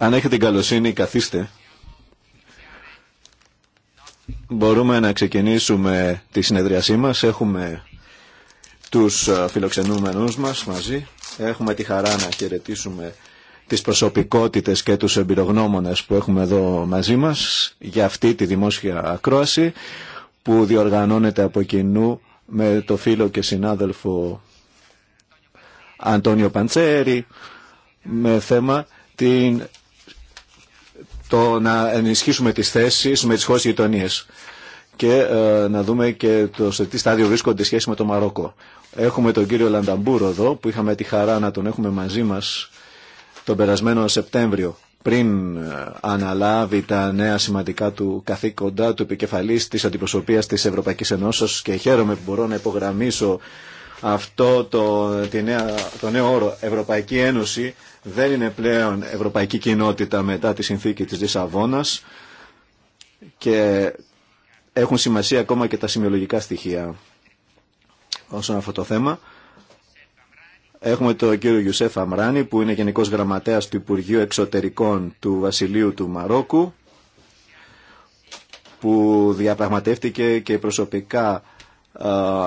Αν έχετε καλοσύνη, καθίστε. Μπορούμε να ξεκινήσουμε τη συνεδριασή μας. Έχουμε τους ε, φιλοξενούμενους μας μαζί. Έχουμε τη χαρά να χαιρετήσουμε τις προσωπικότητες και τους εμπειρογνώμονες που έχουμε εδώ μαζί μας για αυτή τη δημόσια ακρόαση που διοργανώνεται από κοινού με το φίλο και συνάδελφο Αντώνιο Παντσέρη με θέμα το να ενισχύσουμε τις θέσεις με τις χώρες γειτονίες και ε, να δούμε και το σε τι στάδιο βρίσκονται σχέση με το Μαρόκο. Έχουμε τον κύριο Λανταμπούρο εδώ που είχαμε τη χαρά να τον έχουμε μαζί μας τον περασμένο Σεπτέμβριο πριν ε, αναλάβει τα νέα σημαντικά του καθήκοντα του επικεφαλής της αντιπροσωπείας της Ευρωπαϊκής Ενώσεως και χαίρομαι που μπορώ να υπογραμμίσω αυτό το, τη νέα, το νέο όρο Ευρωπαϊκή Ένωση δεν είναι πλέον Ευρωπαϊκή Κοινότητα μετά τη συνθήκη της Λισαβόνας και έχουν σημασία ακόμα και τα σημειολογικά στοιχεία όσον αυτό το θέμα. Έχουμε τον κύριο Γιουσέφ Αμράνη που είναι Γενικός Γραμματέας του Υπουργείου Εξωτερικών του Βασιλείου του Μαρόκου που διαπραγματεύτηκε και προσωπικά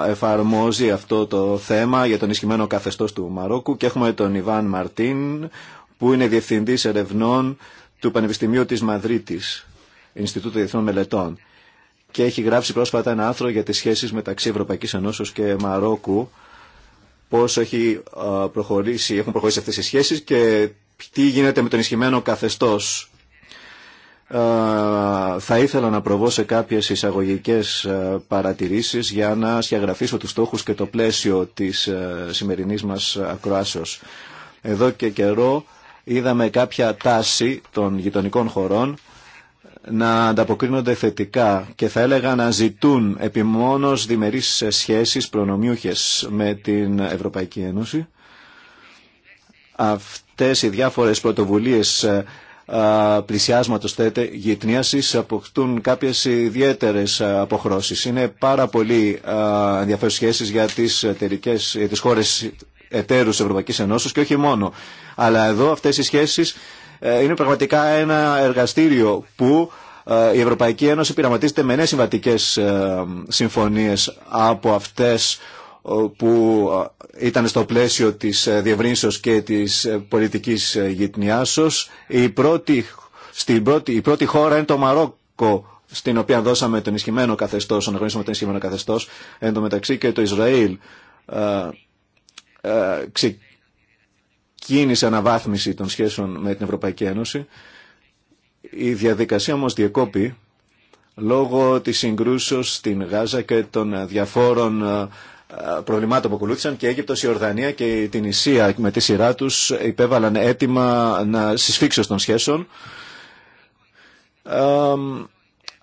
εφαρμόζει αυτό το θέμα για τον ισχυμένο καθεστώς του Μαρόκου και έχουμε τον Ιβάν Μαρτίν που είναι διευθυντής ερευνών του Πανεπιστημίου της Μαδρίτης, Ινστιτούτου Διεθνών Μελετών και έχει γράψει πρόσφατα ένα άρθρο για τις σχέσεις μεταξύ Ευρωπαϊκής Ενώσεως και Μαρόκου πώς προχωρήσει, έχουν προχωρήσει αυτές οι σχέσεις και τι γίνεται με τον ισχυμένο καθεστώς ε, θα ήθελα να προβώ σε κάποιες εισαγωγικές ε, παρατηρήσεις για να σχεδιαγραφήσω τους στόχους και το πλαίσιο της ε, σημερινής μας ακροάσεως. Εδώ και καιρό είδαμε κάποια τάση των γειτονικών χωρών να ανταποκρίνονται θετικά και θα έλεγα να ζητούν επιμόνως διμερείς σχέσεις προνομιούχες με την Ευρωπαϊκή Ένωση. Αυτές οι διάφορες πρωτοβουλίες πλησιάσματο θέτε γητνίασης αποκτούν κάποιες ιδιαίτερες αποχρώσεις. Είναι πάρα πολύ ενδιαφέρουσε σχέσει για τις, χώρε τις χώρες εταίρους Ευρωπαϊκής Ενώσης και όχι μόνο. Αλλά εδώ αυτές οι σχέσεις ε, είναι πραγματικά ένα εργαστήριο που ε, η Ευρωπαϊκή Ένωση πειραματίζεται με νέε συμβατικές ε, συμφωνίες από αυτέ που ήταν στο πλαίσιο της ε, διευρύνσεως και της ε, πολιτικής ε, γυτνιάσεως. Η πρώτη, στην πρώτη, η πρώτη χώρα είναι το Μαρόκο, στην οποία δώσαμε τον ισχυμένο καθεστώς, αναγνωρίσαμε τον ισχυμένο καθεστώς, εν μεταξύ και το Ισραήλ ξεκίνησε αναβάθμιση των σχέσεων με την Ευρωπαϊκή Ένωση. Η διαδικασία όμως διεκόπη λόγω της συγκρούσεως στην Γάζα και των διαφόρων προβλημάτων που ακολούθησαν και η Αίγυπτος, η Ορδανία και η Ισία με τη σειρά τους υπέβαλαν αίτημα να συσφίξεως των σχέσεων.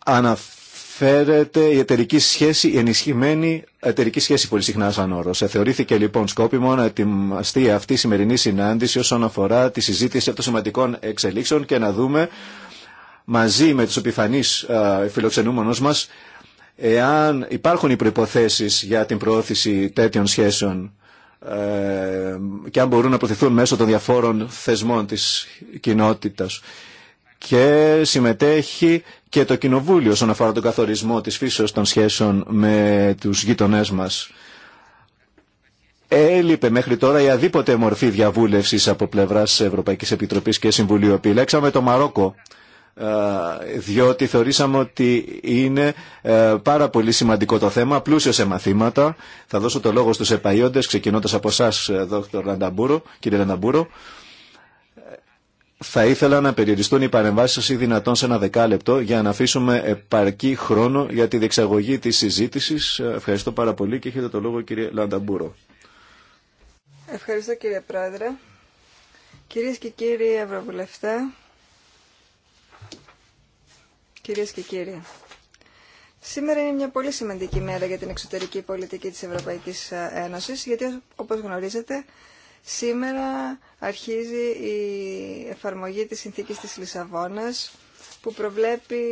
αναφέρεται η εταιρική σχέση, η ενισχυμένη εταιρική σχέση πολύ συχνά σαν όρος. Ε, θεωρήθηκε λοιπόν σκόπιμο να ετοιμαστεί αυτή η σημερινή συνάντηση όσον αφορά τη συζήτηση των σημαντικών εξελίξεων και να δούμε μαζί με τους επιφανείς φιλοξενούμενους μας εάν υπάρχουν οι προϋποθέσεις για την προώθηση τέτοιων σχέσεων ε, και αν μπορούν να προωθηθούν μέσω των διαφόρων θεσμών της κοινότητας. Και συμμετέχει και το Κοινοβούλιο όσον αφορά τον καθορισμό της φύσεως των σχέσεων με τους γείτονές μας. Έλειπε μέχρι τώρα η αδίποτε μορφή διαβούλευσης από πλευράς Ευρωπαϊκής Επιτροπής και Συμβουλίου. Επιλέξαμε το Μαρόκο ε, διότι θεωρήσαμε ότι είναι ε, πάρα πολύ σημαντικό το θέμα, πλούσιο σε μαθήματα. Θα δώσω το λόγο στους επαΐοντες, ξεκινώντας από εσά, ε, κύριε Λανταμπούρο. Θα ήθελα να περιοριστούν οι παρεμβάσει ή δυνατόν σε ένα δεκάλεπτο για να αφήσουμε επαρκή χρόνο για τη διεξαγωγή της συζήτησης. Ευχαριστώ πάρα πολύ και έχετε το λόγο κύριε Λανταμπούρο. Ευχαριστώ κύριε Πρόεδρε. Κυρίες και κύριοι Ευρωβουλευτέ, κυρίες και κύριοι. Σήμερα είναι μια πολύ σημαντική μέρα για την εξωτερική πολιτική της Ευρωπαϊκής ε, Ένωσης, γιατί όπως γνωρίζετε, σήμερα αρχίζει η εφαρμογή της συνθήκης της Λισαβόνας, που προβλέπει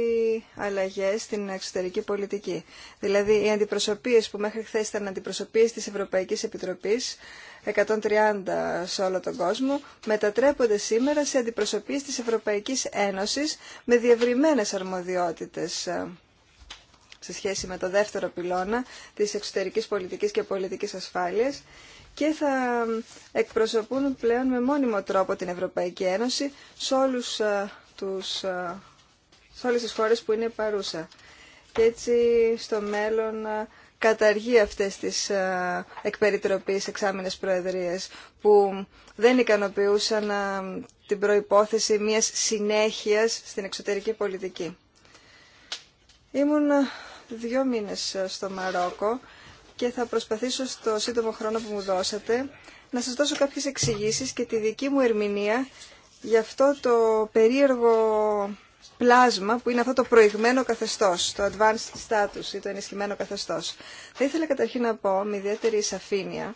αλλαγές στην εξωτερική πολιτική. Δηλαδή, οι αντιπροσωπείες που μέχρι χθε ήταν αντιπροσωπείες της Ευρωπαϊκής Επιτροπής, 130 σε όλο τον κόσμο, μετατρέπονται σήμερα σε αντιπροσωπείς της Ευρωπαϊκής Ένωσης με διευρυμένες αρμοδιότητες ε, σε σχέση με το δεύτερο πυλώνα της εξωτερικής πολιτικής και πολιτικής ασφάλειας και θα εκπροσωπούν πλέον με μόνιμο τρόπο την Ευρωπαϊκή Ένωση σε, όλους, ε, τους, ε, σε όλες τις χώρες που είναι παρούσα. Και έτσι στο μέλλον καταργεί αυτές τις ε, εκπεριτροπείς εξάμενες προεδρίες που δεν ικανοποιούσαν ε, την προϋπόθεση μιας συνέχειας στην εξωτερική πολιτική. Ήμουν ε, δύο μήνες στο Μαρόκο και θα προσπαθήσω στο σύντομο χρόνο που μου δώσατε να σας δώσω κάποιες εξηγήσεις και τη δική μου ερμηνεία για αυτό το περίεργο πλάσμα που είναι αυτό το προηγμένο καθεστώς, το advanced status ή το ενισχυμένο καθεστώς. Θα ήθελα καταρχήν να πω με ιδιαίτερη σαφήνεια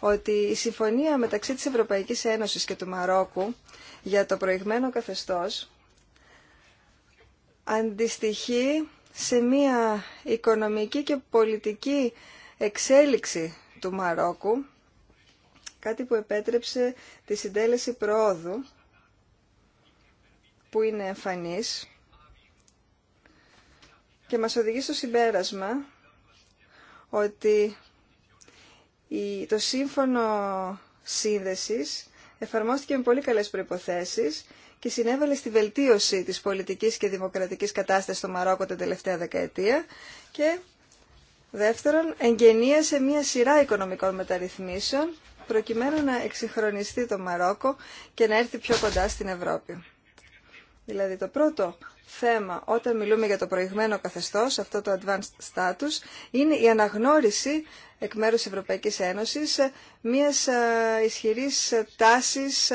ότι η συμφωνία μεταξύ της Ευρωπαϊκής Ένωσης και του Μαρόκου για το προηγμένο καθεστώς αντιστοιχεί σε μια οικονομική και πολιτική εξέλιξη του Μαρόκου, κάτι που επέτρεψε τη συντέλεση προόδου που είναι εμφανής και μας οδηγεί στο συμπέρασμα ότι το σύμφωνο σύνδεσης εφαρμόστηκε με πολύ καλές προϋποθέσεις και συνέβαλε στη βελτίωση της πολιτικής και δημοκρατικής κατάστασης στο Μαρόκο τα τελευταία δεκαετία και δεύτερον εγγενίασε μια σειρά οικονομικών μεταρρυθμίσεων προκειμένου να εξυγχρονιστεί το Μαρόκο και να έρθει πιο κοντά στην Ευρώπη. Δηλαδή το πρώτο θέμα όταν μιλούμε για το προηγμένο καθεστώς, αυτό το advanced status, είναι η αναγνώριση εκ μέρους Ευρωπαϊκής Ένωσης μιας ε, ισχυρής τάσης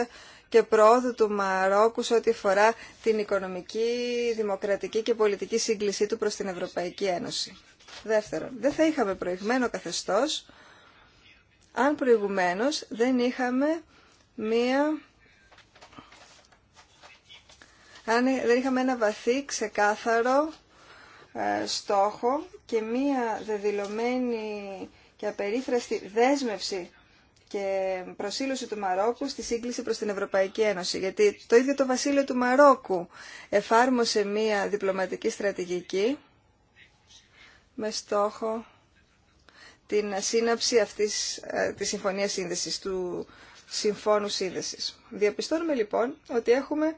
και πρόοδου του Μαρόκου σε ό,τι αφορά την οικονομική, δημοκρατική και πολιτική σύγκλησή του προς την Ευρωπαϊκή Ένωση. Δεύτερον, δεν θα είχαμε προηγμένο καθεστώς αν προηγουμένως δεν είχαμε μία αν δεν είχαμε ένα βαθύ, ξεκάθαρο ε, στόχο και μία δεδηλωμένη και απερίφραστη δέσμευση και προσήλωση του Μαρόκου στη σύγκληση προς την Ευρωπαϊκή Ένωση. Γιατί το ίδιο το βασίλειο του Μαρόκου εφάρμοσε μία διπλωματική στρατηγική με στόχο την σύναψη αυτής ε, της συμφωνίας σύνδεσης, του συμφώνου σύνδεσης. Διαπιστώνουμε λοιπόν ότι έχουμε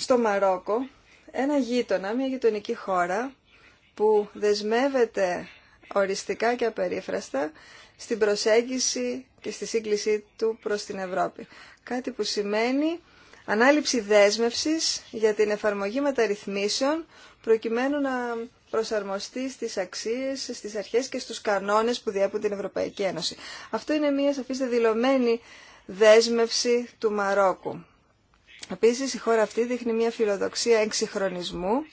στο Μαρόκο ένα γείτονα, μια γειτονική χώρα που δεσμεύεται οριστικά και απερίφραστα στην προσέγγιση και στη σύγκλησή του προς την Ευρώπη. Κάτι που σημαίνει ανάληψη δέσμευσης για την εφαρμογή μεταρρυθμίσεων προκειμένου να προσαρμοστεί στις αξίες, στις αρχές και στους κανόνες που διέπουν την Ευρωπαϊκή Ένωση. Αυτό είναι μια σαφής δεδηλωμένη δέσμευση του Μαρόκου Επίσης, η χώρα αυτή δείχνει μια φιλοδοξία εξυγχρονισμού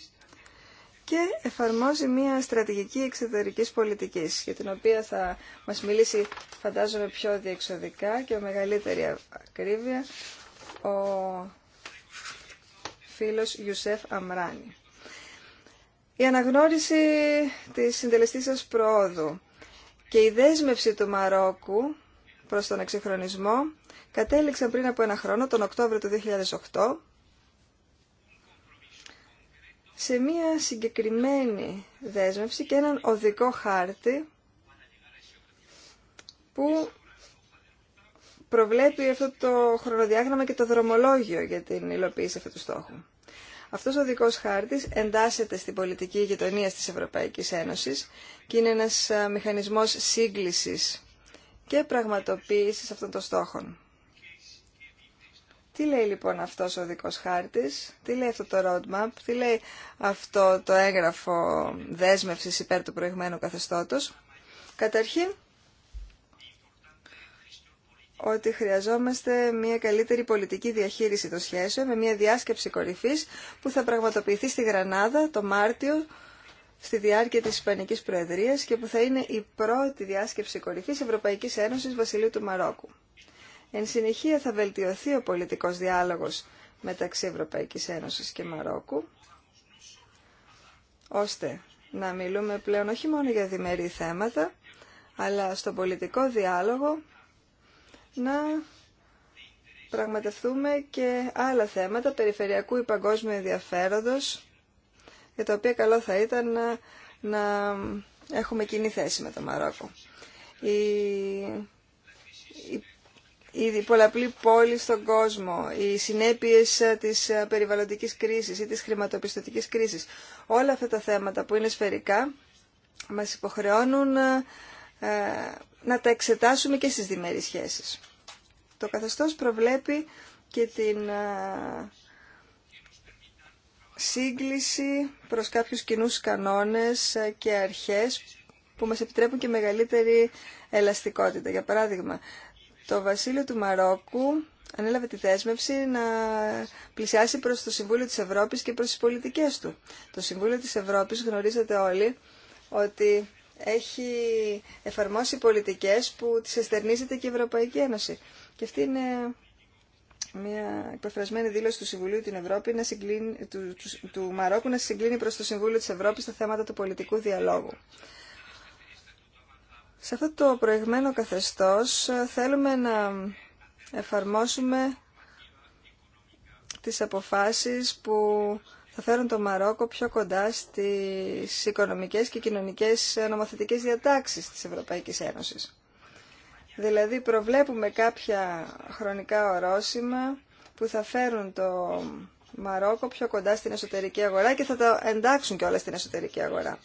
και εφαρμόζει μια στρατηγική εξωτερικής πολιτικής, για την οποία θα μας μιλήσει, φαντάζομαι, πιο διεξοδικά και ο μεγαλύτερη ακρίβεια ο φίλος Ιουσέφ Αμράνη. Η αναγνώριση της συντελεστής σας προόδου και η δέσμευση του Μαρόκου προς τον εξυγχρονισμό κατέληξαν πριν από ένα χρόνο, τον Οκτώβριο του 2008, σε μία συγκεκριμένη δέσμευση και έναν οδικό χάρτη που προβλέπει αυτό το χρονοδιάγραμμα και το δρομολόγιο για την υλοποίηση αυτού του στόχου. Αυτός ο δικός χάρτης εντάσσεται στην πολιτική γειτονία της Ευρωπαϊκής Ένωσης και είναι ένας μηχανισμός σύγκλησης και πραγματοποίησης αυτών των στόχων. Τι λέει λοιπόν αυτός ο δικός χάρτης, τι λέει αυτό το roadmap, τι λέει αυτό το έγγραφο δέσμευσης υπέρ του προηγμένου καθεστώτος. Καταρχήν, ότι χρειαζόμαστε μια καλύτερη πολιτική διαχείριση των σχέσεων με μια διάσκεψη κορυφής που θα πραγματοποιηθεί στη Γρανάδα το Μάρτιο στη διάρκεια της Ισπανικής Προεδρίας και που θα είναι η πρώτη διάσκεψη κορυφής Ευρωπαϊκής Ένωσης Βασιλείου του Μαρόκου. Εν συνεχεία θα βελτιωθεί ο πολιτικός διάλογος μεταξύ Ευρωπαϊκής Ένωσης και Μαρόκου, ώστε να μιλούμε πλέον όχι μόνο για διμερεί θέματα, αλλά στον πολιτικό διάλογο να πραγματευτούμε και άλλα θέματα περιφερειακού ή παγκόσμιου ενδιαφέροντος, για τα οποία καλό θα ήταν να, έχουμε κοινή θέση με το Μαρόκο. Η η πολλαπλή πόλη στον κόσμο, οι συνέπειες ε, της ε, περιβαλλοντικής κρίσης ή της χρηματοπιστωτικής κρίσης. Όλα αυτά τα θέματα που είναι σφαιρικά μας υποχρεώνουν ε, να τα εξετάσουμε και στις διμερείς σχέσεις. Το καθεστώς προβλέπει και την σύγκληση προς κάποιους κοινού κανόνες και αρχές που μας επιτρέπουν και μεγαλύτερη ελαστικότητα. Για παράδειγμα, το βασίλειο του Μαρόκου ανέλαβε τη δέσμευση να πλησιάσει προς το Συμβούλιο της Ευρώπης και προς τις πολιτικές του. Το Συμβούλιο της Ευρώπης γνωρίζετε όλοι ότι έχει εφαρμόσει πολιτικές που τις εστερνίζεται και η Ευρωπαϊκή Ένωση. Και αυτή είναι μια υπερφρασμένη δήλωση του Συμβουλίου την Ευρώπη του, του, του, Μαρόκου να συγκλίνει προς το Συμβούλιο της Ευρώπης τα θέματα του πολιτικού διαλόγου. Σε αυτό το προηγμένο καθεστώς ε, θέλουμε να εφαρμόσουμε τις αποφάσεις που θα φέρουν το Μαρόκο πιο κοντά στις οικονομικές και κοινωνικές ε, νομοθετικές διατάξεις της Ευρωπαϊκής Ένωσης. Δηλαδή προβλέπουμε κάποια χρονικά ορόσημα που θα φέρουν το Μαρόκο πιο κοντά στην εσωτερική αγορά και θα τα εντάξουν και όλα στην εσωτερική αγορά.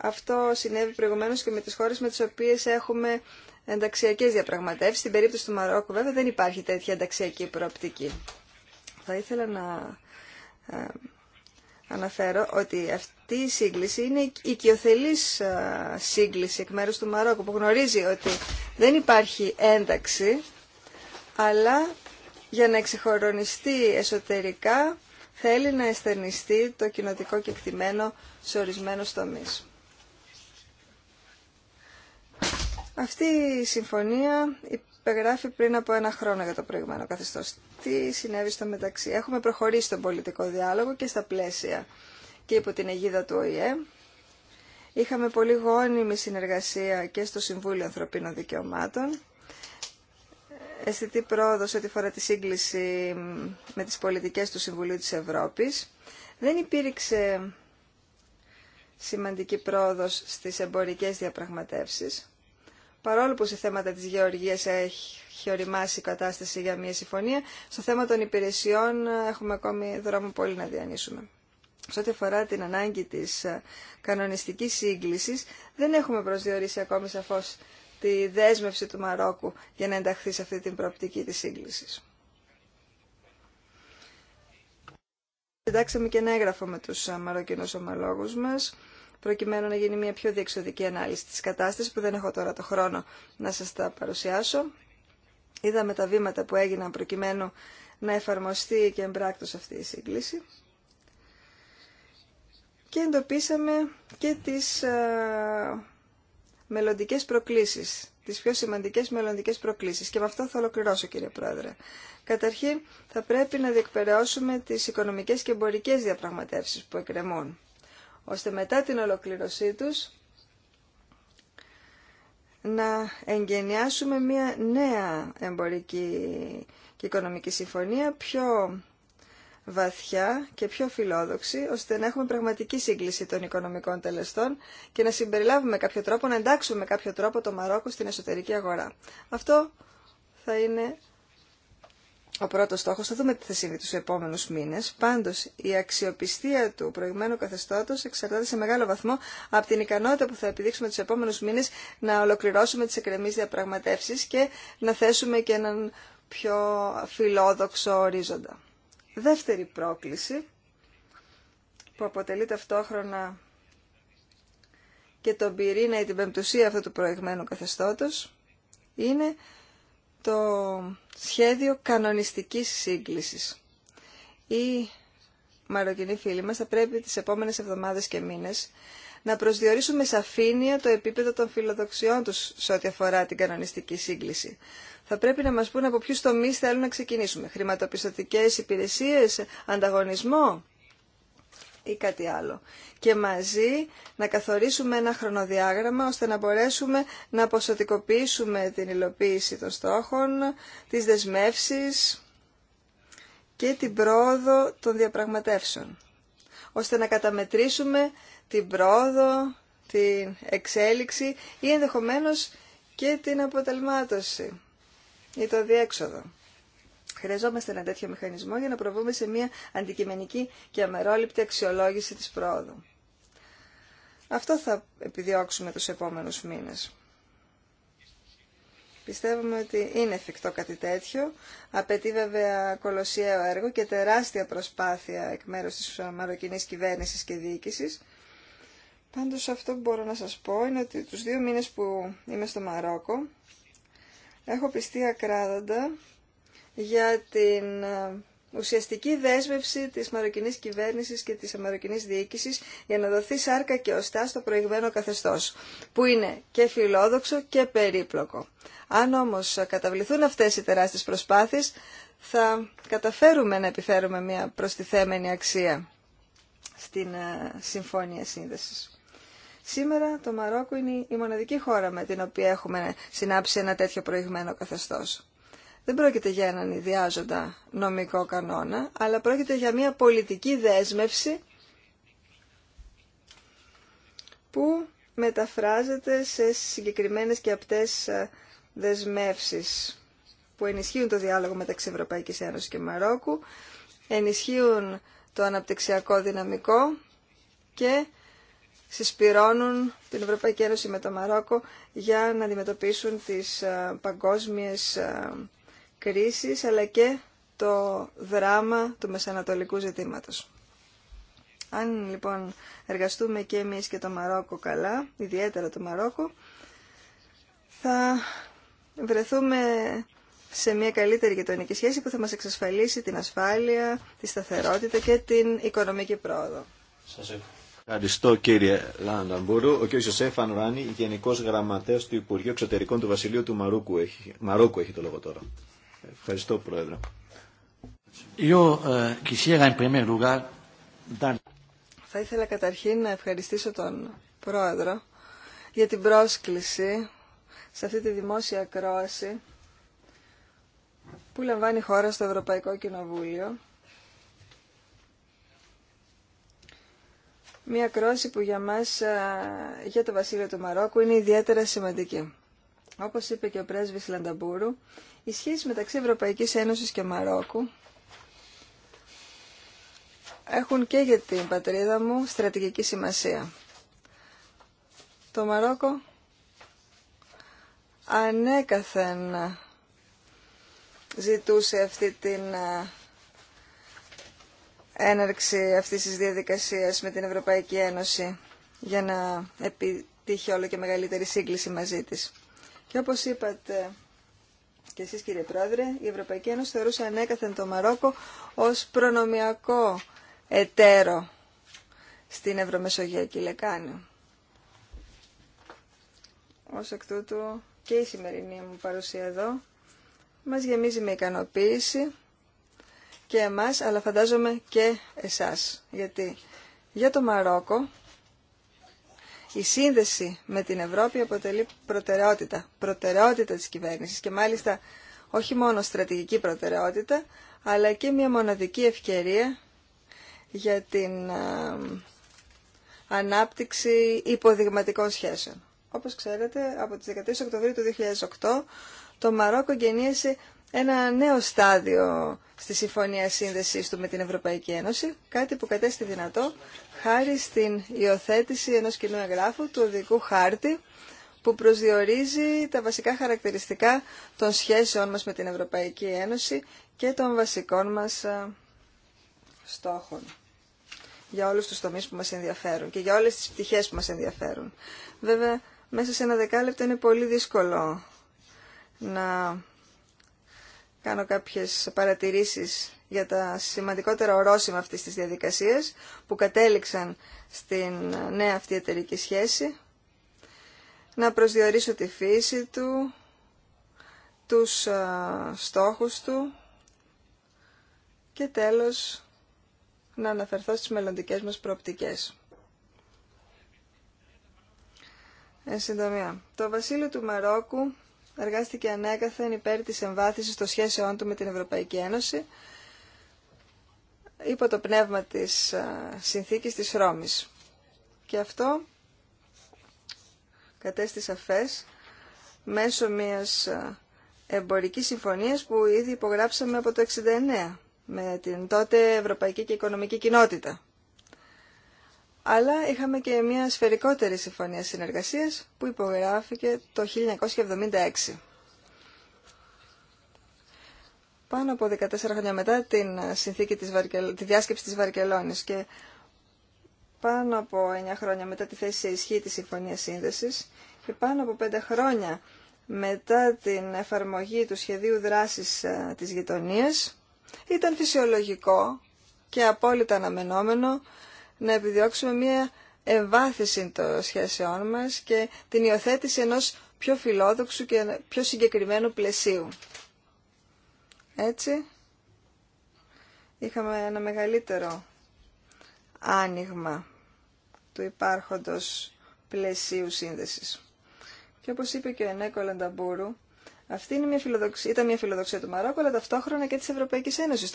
Αυτό συνέβη προηγουμένω και με τι χώρε με τι οποίε έχουμε ενταξιακέ διαπραγματεύσει. Στην περίπτωση του Μαρόκου, βέβαια, δεν υπάρχει τέτοια ενταξιακή προοπτική. Θα ήθελα να ε, αναφέρω ότι αυτή η σύγκληση είναι η οικειοθελής ε, σύγκληση εκ μέρους του Μαρόκου που γνωρίζει ότι δεν υπάρχει ένταξη αλλά για να εξεχωρονιστεί εσωτερικά θέλει να εστερνιστεί το κοινοτικό κεκτημένο σε ορισμένους τομείς. Αυτή η συμφωνία υπεγράφει πριν από ένα χρόνο για το προηγούμενο καθεστώ. Τι συνέβη στο μεταξύ. Έχουμε προχωρήσει τον πολιτικό διάλογο και στα πλαίσια και υπό την αιγίδα του ΟΗΕ. Είχαμε πολύ γόνιμη συνεργασία και στο Συμβούλιο Ανθρωπίνων Δικαιωμάτων. Αισθητή πρόοδο ό,τι φορά τη σύγκληση με τις πολιτικές του Συμβουλίου της Ευρώπη. Δεν υπήρξε σημαντική πρόοδος στις εμπορικές διαπραγματεύσεις παρόλο που σε θέματα της γεωργίας έχει οριμάσει η κατάσταση για μια συμφωνία, στο θέμα των υπηρεσιών έχουμε ακόμη δρόμο πολύ να διανύσουμε. Σε ό,τι αφορά την ανάγκη της ε, κανονιστικής σύγκλησης, δεν έχουμε προσδιορίσει ακόμη σαφώς τη δέσμευση του Μαρόκου για να ενταχθεί σε αυτή την προοπτική της σύγκλησης. Συντάξαμε και ένα έγγραφο με τους ε, μαροκινούς ομολόγους μας προκειμένου να γίνει μια πιο διεξοδική ανάλυση της κατάστασης που δεν έχω τώρα το χρόνο να σας τα παρουσιάσω. Είδαμε τα βήματα που έγιναν προκειμένου να εφαρμοστεί και εμπράκτως αυτή η σύγκληση και εντοπίσαμε και τις α, ε, μελλοντικές προκλήσεις, τις πιο σημαντικές μελλοντικές προκλήσεις. Και με αυτό θα ολοκληρώσω κύριε Πρόεδρε. Καταρχήν θα πρέπει να διεκπαιρεώσουμε τις οικονομικές και εμπορικές διαπραγματεύσεις που εκκρεμούν ώστε μετά την ολοκληρωσή τους να εγγενιάσουμε μια νέα εμπορική και οικονομική συμφωνία πιο βαθιά και πιο φιλόδοξη, ώστε να έχουμε πραγματική σύγκληση των οικονομικών τελεστών και να συμπεριλάβουμε κάποιο τρόπο, να εντάξουμε κάποιο τρόπο το Μαρόκο στην εσωτερική αγορά. Αυτό θα είναι ο πρώτο στόχο θα δούμε τι θα συμβεί του επόμενους μήνες. Πάντως, η αξιοπιστία του προηγμένου καθεστώτος εξαρτάται σε μεγάλο βαθμό από την ικανότητα που θα επιδείξουμε του επόμενου μήνες να ολοκληρώσουμε τις εκκρεμίε διαπραγματεύσει και να θέσουμε και έναν πιο φιλόδοξο ορίζοντα. Δεύτερη πρόκληση, που αποτελεί ταυτόχρονα και τον πυρήνα ή την πεμπτουσία αυτού του προηγμένου καθεστώτος, είναι το σχέδιο κανονιστικής σύγκλησης. Οι μαροκινοί φίλοι μας θα πρέπει τις επόμενες εβδομάδες και μήνες να προσδιορίσουμε σαφήνεια το επίπεδο των φιλοδοξιών τους σε ό,τι αφορά την κανονιστική σύγκληση. Θα πρέπει να μας πούν από ποιους τομείς θέλουν να ξεκινήσουμε. Χρηματοπιστωτικές υπηρεσίες, ανταγωνισμό, ή κάτι άλλο. Και μαζί να καθορίσουμε ένα χρονοδιάγραμμα ώστε να μπορέσουμε να ποσοτικοποιήσουμε την υλοποίηση των στόχων, τις δεσμεύσεις και την πρόοδο των διαπραγματεύσεων. Ώστε να καταμετρήσουμε την πρόοδο, την εξέλιξη ή ενδεχομένως και την αποτελμάτωση ή το διέξοδο. Χρειαζόμαστε ένα τέτοιο μηχανισμό για να προβούμε σε μια αντικειμενική και αμερόληπτη αξιολόγηση της πρόοδου. Αυτό θα επιδιώξουμε τους επόμενους μήνες. Πιστεύουμε ότι είναι εφικτό κάτι τέτοιο. Απαιτεί βέβαια κολοσιαίο έργο και τεράστια προσπάθεια εκ μέρους της μαροκινής κυβέρνησης και διοίκησης. Πάντως αυτό που μπορώ να σας πω είναι ότι τους δύο μήνες που είμαι στο Μαρόκο έχω πιστεί ακράδαντα για την ε, ουσιαστική δέσμευση της μαροκινής κυβέρνησης και της μαροκινής διοίκησης για να δοθεί σάρκα και οστά στο προηγμένο καθεστώς, που είναι και φιλόδοξο και περίπλοκο. Αν όμως καταβληθούν αυτές οι τεράστιες προσπάθειες, θα καταφέρουμε να επιφέρουμε μια προστιθέμενη αξία στην ε, Συμφωνία Σύνδεσης. Σήμερα το Μαρόκο είναι η μοναδική χώρα με την οποία έχουμε συνάψει ένα τέτοιο προηγμένο καθεστώς δεν πρόκειται για έναν ιδιάζοντα νομικό κανόνα, αλλά πρόκειται για μια πολιτική δέσμευση που μεταφράζεται σε συγκεκριμένες και απτές ε, δεσμεύσεις που ενισχύουν το διάλογο μεταξύ Ευρωπαϊκής Ένωσης και Μαρόκου, ενισχύουν το αναπτυξιακό δυναμικό και συσπηρώνουν την Ευρωπαϊκή Ένωση με το Μαρόκο για να αντιμετωπίσουν τις ε, παγκόσμιες ε, κρίσης αλλά και το δράμα του μεσανατολικού ζητήματος. Αν λοιπόν εργαστούμε και εμείς και το Μαρόκο καλά, ιδιαίτερα το Μαρόκο, θα βρεθούμε σε μια καλύτερη γειτονική σχέση που θα μας εξασφαλίσει την ασφάλεια, τη σταθερότητα και την οικονομική πρόοδο. Σας ευχαριστώ κύριε Λανταμπούρου. Ο κύριο Ιωσέφ Ανουράνη, Γενικός Γραμματέας του Υπουργείου Εξωτερικών του Βασιλείου του Μαρόκου έχει το λόγο τώρα. Ευχαριστώ, Πρόεδρε. Ε, Θα ήθελα καταρχήν να ευχαριστήσω τον Πρόεδρο για την πρόσκληση σε αυτή τη δημόσια ακρόαση που λαμβάνει η χώρα στο Ευρωπαϊκό Κοινοβούλιο. Μια ακρόαση που για μας, ε, για το Βασίλειο του Μαρόκου, είναι ιδιαίτερα σημαντική. Όπως είπε και ο πρέσβης Λανταμπούρου, οι σχέσεις μεταξύ Ευρωπαϊκής Ένωσης και Μαρόκου έχουν και για την πατρίδα μου στρατηγική σημασία. Το Μαρόκο ανέκαθεν ζητούσε αυτή την ε, έναρξη αυτής της διαδικασίας με την Ευρωπαϊκή Ένωση για να επιτύχει όλο και μεγαλύτερη σύγκληση μαζί της. Και όπως είπατε, και εσείς κύριε Πρόεδρε, η Ευρωπαϊκή Ένωση θεωρούσε ανέκαθεν το Μαρόκο ως προνομιακό εταίρο στην Ευρωμεσογειακή Λεκάνη. Ως εκ τούτου και η σημερινή μου παρουσία εδώ μας γεμίζει με ικανοποίηση και εμάς, αλλά φαντάζομαι και εσάς. Γιατί για το Μαρόκο η σύνδεση με την Ευρώπη αποτελεί προτεραιότητα, προτεραιότητα της κυβέρνησης και μάλιστα όχι μόνο στρατηγική προτεραιότητα, αλλά και μια μοναδική ευκαιρία για την ανάπτυξη υποδειγματικών σχέσεων. Όπως ξέρετε, από τις 13 Οκτωβρίου του 2008, το Μαρόκο γεννίασε ένα νέο στάδιο στη Συμφωνία σύνδεση του με την Ευρωπαϊκή Ένωση, κάτι που κατέστη δυνατό χάρη στην υιοθέτηση ενός κοινού εγγράφου του οδικού χάρτη που προσδιορίζει τα βασικά χαρακτηριστικά των σχέσεων μας με την Ευρωπαϊκή Ένωση και των βασικών μας ε, στόχων για όλους τους τομείς που μας ενδιαφέρουν και για όλες τις πτυχές που μας ενδιαφέρουν. Βέβαια, μέσα σε ένα δεκάλεπτο είναι πολύ δύσκολο να κάνω κάποιες παρατηρήσεις για τα σημαντικότερα ορόσημα αυτής της διαδικασίας που κατέληξαν στην νέα αυτή εταιρική σχέση, να προσδιορίσω τη φύση του, τους στόχους του και τέλος να αναφερθώ στις μελλοντικές μας προοπτικές. Εν συντομία, το βασίλειο του Μαρόκου εργάστηκε ανέκαθεν υπέρ της εμβάθυνσης των σχέσεών του με την Ευρωπαϊκή Ένωση υπό το πνεύμα της συνθήκης της Ρώμης. Και αυτό κατέστησε σαφές μέσω μιας εμπορικής συμφωνίας που ήδη υπογράψαμε από το 1969 με την τότε Ευρωπαϊκή και Οικονομική Κοινότητα αλλά είχαμε και μια σφαιρικότερη συμφωνία συνεργασίας που υπογράφηκε το 1976. Πάνω από 14 χρόνια μετά την ε, συνθήκη της Βαρκελ... τη διάσκεψη της Βαρκελόνης και πάνω από 9 χρόνια μετά τη θέση σε ισχύ της Συμφωνίας Σύνδεσης και πάνω από 5 χρόνια μετά την εφαρμογή του σχεδίου δράσης ε, της γειτονίας, ήταν φυσιολογικό και απόλυτα αναμενόμενο να επιδιώξουμε μια ευάθυνση των σχέσεών μας και την υιοθέτηση ενός πιο φιλόδοξου και πιο συγκεκριμένου πλαισίου. Έτσι, είχαμε ένα μεγαλύτερο άνοιγμα του υπάρχοντος πλαισίου σύνδεσης. Και όπως είπε και ο Ενέκο Λανταμπούρου, αυτή είναι μια φιλοδοξία, ήταν μια φιλοδοξία του Μαρόκου, αλλά ταυτόχρονα και της Ευρωπαϊκής Ένωσης.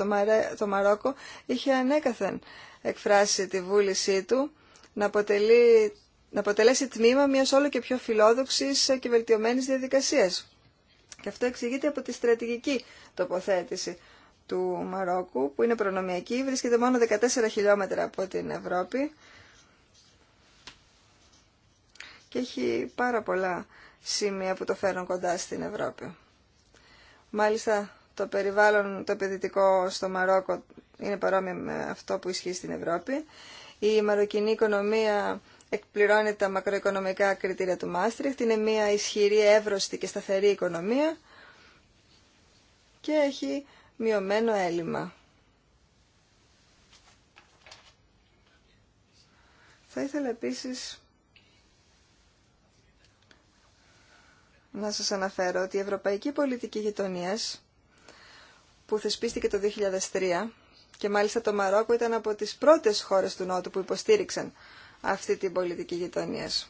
Το, Μαρόκο είχε ανέκαθεν εκφράσει τη βούλησή του να, αποτελεί, να αποτελέσει τμήμα μιας όλο και πιο φιλόδοξης και βελτιωμένης διαδικασίας. Και αυτό εξηγείται από τη στρατηγική τοποθέτηση του Μαρόκου, που είναι προνομιακή, βρίσκεται μόνο 14 χιλιόμετρα από την Ευρώπη και έχει πάρα πολλά σημεία που το φέρνουν κοντά στην Ευρώπη. Μάλιστα, το περιβάλλον το επενδυτικό στο Μαρόκο είναι παρόμοιο με αυτό που ισχύει στην Ευρώπη. Η μαροκινή οικονομία εκπληρώνει τα μακροοικονομικά κριτήρια του Μάστριχτ. Είναι μια ισχυρή, εύρωστη και σταθερή οικονομία και έχει μειωμένο έλλειμμα. Θα ήθελα επίσης να σας αναφέρω ότι η Ευρωπαϊκή Πολιτική Γειτονίας που θεσπίστηκε το 2003 και μάλιστα το Μαρόκο ήταν από τις πρώτες χώρες του Νότου που υποστήριξαν αυτή την πολιτική γειτονίας.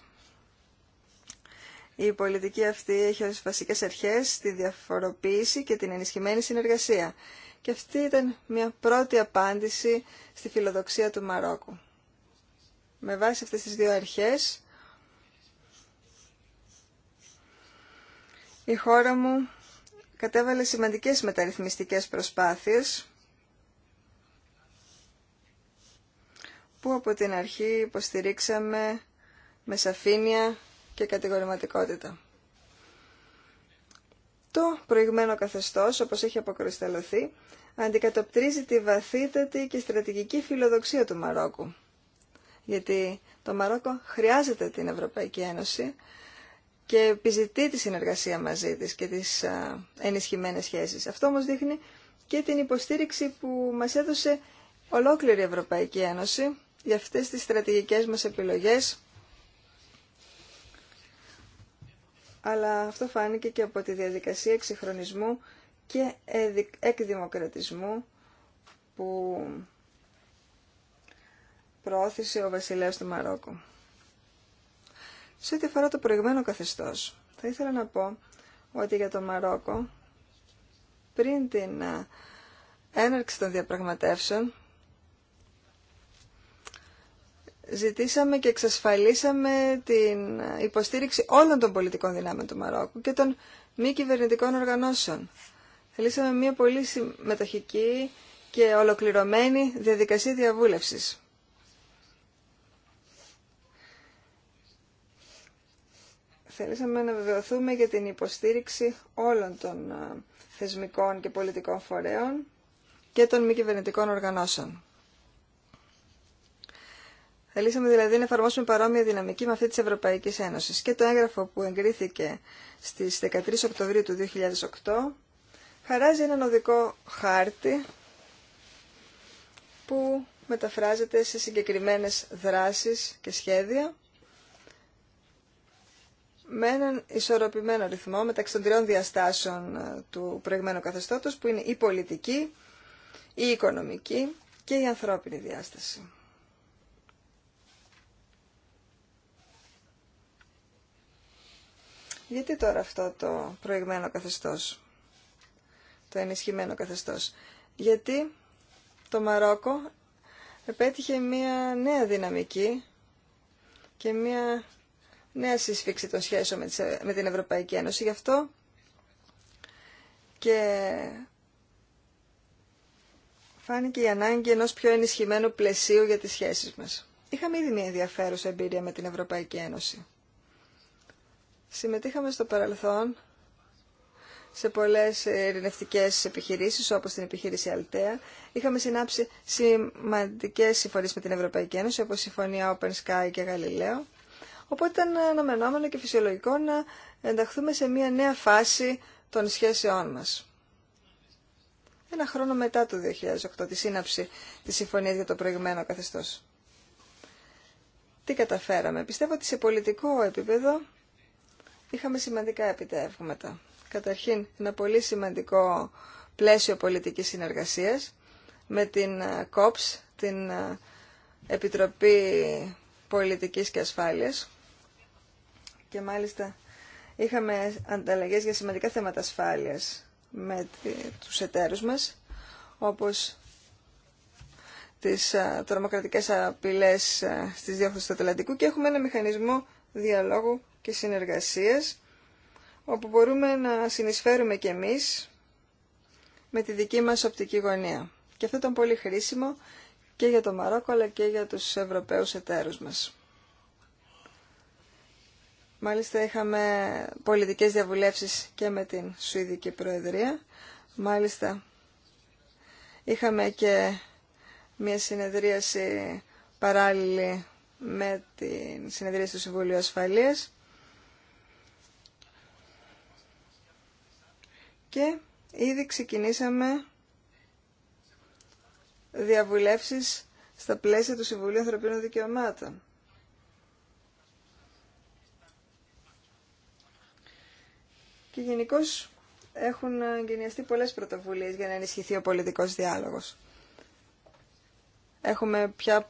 Η πολιτική αυτή έχει ως βασικές αρχές τη διαφοροποίηση και την ενισχυμένη συνεργασία. Και αυτή ήταν μια πρώτη απάντηση στη φιλοδοξία του Μαρόκου. Με βάση αυτές τις δύο αρχές η χώρα μου κατέβαλε σημαντικές μεταρρυθμιστικές προσπάθειες που από την αρχή υποστηρίξαμε με σαφήνεια και κατηγορηματικότητα. Το προηγμένο καθεστώς, όπως έχει αποκρισταλωθεί, αντικατοπτρίζει τη βαθύτατη και στρατηγική φιλοδοξία του Μαρόκου. Γιατί το Μαρόκο χρειάζεται την Ευρωπαϊκή Ένωση και επιζητεί τη συνεργασία μαζί της και τις ενισχυμένες σχέσεις. Αυτό όμως δείχνει και την υποστήριξη που μας έδωσε ολόκληρη η Ευρωπαϊκή Ένωση για αυτές τις στρατηγικές μας επιλογές. Αλλά αυτό φάνηκε και από τη διαδικασία εξυγχρονισμού και εκδημοκρατισμού που προώθησε ο βασιλέας του Μαρόκου. Σε ό,τι αφορά το προηγμένο καθεστώς, θα ήθελα να πω ότι για το Μαρόκο, πριν την ε, έναρξη των διαπραγματεύσεων, ζητήσαμε και εξασφαλίσαμε την υποστήριξη όλων των πολιτικών δυνάμεων του Μαρόκου και των μη κυβερνητικών οργανώσεων. Θελήσαμε μια πολύ συμμετοχική και ολοκληρωμένη διαδικασία διαβούλευσης. Θέλησαμε να βεβαιωθούμε για την υποστήριξη όλων των ε, θεσμικών και πολιτικών φορέων και των μη κυβερνητικών οργανώσεων. Θελήσαμε δηλαδή να εφαρμόσουμε παρόμοια δυναμική με αυτή της Ευρωπαϊκής Ένωσης. Και το έγγραφο που εγκρίθηκε στις 13 Οκτωβρίου του 2008 χαράζει έναν οδικό χάρτη που μεταφράζεται σε συγκεκριμένες δράσεις και σχέδια με έναν ισορροπημένο ρυθμό μεταξύ των τριών διαστάσεων ε, του προηγμένου καθεστώτος που είναι η πολιτική, η οικονομική και η ανθρώπινη διάσταση. Γιατί τώρα αυτό το προηγμένο καθεστώς, το ενισχυμένο καθεστώς. Γιατί το Μαρόκο επέτυχε μία νέα δυναμική και μία νέα συσφίξη των σχέσεων με την Ευρωπαϊκή Ένωση. Γι' αυτό και φάνηκε η ανάγκη ενός πιο ενισχυμένου πλαισίου για τις σχέσεις μας. Είχαμε ήδη μια ενδιαφέρουσα εμπειρία με την Ευρωπαϊκή Ένωση. Συμμετείχαμε στο παρελθόν σε πολλές ειρηνευτικές επιχειρήσεις, όπως την επιχείρηση Αλτέα. Είχαμε συνάψει σημαντικές συμφωνίες με την Ευρωπαϊκή Ένωση, όπως η Συμφωνία Open Sky και Γαλιλαίο. Οπότε ήταν αναμενόμενο και φυσιολογικό να ενταχθούμε σε μια νέα φάση των σχέσεών μας. Ένα χρόνο μετά το 2008, τη σύναψη της Συμφωνίας για το προηγμένο καθεστώς. Τι καταφέραμε. Πιστεύω ότι σε πολιτικό επίπεδο είχαμε σημαντικά επιτεύγματα. Καταρχήν, ένα πολύ σημαντικό πλαίσιο πολιτικής συνεργασίας με την ε, ΚΟΠΣ, την ε, Επιτροπή Πολιτικής και Ασφάλειας, και μάλιστα είχαμε ανταλλαγές για σημαντικά θέματα ασφάλειας με τους εταίρους μας, όπως τις τρομοκρατικέ απειλές στις διόχθες του Ατλαντικού και έχουμε ένα μηχανισμό διαλόγου και συνεργασίας όπου μπορούμε να συνεισφέρουμε και εμείς με τη δική μας οπτική γωνία. Και αυτό ήταν πολύ χρήσιμο και για το Μαρόκο αλλά και για τους Ευρωπαίους εταίρους μας. Μάλιστα είχαμε πολιτικές διαβουλεύσεις και με την Σουηδική Προεδρία. Μάλιστα είχαμε και μια συνεδρίαση παράλληλη με την συνεδρίαση του Συμβουλίου Ασφαλείας. Και ήδη ξεκινήσαμε διαβουλεύσεις στα πλαίσια του Συμβουλίου Ανθρωπίνων Δικαιωμάτων. Και γενικώ έχουν εγκαινιαστεί πολλές πρωτοβουλίες για να ενισχυθεί ο πολιτικός διάλογος. Έχουμε πια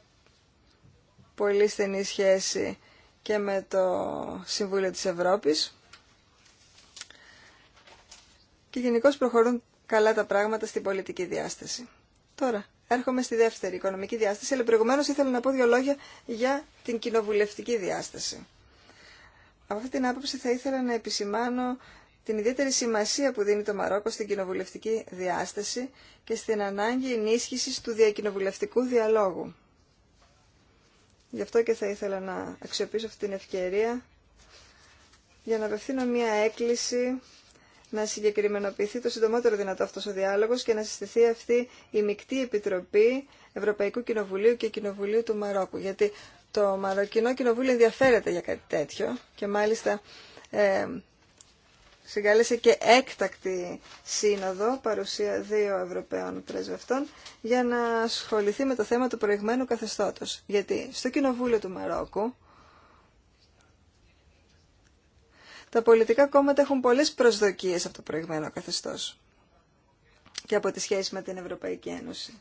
πολύ στενή σχέση και με το Συμβούλιο της Ευρώπης και γενικώ προχωρούν καλά τα πράγματα στην πολιτική διάσταση. Τώρα, έρχομαι στη δεύτερη οικονομική διάσταση, αλλά προηγουμένω ήθελα να πω δύο λόγια για την κοινοβουλευτική διάσταση. Από αυτή την άποψη θα ήθελα να επισημάνω την ιδιαίτερη σημασία που δίνει το Μαρόκο στην κοινοβουλευτική διάσταση και στην ανάγκη ενίσχυσης του διακοινοβουλευτικού διαλόγου. Γι' αυτό και θα ήθελα να αξιοποιήσω αυτή την ευκαιρία για να απευθύνω μια έκκληση να συγκεκριμενοποιηθεί το συντομότερο δυνατό αυτό ο διάλογο και να συστηθεί αυτή η μεικτή επιτροπή Ευρωπαϊκού Κοινοβουλίου και Κοινοβουλίου του Μαρόκου. Γιατί το Μαροκινό Κοινοβούλιο ενδιαφέρεται για κάτι τέτοιο και μάλιστα ε, συγκάλεσε και έκτακτη σύνοδο, παρουσία δύο Ευρωπαίων πρεσβευτών, για να ασχοληθεί με το θέμα του προηγμένου καθεστώτος. Γιατί στο Κοινοβούλιο του Μαρόκου τα πολιτικά κόμματα έχουν πολλές προσδοκίες από το προηγμένο καθεστώς και από τη σχέση με την Ευρωπαϊκή Ένωση.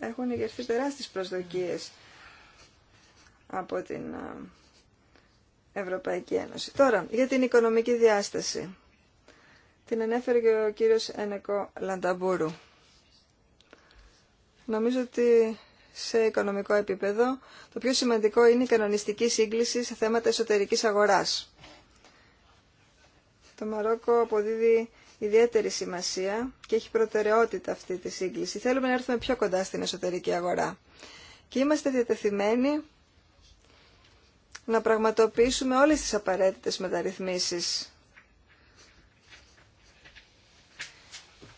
Έχουν ηγερθεί τεράστιες προσδοκίες από την Ευρωπαϊκή Ένωση. Τώρα, για την οικονομική διάσταση. Την ανέφερε και ο κύριος Ενεκό Λανταμπούρου. Νομίζω ότι σε οικονομικό επίπεδο το πιο σημαντικό είναι η κανονιστική σύγκληση σε θέματα εσωτερικής αγοράς. Το Μαρόκο αποδίδει ιδιαίτερη σημασία και έχει προτεραιότητα αυτή τη σύγκληση. Θέλουμε να έρθουμε πιο κοντά στην εσωτερική αγορά. Και είμαστε διατεθειμένοι να πραγματοποιήσουμε όλες τις απαραίτητες μεταρρυθμίσεις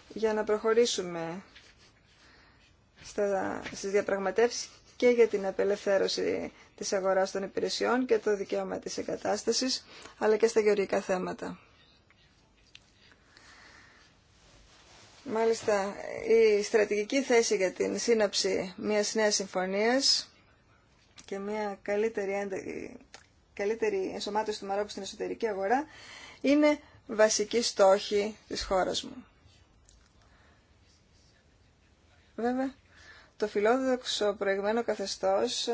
για να προχωρήσουμε στα, στις διαπραγματεύσεις και για την απελευθέρωση της αγοράς των υπηρεσιών και το δικαίωμα της εγκατάστασης, αλλά και στα γεωργικά θέματα. Μάλιστα, η στρατηγική θέση για την σύναψη μιας νέας συμφωνίας και μια καλύτερη, καλύτερη ενσωμάτωση του Μαρόκου στην εσωτερική αγορά είναι βασική στόχη της χώρας μου. Βέβαια, το φιλόδοξο προηγμένο καθεστώς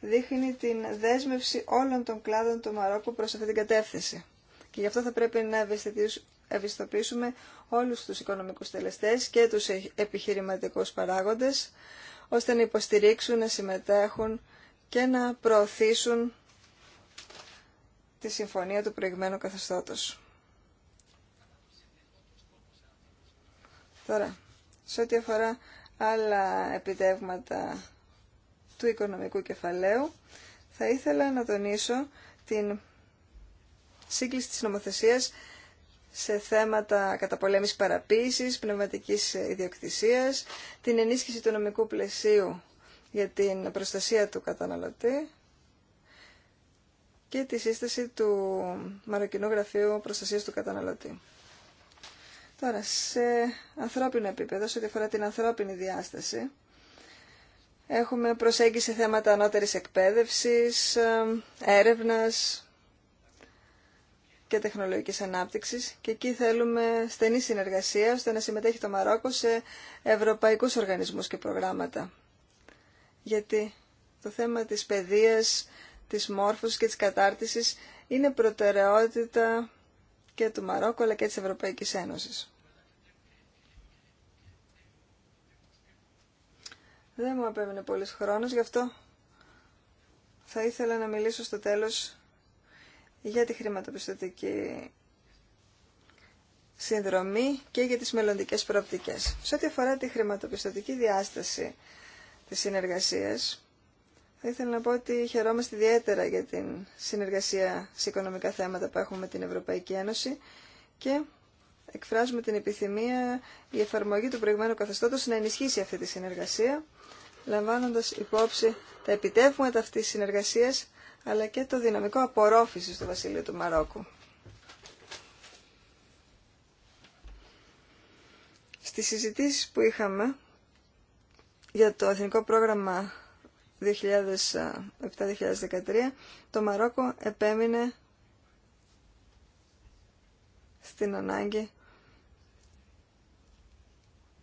δείχνει την δέσμευση όλων των κλάδων του Μαρόκου προς αυτή την κατεύθυνση. Και γι' αυτό θα πρέπει να ευαισθητοποιήσουμε όλους τους οικονομικούς τελεστές και τους επιχειρηματικούς παράγοντες, ώστε να υποστηρίξουν, να συμμετέχουν και να προωθήσουν τη συμφωνία του προηγμένου καθεστώτος. Τώρα, σε ό,τι αφορά άλλα επιτεύγματα του οικονομικού κεφαλαίου, θα ήθελα να τονίσω την σύγκληση της νομοθεσίας σε θέματα καταπολέμησης παραποίησης, πνευματικής ιδιοκτησίας, την ενίσχυση του νομικού πλαισίου για την προστασία του καταναλωτή και τη σύσταση του Μαροκινού Γραφείου Προστασίας του Καταναλωτή. Τώρα, σε ανθρώπινο επίπεδο, σε ό,τι αφορά την ανθρώπινη διάσταση, έχουμε προσέγγιση θέματα ανώτερης εκπαίδευσης, ε, έρευνας και τεχνολογικής ανάπτυξης και εκεί θέλουμε στενή συνεργασία ώστε να συμμετέχει το Μαρόκο σε ευρωπαϊκούς οργανισμούς και προγράμματα γιατί το θέμα της παιδείας, της μόρφωσης και της κατάρτισης είναι προτεραιότητα και του Μαρόκου αλλά και της Ευρωπαϊκής Ένωσης. Δεν μου απέμεινε πολύς χρόνος, γι' αυτό θα ήθελα να μιλήσω στο τέλος για τη χρηματοπιστωτική συνδρομή και για τις μελλοντικές προοπτικές. Σε ό,τι αφορά τη χρηματοπιστωτική διάσταση της συνεργασίας. Θα ήθελα να πω ότι χαιρόμαστε ιδιαίτερα για την συνεργασία σε οικονομικά θέματα που έχουμε με την Ευρωπαϊκή Ένωση και εκφράζουμε την επιθυμία η εφαρμογή του προηγουμένου καθεστώτος να ενισχύσει αυτή τη συνεργασία, λαμβάνοντας υπόψη τα επιτεύγματα αυτής της συνεργασίας, αλλά και το δυναμικό απορρόφησης του Βασιλείου του Μαρόκου. Στις συζητήσεις που είχαμε για το Εθνικό Πρόγραμμα 2007-2013 το Μαρόκο επέμεινε στην ανάγκη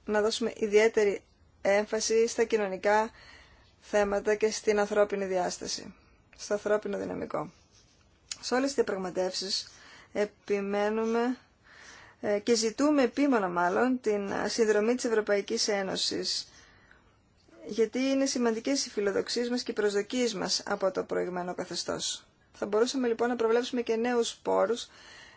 να δώσουμε ιδιαίτερη έμφαση στα κοινωνικά θέματα και στην ανθρώπινη διάσταση, στο ανθρώπινο δυναμικό. Σε όλες τις διαπραγματεύσεις επιμένουμε ε, και ζητούμε επίμονα μάλλον την συνδρομή της Ευρωπαϊκής Ένωσης γιατί είναι σημαντικές οι φιλοδοξίες μας και οι προσδοκίες μας από το προηγμένο καθεστώς. Θα μπορούσαμε λοιπόν να προβλέψουμε και νέους πόρους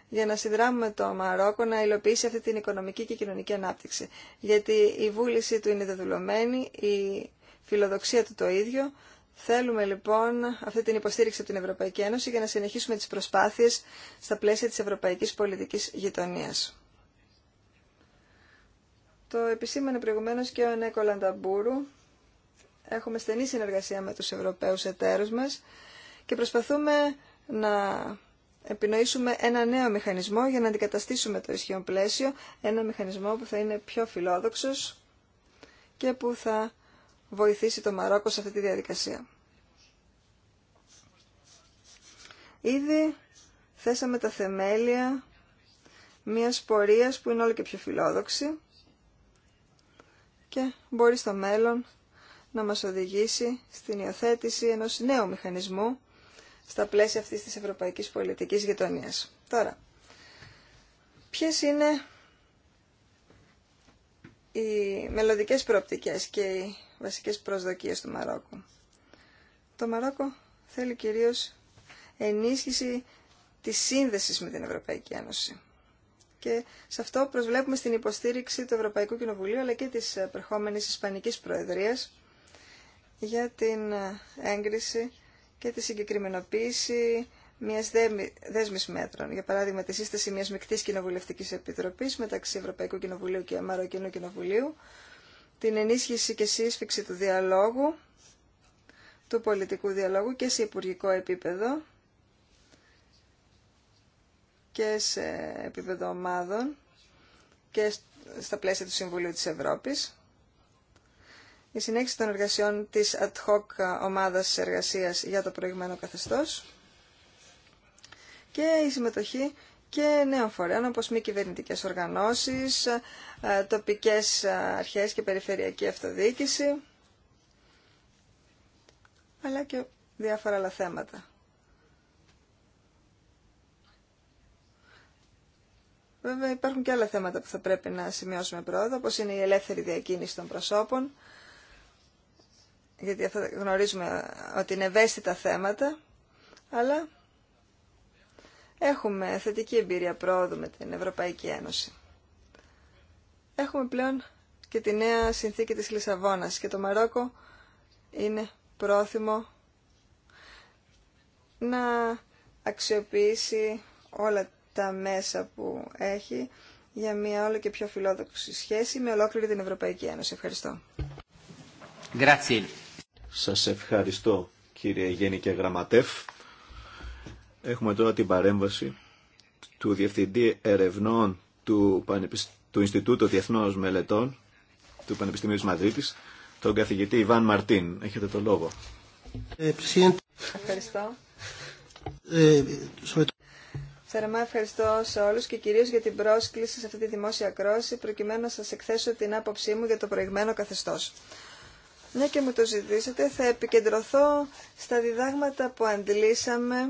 για να συνδράμουμε το Μαρόκο να υλοποιήσει αυτή την οικονομική και κοινωνική ανάπτυξη. Γιατί η βούλησή του είναι δεδουλωμένη, η φιλοδοξία του το ίδιο. Θέλουμε λοιπόν αυτή την υποστήριξη από την Ευρωπαϊκή Ένωση για να συνεχίσουμε τις προσπάθειες στα πλαίσια της ευρωπαϊκής πολιτικής γειτονίας. Το επισήμανε προηγουμένω και ο Νέκο Λανταμπούρου Έχουμε στενή συνεργασία με τους Ευρωπαίους εταίρους μας και προσπαθούμε να επινοήσουμε ένα νέο μηχανισμό για να αντικαταστήσουμε το ισχυρό πλαίσιο, ένα μηχανισμό που θα είναι πιο φιλόδοξος και που θα βοηθήσει το Μαρόκο σε αυτή τη διαδικασία. Ήδη θέσαμε τα θεμέλια μιας πορείας που είναι όλο και πιο φιλόδοξη και μπορεί στο μέλλον να μας οδηγήσει στην υιοθέτηση ενός νέου μηχανισμού στα πλαίσια αυτής της ευρωπαϊκής πολιτικής γειτονίας. Τώρα, ποιες είναι οι μελλοντικές προοπτικές και οι βασικές προσδοκίες του Μαρόκου. Το Μαρόκο θέλει κυρίως ενίσχυση της σύνδεσης με την Ευρωπαϊκή Ένωση. Και σε αυτό προσβλέπουμε στην υποστήριξη του Ευρωπαϊκού Κοινοβουλίου αλλά και της ε, προχόμενης Ισπανικής Προεδρίας για την έγκριση και τη συγκεκριμενοποίηση μια δέσμη μέτρων. Για παράδειγμα, τη σύσταση μια μεικτή κοινοβουλευτική επιτροπή μεταξύ Ευρωπαϊκού Κοινοβουλίου και Μαροκινού Κοινοβουλίου, την ενίσχυση και σύσφυξη του διαλόγου, του πολιτικού διαλόγου και σε υπουργικό επίπεδο και σε επίπεδο ομάδων και στα πλαίσια του Συμβουλίου της Ευρώπης η συνέχιση των εργασιών της ad hoc ομάδας εργασίας για το προηγμένο καθεστώς και η συμμετοχή και νέων φορέων όπως μη κυβερνητικέ οργανώσεις, ε, τοπικές αρχές και περιφερειακή αυτοδιοίκηση, αλλά και διάφορα άλλα θέματα. Βέβαια υπάρχουν και άλλα θέματα που θα πρέπει να σημειώσουμε πρώτα, όπως είναι η ελεύθερη διακίνηση των προσώπων, γιατί γνωρίζουμε ότι είναι ευαίσθητα θέματα, αλλά έχουμε θετική εμπειρία πρόοδου με την Ευρωπαϊκή Ένωση. Έχουμε πλέον και τη νέα συνθήκη της Λισαβόνας και το Μαρόκο είναι πρόθυμο να αξιοποιήσει όλα τα μέσα που έχει για μια όλο και πιο φιλόδοξη σχέση με ολόκληρη την Ευρωπαϊκή Ένωση. Ευχαριστώ. Grazie. Σας ευχαριστώ κύριε και Γραμματεύ. Έχουμε τώρα την παρέμβαση του Διευθυντή Ερευνών του, του Ινστιτούτου Διεθνών Μελετών του Πανεπιστημίου της Μαδρίτης, τον καθηγητή Ιβάν Μαρτίν. Έχετε το λόγο. Ε, ευχαριστώ. Ε, Θερμά ευχαριστώ σε όλου και κυρίω για την πρόσκληση σε αυτή τη δημόσια κρόση, προκειμένου να σα εκθέσω την άποψή μου για το προηγμένο καθεστώ. Ναι και μου το ζητήσετε, θα επικεντρωθώ στα διδάγματα που αντλήσαμε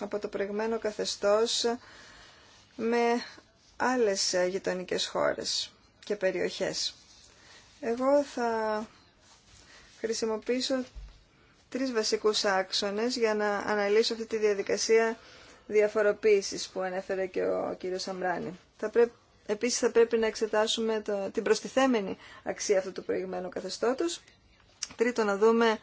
από το προηγμένο καθεστώς με άλλες γειτονικέ χώρες και περιοχές. Εγώ θα χρησιμοποιήσω τρεις βασικούς άξονες για να αναλύσω αυτή τη διαδικασία διαφοροποίησης που ανέφερε και ο κύριος Σαμπράνη. Θα πρέπει Επίσης θα πρέπει να εξετάσουμε την προστιθέμενη αξία αυτού του προηγμένου καθεστώτος. Τρίτο, να δούμε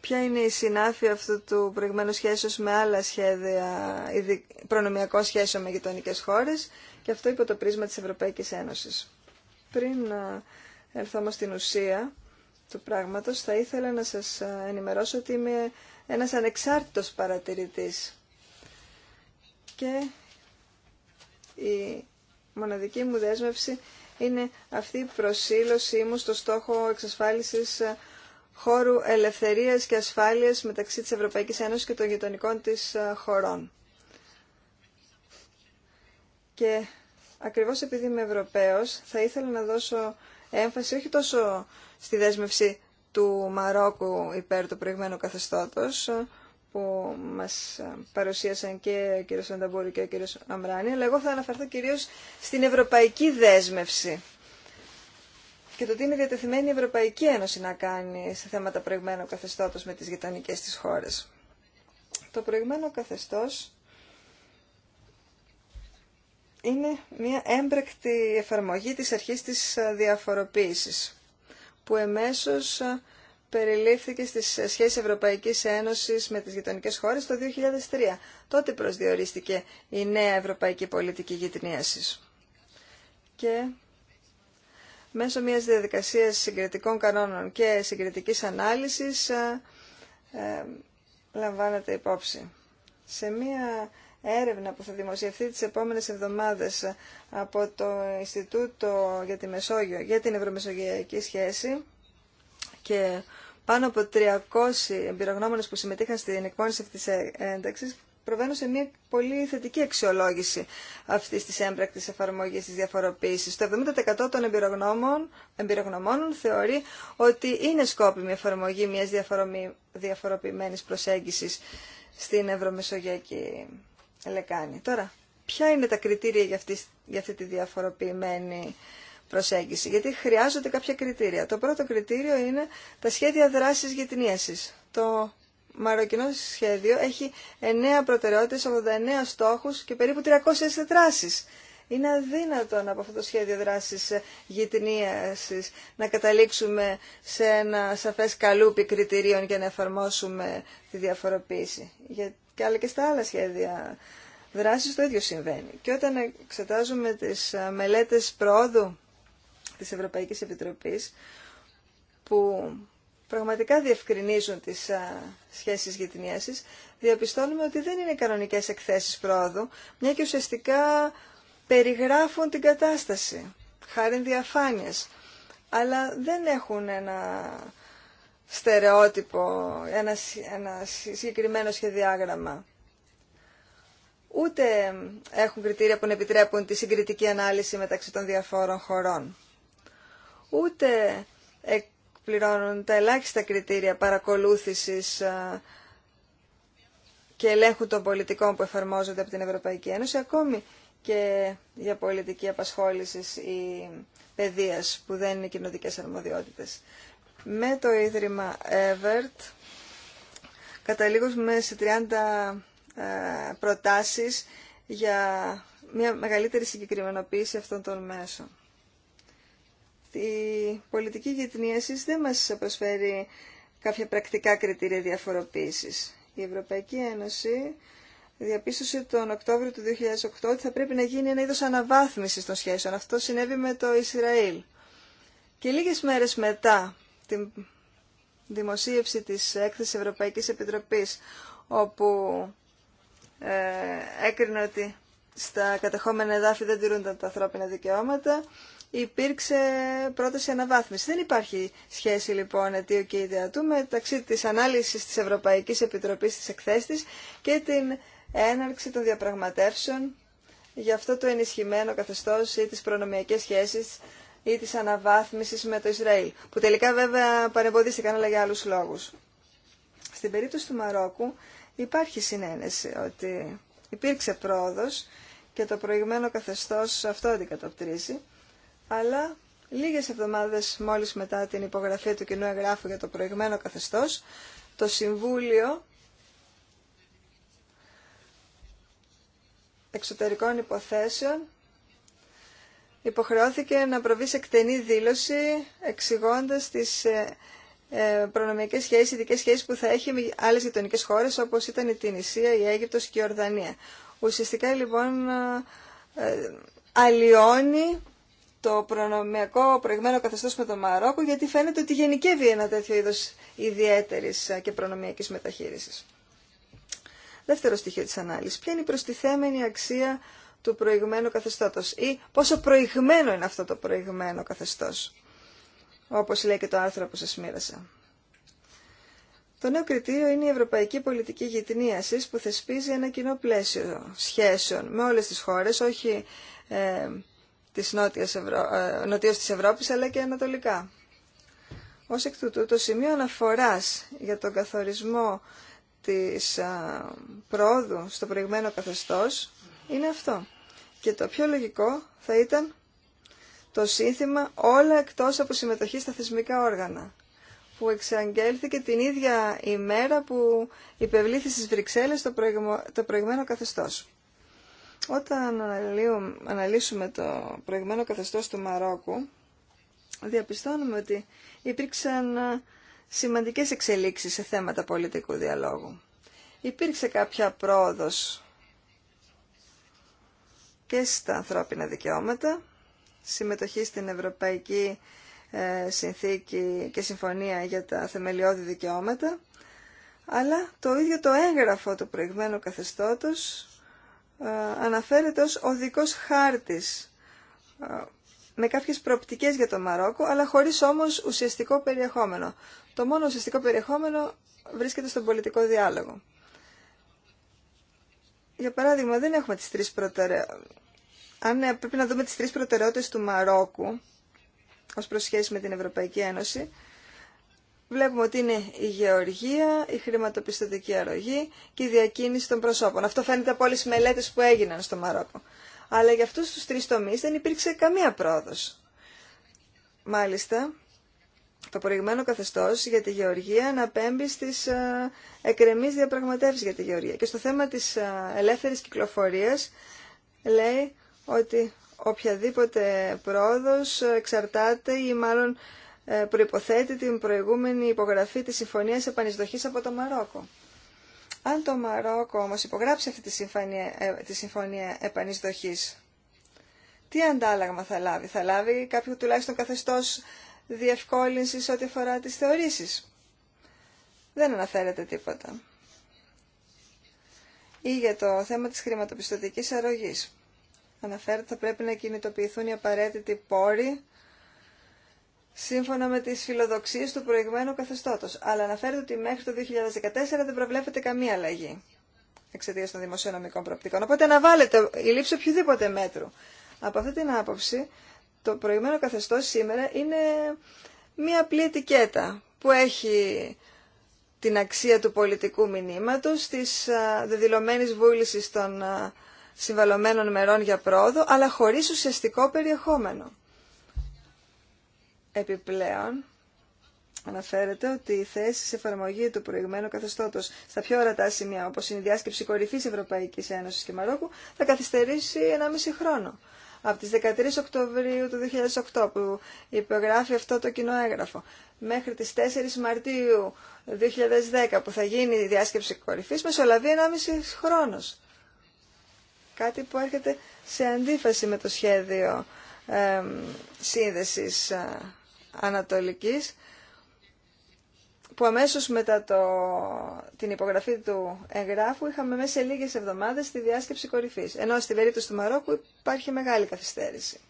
ποια είναι η συνάφεια αυτού του προηγμένου σχέσεως με άλλα σχέδια προνομιακών σχέσεων με γειτονικέ χώρες και αυτό υπό το πρίσμα της Ευρωπαϊκής Ένωσης. Πριν έρθω όμως στην ουσία του πράγματος, θα ήθελα να σας ενημερώσω ότι είμαι ένας ανεξάρτητος παρατηρητής και μοναδική μου δέσμευση είναι αυτή η προσήλωσή μου στο στόχο εξασφάλισης ε, χώρου ελευθερίας και ασφάλειας μεταξύ της Ευρωπαϊκής Ένωσης και των γειτονικών της ε, χωρών. Και ακριβώς επειδή είμαι Ευρωπαίος, θα ήθελα να δώσω έμφαση όχι τόσο στη δέσμευση του Μαρόκου υπέρ του προηγμένου καθεστώτος, ε, που μας παρουσίασαν και ο κ. Ανταμπούλου και ο κ. Αμράνη, αλλά εγώ θα αναφερθώ κυρίως στην ευρωπαϊκή δέσμευση και το τι είναι διατεθειμένη η Ευρωπαϊκή Ένωση να κάνει σε θέματα προηγμένου καθεστώτος με τις γειτονικέ της χώρες. Το προηγμένο καθεστώς είναι μια έμπρεκτη εφαρμογή της αρχής της διαφοροποίησης, που εμέσως περιλήφθηκε στις σχέσεις Ευρωπαϊκής Ένωσης με τις γειτονικές χώρες το 2003. Τότε προσδιορίστηκε η νέα Ευρωπαϊκή Πολιτική Γειτονίασης. Και μέσω μιας διαδικασίας συγκριτικών κανόνων και συγκριτικής ανάλυσης ε, ε, λαμβάνεται υπόψη. Σε μια έρευνα που θα δημοσιευθεί τις επόμενες εβδομάδες από το Ινστιτούτο για τη Μεσόγειο για την Ευρωμεσογειακή Σχέση και πάνω από 300 εμπειρογνώμονες που συμμετείχαν στην εκπόνηση αυτής της ε, ένταξης προβαίνουν σε μια πολύ θετική αξιολόγηση αυτή τη έμπρακτη εφαρμογή τη διαφοροποίηση. Το 70% των εμπειρογνωμών θεωρεί ότι είναι σκόπιμη εφαρμογή μια διαφοροποιημένη προσέγγιση στην ευρωμεσογειακή λεκάνη. Τώρα, ποια είναι τα κριτήρια για αυτή, για αυτή τη διαφοροποιημένη προσέγγιση, γιατί χρειάζονται κάποια κριτήρια. Το πρώτο κριτήριο είναι τα σχέδια δράσης γυτνίασης. Το μαροκινό σχέδιο έχει 9 προτεραιότητες, 89 στόχους και περίπου 300 δράσει. Είναι αδύνατον από αυτό το σχέδιο δράσης γυτνίασης να καταλήξουμε σε ένα σαφές καλούπι κριτηρίων για να εφαρμόσουμε τη διαφοροποίηση. και άλλα και στα άλλα σχέδια δράσης το ίδιο συμβαίνει. Και όταν εξετάζουμε τις μελέτες πρόοδου της Ευρωπαϊκής Επιτροπής που πραγματικά διευκρινίζουν τις α, σχέσεις γειτνίασης, διαπιστώνουμε ότι δεν είναι κανονικές εκθέσεις πρόοδου, μια και ουσιαστικά περιγράφουν την κατάσταση, χάρη διαφάνειας, αλλά δεν έχουν ένα στερεότυπο, ένα, ένα συγκεκριμένο σχεδιάγραμμα. Ούτε έχουν κριτήρια που να επιτρέπουν τη συγκριτική ανάλυση μεταξύ των διαφόρων χωρών ούτε εκπληρώνουν τα ελάχιστα κριτήρια παρακολούθησης ε, και ελέγχου των πολιτικών που εφαρμόζονται από την Ευρωπαϊκή Ένωση, ακόμη και για πολιτική απασχόληση ή παιδείας που δεν είναι κοινωτικές αρμοδιότητες. Με το Ίδρυμα ΕΒΕΡΤ καταλήγουμε σε 30 ε, προτάσεις για μια μεγαλύτερη συγκεκριμενοποίηση αυτών των μέσων η πολιτική γετνίασης δεν μας προσφέρει κάποια πρακτικά κριτήρια διαφοροποίησης. Η Ευρωπαϊκή Ένωση διαπίστωσε τον Οκτώβριο του 2008 ότι θα πρέπει να γίνει ένα είδος αναβάθμισης των σχέσεων. Αυτό συνέβη με το Ισραήλ. Και λίγες μέρες μετά την δημοσίευση της έκθεσης Ευρωπαϊκής Επιτροπής, όπου ε, έκρινε ότι στα κατεχόμενα εδάφη δεν τηρούνταν τα ανθρώπινα δικαιώματα, υπήρξε πρόταση αναβάθμιση. Δεν υπάρχει σχέση λοιπόν αιτίου και ιδεατού μεταξύ της ανάλυσης της Ευρωπαϊκής Επιτροπής της εκθέστης και την έναρξη των διαπραγματεύσεων για αυτό το ενισχυμένο καθεστώς ή τις προνομιακές σχέσεις ή της αναβάθμισης με το Ισραήλ, που τελικά βέβαια παρεμποδίστηκαν αλλά για άλλους λόγους. Στην περίπτωση του Μαρόκου υπάρχει συνένεση ότι υπήρξε πρόοδος και το προηγμένο καθεστώς αυτό αντικατοπτρίζει αλλά λίγες εβδομάδες μόλις μετά την υπογραφή του κοινού εγγράφου για το προηγμένο καθεστώς, το Συμβούλιο Εξωτερικών Υποθέσεων υποχρεώθηκε να προβεί σε εκτενή δήλωση εξηγώντας τις ε, ε, προνομιακέ σχέσει, ειδικέ σχέσει που θα έχει με άλλε γειτονικέ χώρε όπω ήταν η Τινησία, η Αίγυπτο και η Ορδανία. Ουσιαστικά λοιπόν ε, αλλοιώνει το προνομιακό προηγμένο καθεστώ με το Μαρόκο, γιατί φαίνεται ότι γενικεύει ένα τέτοιο είδο ιδιαίτερη και προνομιακή μεταχείρισης. Δεύτερο στοιχείο τη ανάλυση. Ποια είναι η προστιθέμενη αξία του προηγμένου καθεστώτος ή πόσο προηγμένο είναι αυτό το προηγμένο καθεστώ, όπω λέει και το άρθρο που σα μοίρασα. Το νέο κριτήριο είναι η Ευρωπαϊκή Πολιτική Γειτνίαση που θεσπίζει ένα κοινό πλαίσιο σχέσεων με όλε τι χώρε, όχι ε, της νότιας, Ευρω... Ε, νότιας της Ευρώπης αλλά και ανατολικά. Ως εκ τούτου, το σημείο αναφοράς για τον καθορισμό της α, ε, πρόοδου στο προηγμένο καθεστώς είναι αυτό. Και το πιο λογικό θα ήταν το σύνθημα όλα εκτός από συμμετοχή στα θεσμικά όργανα που εξαγγέλθηκε την ίδια ημέρα που υπευλήθη στις Βρυξέλλες το, το προηγμένο καθεστώς. Όταν αναλύσουμε το προηγμένο καθεστώς του Μαρόκου, διαπιστώνουμε ότι υπήρξαν σημαντικές εξελίξεις σε θέματα πολιτικού διαλόγου. Υπήρξε κάποια πρόοδος και στα ανθρώπινα δικαιώματα, συμμετοχή στην Ευρωπαϊκή ε, Συνθήκη και Συμφωνία για τα Θεμελιώδη Δικαιώματα, αλλά το ίδιο το έγγραφο του προηγμένου καθεστώτος ε, αναφέρεται ως οδικός χάρτης ε, με κάποιες προοπτικές για το Μαρόκο, αλλά χωρίς όμως ουσιαστικό περιεχόμενο. Το μόνο ουσιαστικό περιεχόμενο βρίσκεται στον πολιτικό διάλογο. Για παράδειγμα, δεν έχουμε τις τρεις Αν ε, πρέπει να δούμε τις τρεις προτεραιότητες του Μαρόκου, ως προσχέση με την Ευρωπαϊκή Ένωση, Βλέπουμε ότι είναι η γεωργία, η χρηματοπιστωτική αρρωγή και η διακίνηση των προσώπων. Αυτό φαίνεται από όλε τι μελέτε που έγιναν στο Μαρόκο. Αλλά για αυτού του τρει τομεί δεν υπήρξε καμία πρόοδο. Μάλιστα, το προηγμένο καθεστώ για τη γεωργία να πέμπει στι ε, εκρεμεί διαπραγματεύσει για τη γεωργία. Και στο θέμα τη ε, ελεύθερη κυκλοφορία λέει ότι οποιαδήποτε πρόοδος εξαρτάται ή μάλλον ε, προϋποθέτει την προηγούμενη υπογραφή της Συμφωνίας Επανεισδοχής από το Μαρόκο. Αν το Μαρόκο όμως υπογράψει αυτή τη Συμφωνία, ε, τη συμφωνία Επανεισδοχής, τι αντάλλαγμα θα λάβει. Θα λάβει κάποιο τουλάχιστον καθεστώς διευκόλυνσης ό,τι αφορά τις θεωρήσεις. Δεν αναφέρεται τίποτα. Ή για το θέμα της χρηματοπιστωτικής αρρωγής. Αναφέρεται θα πρέπει να κινητοποιηθούν οι απαραίτητοι πόροι σύμφωνα με τις φιλοδοξίες του προηγμένου καθεστώτος. Αλλά αναφέρεται ότι μέχρι το 2014 δεν προβλέπεται καμία αλλαγή εξαιτία των δημοσιονομικών προοπτικών. Οπότε να βάλετε η λήψη οποιοδήποτε μέτρου. Από αυτή την άποψη, το προηγμένο καθεστώς σήμερα είναι μία απλή ετικέτα που έχει την αξία του πολιτικού μηνύματος, της δεδηλωμένη βούληση των συμβαλωμένων μερών για πρόοδο, αλλά χωρίς ουσιαστικό περιεχόμενο. Επιπλέον, αναφέρεται ότι η θέση σε εφαρμογή του προηγμένου καθεστώτος στα πιο ορατά σημεία, όπως είναι η διάσκεψη κορυφής Ευρωπαϊκής Ένωσης και Μαρόκου, θα καθυστερήσει 1,5 χρόνο. Από τις 13 Οκτωβρίου του 2008 που υπογράφει αυτό το κοινό έγγραφο μέχρι τις 4 Μαρτίου 2010 που θα γίνει η διάσκεψη κορυφής μεσολαβεί 1,5 χρόνος. Κάτι που έρχεται σε αντίφαση με το σχέδιο ε, σύνδεσης Ανατολικής που αμέσως μετά το, την υπογραφή του εγγράφου είχαμε μέσα σε λίγες εβδομάδες τη διάσκεψη κορυφής, ενώ στην περίπτωση του Μαρόκου υπάρχει μεγάλη καθυστέρηση.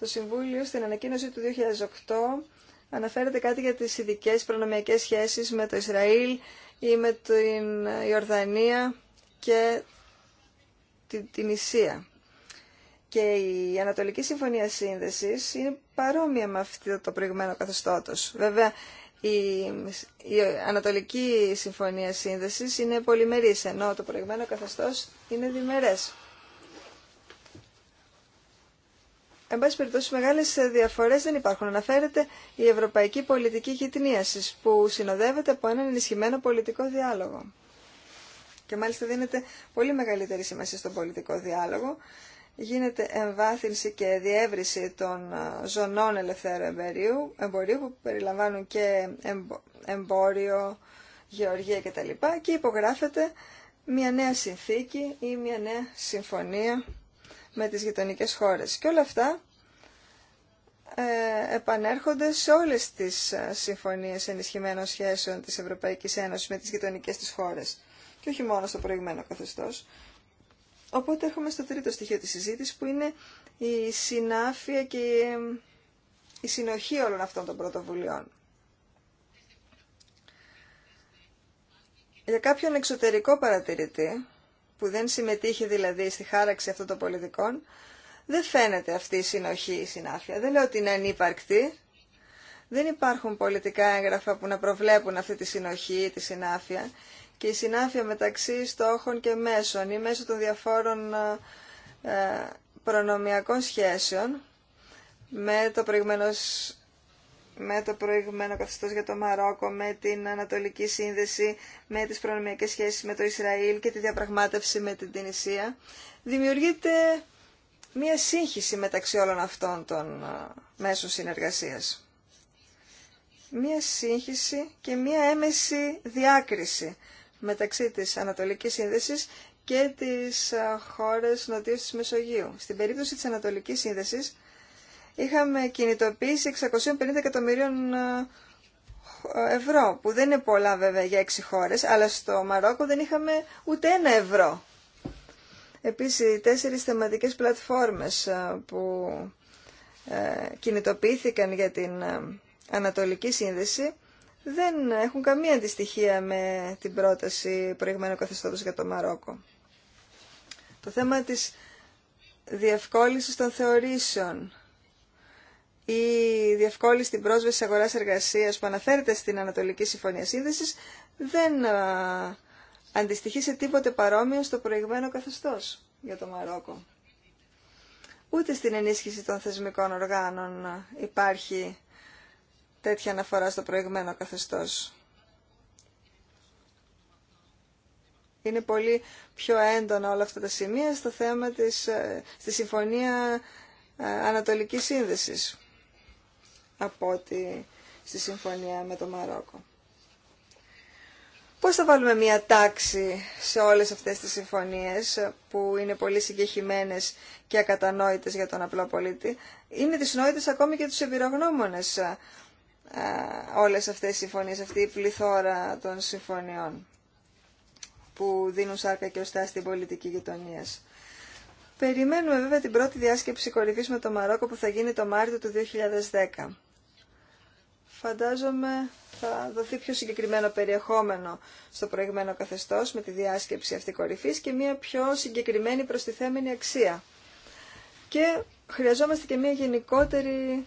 Το Συμβούλιο στην ανακοίνωση του 2008 αναφέρεται κάτι για τις ειδικέ προνομιακές σχέσεις με το Ισραήλ ή με την Ιορδανία και την Ισία. Και η Ανατολική Συμφωνία Σύνδεσης είναι παρόμοια με αυτό το προηγουμένο καθεστώτος. Βέβαια, η, η Ανατολική Συμφωνία Σύνδεσης είναι πολυμερής, ενώ το προηγμένο καθεστώς είναι διμερές. Εν πάση περιπτώσει, μεγάλε διαφορέ δεν υπάρχουν. Αναφέρεται η ευρωπαϊκή πολιτική γυτνίαση που συνοδεύεται από έναν ενισχυμένο πολιτικό διάλογο. Και μάλιστα δίνεται πολύ μεγαλύτερη σημασία στον πολιτικό διάλογο γίνεται εμβάθυνση και διεύρυνση των ε, ζωνών ελευθέρου εμπορίου, εμπορίου που περιλαμβάνουν και εμπόριο, γεωργία κτλ. και υπογράφεται μια νέα συνθήκη ή μια νέα συμφωνία με τις γειτονικές χώρες. Και όλα αυτά ε, επανέρχονται σε όλες τις ε, συμφωνίες ενισχυμένων σχέσεων της Ευρωπαϊκής Ένωσης με τις γειτονικές της χώρες και όχι μόνο στο προηγμένο καθεστώς. Οπότε έρχομαι στο τρίτο στοιχείο της συζήτησης που είναι η συνάφεια και η συνοχή όλων αυτών των πρωτοβουλειών. Για κάποιον εξωτερικό παρατηρητή, που δεν συμμετείχε δηλαδή στη χάραξη αυτών των πολιτικών, δεν φαίνεται αυτή η συνοχή, η συνάφεια. Δεν λέω ότι είναι ανύπαρκτη. Δεν υπάρχουν πολιτικά έγγραφα που να προβλέπουν αυτή τη συνοχή, τη συνάφεια και η συνάφεια μεταξύ στόχων και μέσων ή μέσω των διαφόρων ε, ε, προνομιακών σχέσεων με το προηγμένο με το προηγμένο καθεστώ για το Μαρόκο, με την Ανατολική Σύνδεση, με τις προνομιακές σχέσεις με το Ισραήλ και τη διαπραγμάτευση με την Τινησία, δημιουργείται μία σύγχυση μεταξύ όλων αυτών των ε, μέσων συνεργασίας. Μία σύγχυση και μία έμεση διάκριση μεταξύ της Ανατολικής Σύνδεσης και της χώρες νοτίου της Μεσογείου. Στην περίπτωση της Ανατολικής Σύνδεσης είχαμε κινητοποίηση 650 εκατομμυρίων ευρώ, που δεν είναι πολλά βέβαια για 6 χώρες, αλλά στο Μαρόκο δεν είχαμε ούτε ένα ευρώ. Επίσης, τέσσερις θεματικές πλατφόρμες που ε, κινητοποιήθηκαν για την Ανατολική Σύνδεση δεν έχουν καμία αντιστοιχεία με την πρόταση προηγμένου καθεστώτος για το Μαρόκο. Το θέμα της διευκόλυνσης των θεωρήσεων η διευκόλυνση στην πρόσβαση αγοράς εργασίας που αναφέρεται στην Ανατολική Συμφωνία Σύνδεσης δεν αντιστοιχεί σε τίποτε παρόμοιο στο προηγμένο καθεστώς για το Μαρόκο. Ούτε στην ενίσχυση των θεσμικών οργάνων υπάρχει τέτοια αναφορά στο προηγμένο καθεστώς. Είναι πολύ πιο έντονα όλα αυτά τα σημεία στο θέμα της, ε, στη Συμφωνία ε, Ανατολικής Σύνδεσης από ότι στη Συμφωνία με το Μαρόκο. Πώς θα βάλουμε μία τάξη σε όλες αυτές τις συμφωνίες ε, που είναι πολύ συγκεχημένες και ακατανόητες για τον απλό πολίτη. Είναι δυσνόητες ακόμη και τους εμπειρογνώμονες όλες αυτές οι συμφωνίες, αυτή η πληθώρα των συμφωνιών που δίνουν σάρκα και οστά στην πολιτική γειτονία. Περιμένουμε βέβαια την πρώτη διάσκεψη κορυφής με το Μαρόκο που θα γίνει το Μάρτιο του 2010. Φαντάζομαι θα δοθεί πιο συγκεκριμένο περιεχόμενο στο προηγμένο καθεστώς με τη διάσκεψη αυτή κορυφής και μια πιο συγκεκριμένη προστιθέμενη αξία. Και χρειαζόμαστε και μια γενικότερη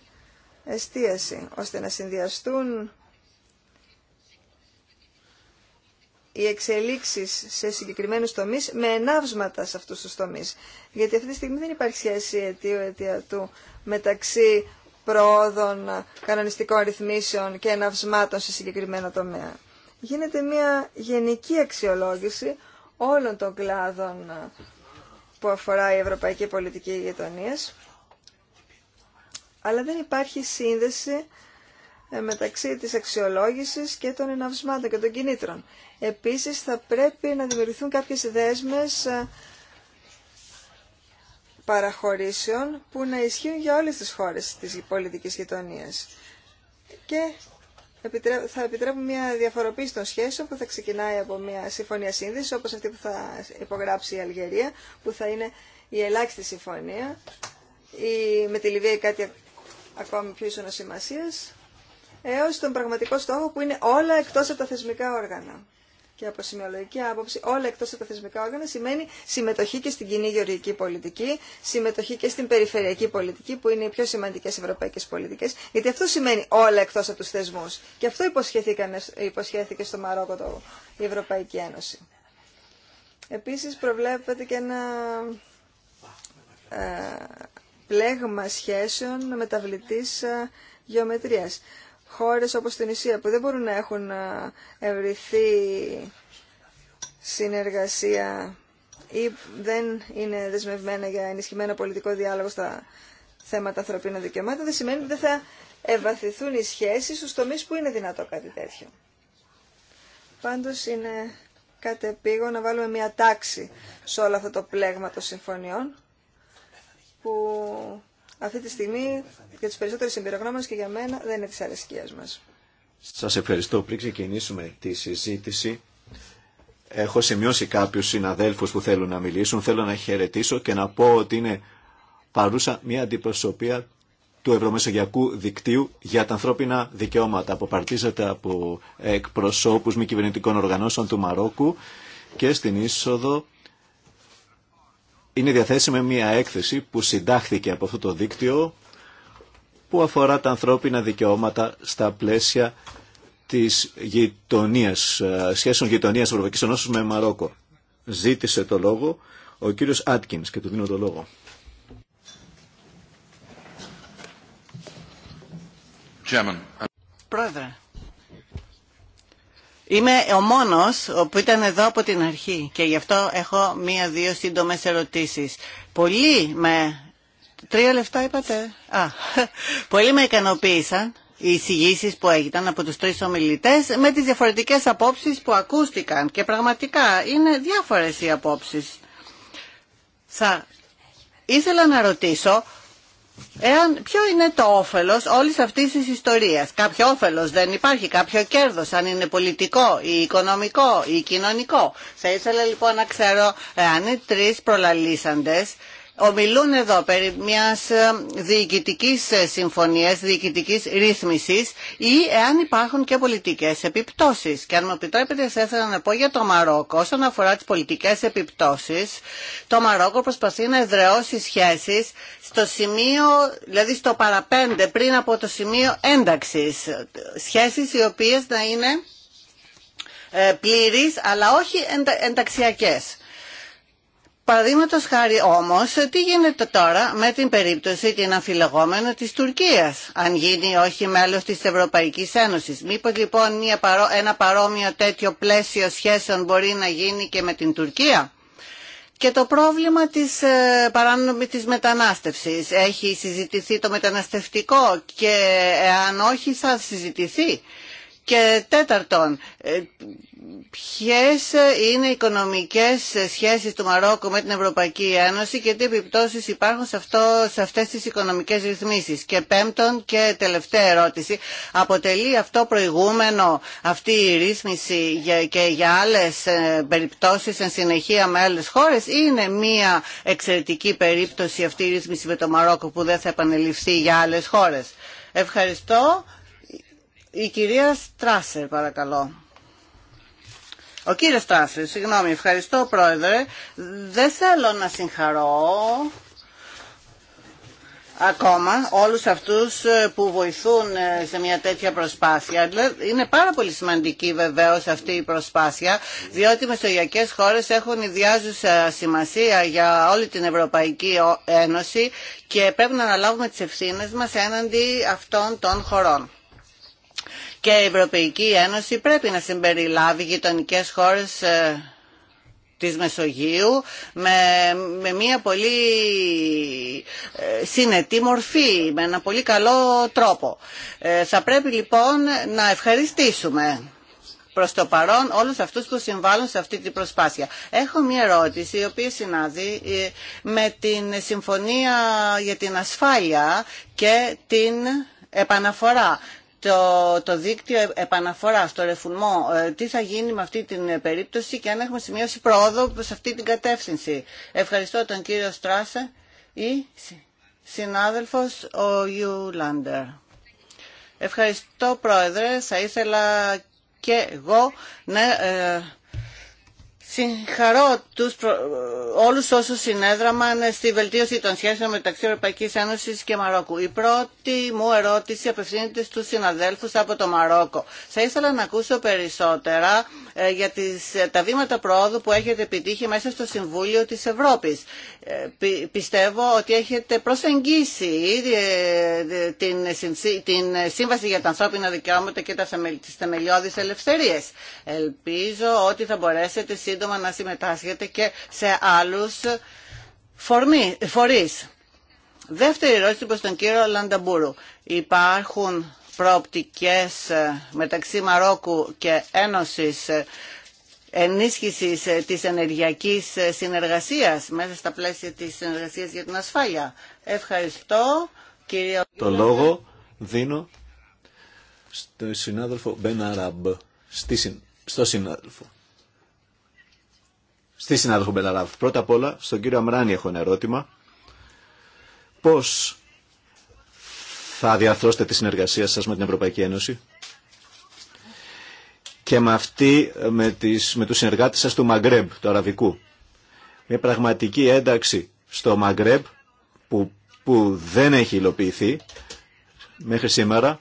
εστίαση, ώστε να συνδυαστούν οι εξελίξεις σε συγκεκριμένους τομείς με ενάυσματα σε αυτούς τους τομείς. Γιατί αυτή τη στιγμή δεν υπάρχει σχέση του μεταξύ προόδων, κανονιστικών ρυθμίσεων και εναυσμάτων σε συγκεκριμένο τομέα. Γίνεται μια γενική αξιολόγηση όλων των κλάδων που αφορά η Ευρωπαϊκή Πολιτική Γειτονίας αλλά δεν υπάρχει σύνδεση ε, μεταξύ της αξιολόγησης και των εναυσμάτων και των κινήτρων. Επίσης θα πρέπει να δημιουργηθούν κάποιες δέσμες ε, παραχωρήσεων που να ισχύουν για όλες τις χώρες της πολιτικής γειτονία. Και θα επιτρέπουμε μια διαφοροποίηση των σχέσεων που θα ξεκινάει από μια συμφωνία σύνδεση όπως αυτή που θα υπογράψει η Αλγερία που θα είναι η ελάχιστη συμφωνία ή με τη Λιβύη κάτι ακόμη πιο ίσονα σημασία, έω τον πραγματικό στόχο που είναι όλα εκτό από τα θεσμικά όργανα. Και από σημειολογική άποψη, όλα εκτό από τα θεσμικά όργανα σημαίνει συμμετοχή και στην κοινή γεωργική πολιτική, συμμετοχή και στην περιφερειακή πολιτική, που είναι οι πιο σημαντικέ ευρωπαϊκέ πολιτικέ, γιατί αυτό σημαίνει όλα εκτό από του θεσμού. Και αυτό υποσχέθηκε στο Μαρόκο το, η Ευρωπαϊκή Ένωση. Επίση, προβλέπεται και ένα ε, πλέγμα σχέσεων μεταβλητής ε, γεωμετρίας. Χώρες όπως την Ισία που δεν μπορούν να έχουν ε, ευρυθεί συνεργασία ή δεν είναι δεσμευμένα για ενισχυμένο πολιτικό διάλογο στα θέματα ανθρωπίνων δικαιωμάτων, δεν σημαίνει ότι δεν θα ευαθηθούν οι σχέσεις στους τομείς που είναι δυνατό κάτι τέτοιο. Πάντως είναι επίγον να βάλουμε μια τάξη σε όλο αυτό το πλέγμα των συμφωνιών που αυτή τη στιγμή για τους περισσότερους συμπειρογνώμενους και για μένα δεν είναι της αρεσκίας μας. Σας ευχαριστώ. Πριν ξεκινήσουμε τη συζήτηση, έχω σημειώσει κάποιους συναδέλφους που θέλουν να μιλήσουν. Θέλω να χαιρετήσω και να πω ότι είναι παρούσα μια αντιπροσωπεία του Ευρωμεσογειακού Δικτύου για τα ανθρώπινα δικαιώματα που παρτίζεται από εκπροσώπους μη κυβερνητικών οργανώσεων του Μαρόκου και στην είσοδο είναι διαθέσιμη μια έκθεση που συντάχθηκε από αυτό το δίκτυο που αφορά τα ανθρώπινα δικαιώματα στα πλαίσια της γειτονίας, ε, σχέσεων γειτονίας Ευρωπαϊκής Ενώσης με Μαρόκο. Ζήτησε το λόγο ο κύριος Άτκινς και του δίνω το λόγο. Πρόεδρε, Είμαι ο μόνος που ήταν εδώ από την αρχή και γι' αυτό έχω μία-δύο σύντομες ερωτήσεις. Πολλοί με... Τρία λεφτά είπατε. Α, πολλοί με ικανοποίησαν οι εισηγήσει που έγιναν από τους τρεις ομιλητές με τις διαφορετικές απόψεις που ακούστηκαν και πραγματικά είναι διάφορες οι απόψεις. Θα ήθελα να ρωτήσω Εάν, ποιο είναι το όφελος όλης αυτής της ιστορίας. Κάποιο όφελος δεν υπάρχει, κάποιο κέρδος, αν είναι πολιτικό ή οικονομικό ή κοινωνικό. Θα ήθελα λοιπόν να ξέρω εάν οι τρεις προλαλήσαντες Ομιλούν εδώ περί μιας ε, διοικητικής ε, συμφωνίας, διοικητικής ρύθμισης ή εάν υπάρχουν και πολιτικές επιπτώσεις. Και αν μου επιτρέπετε θα ήθελα να πω για το Μαρόκο όσον αφορά τις πολιτικές επιπτώσεις. Το Μαρόκο προσπαθεί να εδραιώσει σχέσεις στο σημείο, δηλαδή στο παραπέντε πριν από το σημείο ένταξης. Σχέσεις οι οποίες να είναι ε, πλήρεις αλλά όχι ενταξιακές. Παραδείγματο χάρη όμως, τι γίνεται τώρα με την περίπτωση την αμφιλεγόμενη της Τουρκίας, αν γίνει όχι μέλο τη Ευρωπαϊκή Ένωση. Μήπως λοιπόν ένα παρόμοιο τέτοιο πλαίσιο σχέσεων μπορεί να γίνει και με την Τουρκία. Και το πρόβλημα της ε, παράνομης της μετανάστευσης. Έχει συζητηθεί το μεταναστευτικό και εάν όχι θα συζητηθεί και τέταρτον, ε, ποιες είναι οι οικονομικές σχέσεις του Μαρόκου με την Ευρωπαϊκή Ένωση και τι επιπτώσεις υπάρχουν σε, αυτό, σε αυτές τις οικονομικές ρυθμίσεις. Και πέμπτον και τελευταία ερώτηση, αποτελεί αυτό προηγούμενο αυτή η ρύθμιση και για άλλες ε, περιπτώσεις εν συνεχεία με άλλες χώρες ή είναι μια εξαιρετική περίπτωση αυτή η ρύθμιση με το Μαρόκο που δεν θα επανελειφθεί για άλλες χώρες. Ευχαριστώ. Η κυρία Στράσερ, παρακαλώ. Ο κύριος Στράσερ, συγγνώμη, ευχαριστώ πρόεδρε. Δεν θέλω να συγχαρώ ακόμα όλους αυτούς ε, που βοηθούν ε, σε μια τέτοια προσπάθεια. Είναι πάρα πολύ σημαντική βεβαίως αυτή η προσπάθεια, διότι οι μεσογειακές χώρες έχουν ιδιάζουσα σημασία για όλη την Ευρωπαϊκή Ένωση και πρέπει να αναλάβουμε τις ευθύνες μας έναντι αυτών των χωρών και η Ευρωπαϊκή Ένωση πρέπει να συμπεριλάβει γειτονικέ χώρες ε, της Μεσογείου με, μια πολύ ε, συνετή μορφή, με ένα πολύ καλό τρόπο. Ε, θα πρέπει λοιπόν να ευχαριστήσουμε προς το παρόν όλους αυτούς που συμβάλλουν σε αυτή την προσπάθεια. Έχω μια ερώτηση η οποία συνάδει με την Συμφωνία για την Ασφάλεια και την Επαναφορά το, το δίκτυο επαναφορά, το ρεφουλμό, ε, τι θα γίνει με αυτή την ε, περίπτωση και αν έχουμε σημειώσει πρόοδο σε αυτή την κατεύθυνση. Ευχαριστώ τον κύριο Στράσε ή συνάδελφος ο Ιουλάντερ. Ευχαριστώ πρόεδρε, θα ήθελα και εγώ να... Ε, συγχαρώ τους προ... όλους όσους συνέδραμαν στη βελτίωση των σχέσεων μεταξύ Ευρωπαϊκής Ένωσης και Μαρόκου. Η πρώτη μου ερώτηση απευθύνεται στους συναδέλφους από το Μαρόκο. Θα ήθελα να ακούσω περισσότερα ε, για τις... Ε, τα βήματα πρόοδου που έχετε επιτύχει μέσα στο Συμβούλιο της Ευρώπης. Ε, πιστεύω ότι έχετε προσεγγίσει την, την Σύμβαση για τα Ανθρώπινα Δικαιώματα και τις θεμελιώδεις ελευθερίες. Ελπίζω ότι θα μπορέσετε σύντομα να συμμετάσχετε και σε άλλους φορείς. Δεύτερη ερώτηση προς τον κύριο Λανταμπούρου. Υπάρχουν προοπτικές ε, μεταξύ Μαρόκου και Ένωσης ε, ενίσχυσης ε, της ενεργειακής συνεργασίας μέσα στα πλαίσια της συνεργασίας για την ασφάλεια. Ευχαριστώ. Κύριο... Το λόγο δίνω στο συνάδελφο Μπεν Αραμπ, στο συνάδελφο στη συνάδελφο Μπελαράβ. Πρώτα απ' όλα, στον κύριο Αμράνη έχω ένα ερώτημα. Πώς θα διαρθρώσετε τη συνεργασία σας με την Ευρωπαϊκή Ένωση και με αυτή, με, τις, με τους συνεργάτες σας του Μαγκρέμπ, του Αραβικού. Μια πραγματική ένταξη στο Μαγκρέμπ που, που δεν έχει υλοποιηθεί μέχρι σήμερα.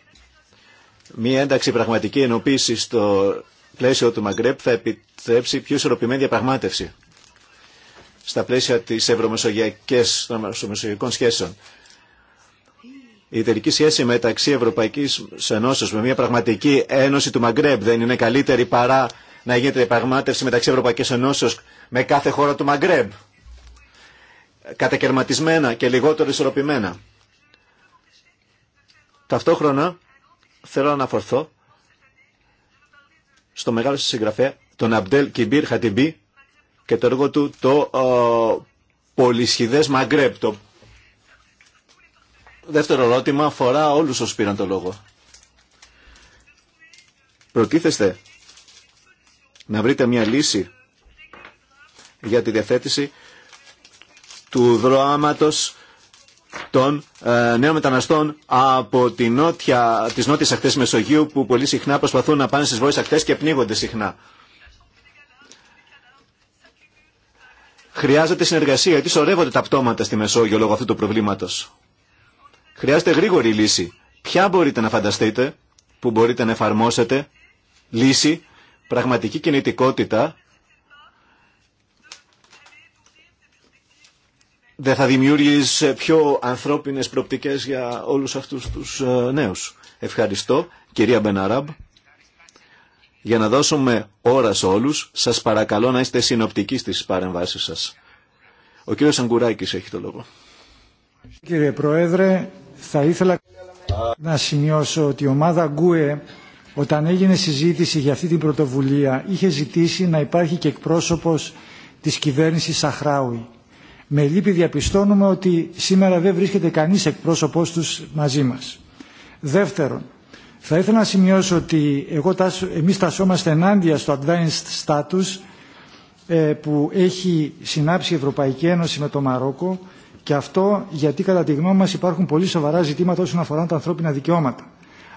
Μια ένταξη πραγματική ενοποίηση στο πλαίσιο του Μαγκρέπ θα επιτρέψει πιο ισορροπημένη διαπραγμάτευση στα πλαίσια της ευρωμεσογειακής των ευρωμεσογειακών σχέσεων. Η τελική σχέση μεταξύ Ευρωπαϊκής Ενώσεως με μια πραγματική ένωση του Μαγκρέπ δεν είναι καλύτερη παρά να γίνεται διαπραγμάτευση μεταξύ Ευρωπαϊκής Ενώσεως με κάθε χώρα του Μαγκρέπ. Κατακαιρματισμένα και λιγότερο ισορροπημένα. Ταυτόχρονα θέλω να αναφορθώ στο μεγάλο συγγραφέα, τον Αμπτέλ Κιμπίρ Χατιμπή και το έργο του το ε, Μαγκρέπτο. δεύτερο ερώτημα αφορά όλους όσους πήραν το λόγο. Προτίθεστε να βρείτε μια λύση για τη διαθέτηση του δρόματος των ε, νέων μεταναστών από τη νότια, τις νότιες ακτές Μεσογείου που πολύ συχνά προσπαθούν να πάνε στις βόρειες ακτές και πνίγονται συχνά. Χρειάζεται συνεργασία, γιατί σωρεύονται τα πτώματα στη Μεσόγειο λόγω αυτού του προβλήματος. Χρειάζεται γρήγορη λύση. Ποια μπορείτε να φανταστείτε που μπορείτε να εφαρμόσετε λύση, πραγματική κινητικότητα δεν θα δημιουργείς πιο ανθρώπινες προπτικές για όλους αυτούς τους ε, νέους. Ευχαριστώ, κυρία Μπεναράμπ. Για να δώσουμε ώρα σε όλους, σας παρακαλώ να είστε συνοπτικοί στις παρεμβάσεις σας. Ο κύριος Αγκουράκης έχει το λόγο. Κύριε Πρόεδρε, θα ήθελα να σημειώσω ότι η ομάδα Γκουε όταν έγινε συζήτηση για αυτή την πρωτοβουλία είχε ζητήσει να υπάρχει και εκπρόσωπος της κυβέρνησης Σαχράουη. Με λύπη διαπιστώνουμε ότι σήμερα δεν βρίσκεται κανείς εκπρόσωπός τους μαζί μας. Δεύτερον, θα ήθελα να σημειώσω ότι εγώ, εμείς τασόμαστε ενάντια στο Advanced Status ε, που έχει συνάψει η Ευρωπαϊκή Ένωση με το Μαρόκο και αυτό γιατί κατά τη γνώμη μας υπάρχουν πολύ σοβαρά ζητήματα όσον αφορά τα ανθρώπινα δικαιώματα.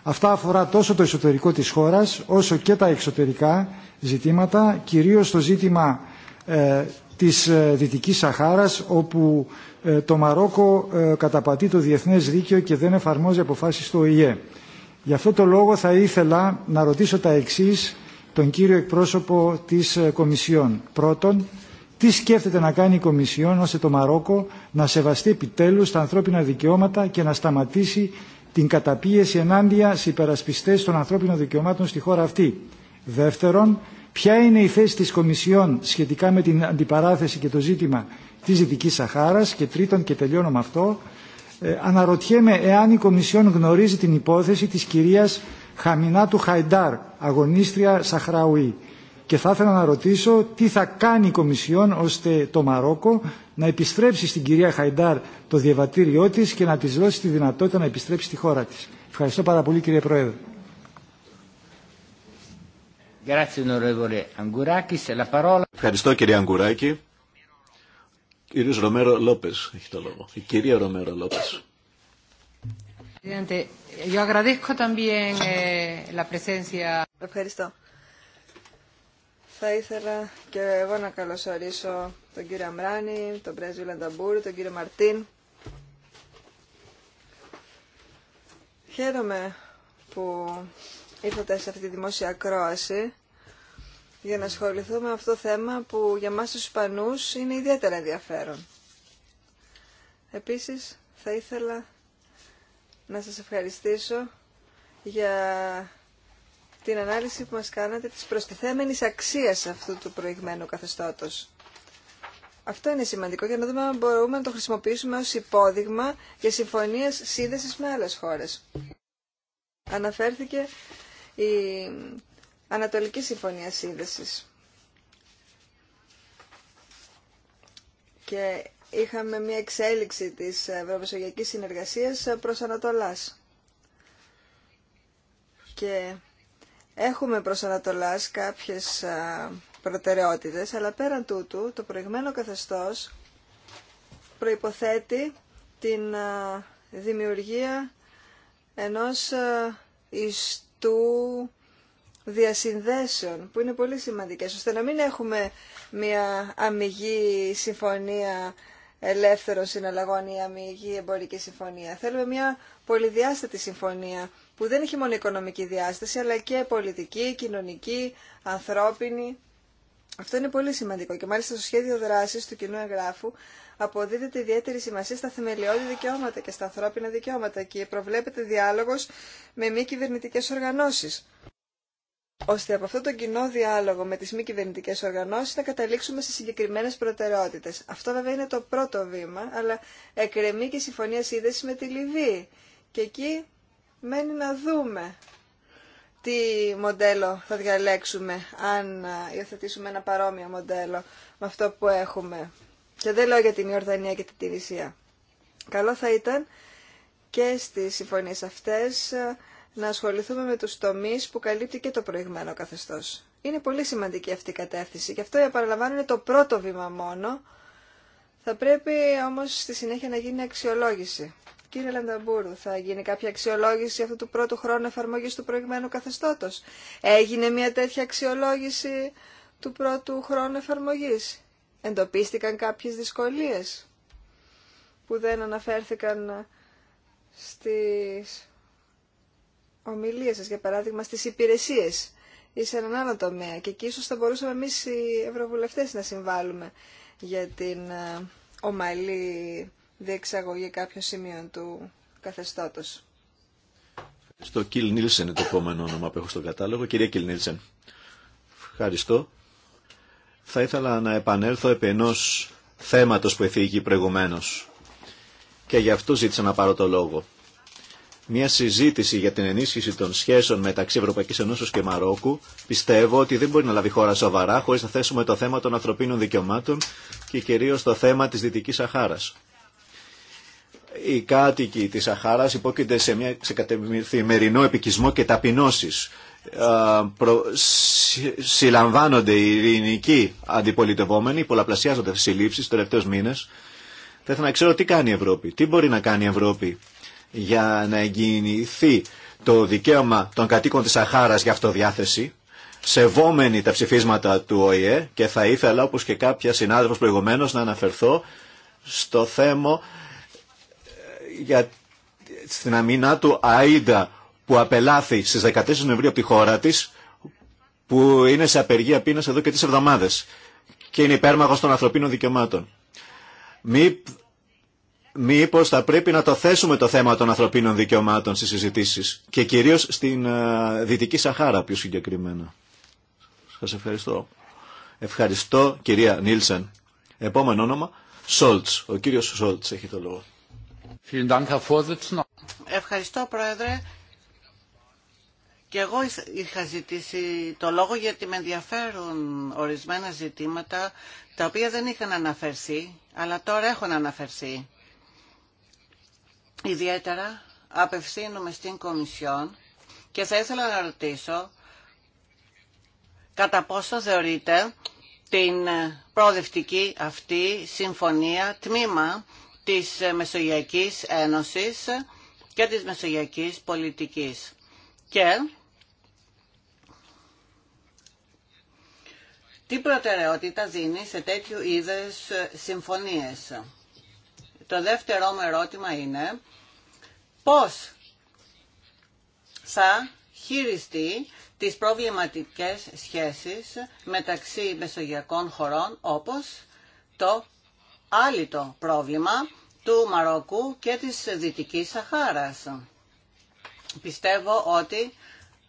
Αυτά αφορά τόσο το εσωτερικό της χώρας όσο και τα εξωτερικά ζητήματα, κυρίως το ζήτημα ε, της ε, Δυτικής Σαχάρας όπου ε, το Μαρόκο ε, καταπατεί το διεθνές δίκαιο και δεν εφαρμόζει αποφάσεις του ΟΗΕ. Γι' αυτό το λόγο θα ήθελα να ρωτήσω τα εξής τον κύριο εκπρόσωπο της Κομισιόν. Πρώτον, τι σκέφτεται να κάνει η Κομισιόν ώστε το Μαρόκο να σεβαστεί επιτέλους τα ανθρώπινα δικαιώματα και να σταματήσει την καταπίεση ενάντια σε υπερασπιστές των ανθρώπινων δικαιωμάτων στη χώρα αυτή. Δεύτερον, ποια είναι η θέση της Κομισιόν σχετικά με την αντιπαράθεση και το ζήτημα της Δυτικής Σαχάρας και τρίτον και τελειώνω με αυτό ε, αναρωτιέμαι εάν η Κομισιόν γνωρίζει την υπόθεση της κυρίας Χαμινάτου Χαϊντάρ, αγωνίστρια Σαχραουή. Και θα ήθελα να ρωτήσω τι θα κάνει η Κομισιόν ώστε το Μαρόκο να επιστρέψει στην κυρία Χαϊντάρ το διαβατήριό της και να της δώσει τη δυνατότητα να επιστρέψει στη χώρα της. Ευχαριστώ πάρα πολύ κύριε Πρόεδρε. Ευχαριστώ κύριε Αγκουράκη. Κύριος Ρομέρο Λόπες έχει το λόγο. Η κυρία Ρομέρο Λόπες. Eh, Ευχαριστώ. Θα ήθελα και εγώ να καλωσορίσω τον κύριο Αμράνη, τον πρέσβη Λανταμπούρ, τον κύριο Μαρτίν. Χαίρομαι που ήρθατε σε αυτή τη δημόσια ακρόαση για να ασχοληθούμε με αυτό το θέμα που για μας τους Ισπανούς είναι ιδιαίτερα ενδιαφέρον. Επίσης θα ήθελα να σας ευχαριστήσω για την ανάλυση που μας κάνατε της προστιθέμενης αξίας αυτού του προηγμένου καθεστώτος. Αυτό είναι σημαντικό για να δούμε αν μπορούμε να το χρησιμοποιήσουμε ως υπόδειγμα για συμφωνίες σύνδεσης με άλλες χώρες. Αναφέρθηκε η Ανατολική Συμφωνία σύνδεση. Και είχαμε μια εξέλιξη της Ευρωπαϊκής Συνεργασίας προς Ανατολάς. Και έχουμε προς Ανατολάς κάποιες προτεραιότητες, αλλά πέραν τούτου το προηγμένο καθεστώς προϋποθέτει την δημιουργία ενός ιστού διασυνδέσεων που είναι πολύ σημαντικές, ώστε να μην έχουμε μια αμυγή συμφωνία ελεύθερων συναλλαγών ή αμυγή εμπορική συμφωνία. Θέλουμε μια πολυδιάστατη συμφωνία που δεν έχει μόνο οικονομική διάσταση, αλλά και πολιτική, κοινωνική, ανθρώπινη. Αυτό είναι πολύ σημαντικό και μάλιστα στο σχέδιο δράσης του κοινού εγγράφου αποδίδεται ιδιαίτερη σημασία στα θεμελιώδη δικαιώματα και στα ανθρώπινα δικαιώματα και προβλέπεται διάλογος με μη κυβερνητικέ οργανώσεις ώστε από αυτό τον κοινό διάλογο με τις μη κυβερνητικέ οργανώσεις να καταλήξουμε σε συγκεκριμένες προτεραιότητες. Αυτό βέβαια είναι το πρώτο βήμα, αλλά εκρεμεί και η συμφωνία σύνδεση με τη Λιβύη. Και εκεί μένει να δούμε τι μοντέλο θα διαλέξουμε, αν υιοθετήσουμε ένα παρόμοιο μοντέλο με αυτό που έχουμε. Και δεν λέω για την Ιορδανία και την Τινησία. Καλό θα ήταν και στις συμφωνίες αυτές να ασχοληθούμε με τους τομείς που καλύπτει και το προηγμένο καθεστώς. Είναι πολύ σημαντική αυτή η κατεύθυνση και αυτό, επαναλαμβάνω, είναι το πρώτο βήμα μόνο. Θα πρέπει όμως στη συνέχεια να γίνει αξιολόγηση. Κύριε Λανταμπούρου, θα γίνει κάποια αξιολόγηση αυτού του πρώτου χρόνου εφαρμογής του προηγμένου καθεστώτος. Έγινε μια τέτοια αξιολόγηση του πρώτου χρόνου εφαρμογής. Εντοπίστηκαν κάποιες δυσκολίες που δεν αναφέρθηκαν στις ομιλία σας, για παράδειγμα, στις υπηρεσίες ή σε έναν άλλο τομέα. Και εκεί ίσως θα μπορούσαμε εμείς οι ευρωβουλευτές να συμβάλλουμε για την ε, ομαλή διεξαγωγή κάποιων σημείων του καθεστώτος. Στο Κιλ Νίλσεν είναι το επόμενο όνομα που έχω στον κατάλογο. Κυρία Κιλ Νίλσεν, ευχαριστώ. Θα ήθελα να επανέλθω επί ενός θέματος που εφήγη προηγουμένως και γι' αυτό ζήτησα να πάρω το λόγο μια συζήτηση για την ενίσχυση των σχέσεων μεταξύ Ευρωπαϊκή Ενώσεω και Μαρόκου, πιστεύω ότι δεν μπορεί να λάβει χώρα σοβαρά χωρί να θέσουμε το θέμα των ανθρωπίνων δικαιωμάτων και κυρίω το θέμα τη Δυτική Σαχάρα. Οι κάτοικοι τη Σαχάρα υπόκεινται σε, μια, σε καθημερινό επικισμό και ταπεινώσει. Προ... Συλλαμβάνονται οι ειρηνικοί αντιπολιτευόμενοι, πολλαπλασιάζονται συλλήψει του τελευταίου μήνε. Θα ήθελα να ξέρω τι κάνει η Ευρώπη, τι μπορεί να κάνει η Ευρώπη για να εγγυηθεί το δικαίωμα των κατοίκων της Σαχάρας για αυτοδιάθεση, σεβόμενοι τα ψηφίσματα του ΟΗΕ και θα ήθελα, όπως και κάποια συνάδελφος προηγουμένως, να αναφερθώ στο θέμα ε, για στην αμήνα του ΑΙΔΑ που απελάθη στις 14 Νοεμβρίου από τη χώρα της που είναι σε απεργία πείνας εδώ και τις εβδομάδες και είναι υπέρμαχος των ανθρωπίνων δικαιωμάτων. Μη Μηπω θα πρέπει να το θέσουμε το θέμα των ανθρωπίνων δικαιωμάτων στις συζητήσει και κυρίως στην ε, Δυτική Σαχάρα πιο συγκεκριμένα. Σα ευχαριστώ. Ευχαριστώ κυρία Νίλσεν. Επόμενο όνομα, Σόλτ. Ο κύριος Σόλτ, έχει το λόγο. Ευχαριστώ Πρόεδρε. Και εγώ είχα ζητήσει το λόγο γιατί με ενδιαφέρουν ορισμένα ζητήματα τα οποία δεν είχαν αναφερθεί, αλλά τώρα έχουν αναφερθεί ιδιαίτερα απευθύνουμε στην Κομισιόν και θα ήθελα να ρωτήσω κατά πόσο θεωρείτε την προοδευτική αυτή συμφωνία τμήμα της Μεσογειακής Ένωσης και της Μεσογειακής Πολιτικής. Και τι προτεραιότητα δίνει σε τέτοιου είδες συμφωνίες. Το δεύτερό μου ερώτημα είναι πώς θα χειριστεί τις προβληματικές σχέσεις μεταξύ μεσογειακών χωρών όπως το άλυτο πρόβλημα του Μαρόκου και της Δυτικής Σαχάρας. Πιστεύω ότι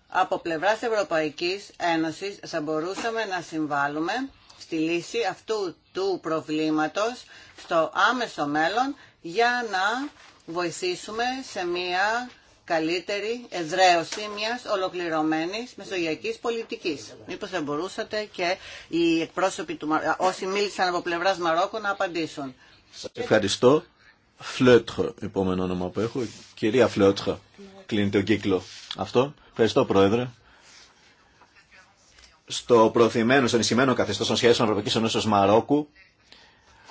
από πλευράς Ευρωπαϊκής Ένωσης θα μπορούσαμε να συμβάλλουμε στη λύση αυτού του προβλήματος στο άμεσο μέλλον για να βοηθήσουμε σε μια καλύτερη εδραίωση μιας ολοκληρωμένης μεσογειακής πολιτικής. Μήπως θα μπορούσατε και οι εκπρόσωποι του όσοι μίλησαν από πλευράς Μαρόκου να απαντήσουν. Σας ευχαριστώ. Φλέτχο, επόμενο όνομα που έχω. Κυρία Φλέτχο, κλείνει τον κύκλο. Αυτό. Ευχαριστώ, Πρόεδρε στο προωθημένο, στο ενισχυμένο καθεστώ των σχέσεων Ευρωπαϊκή Ένωση Μαρόκου.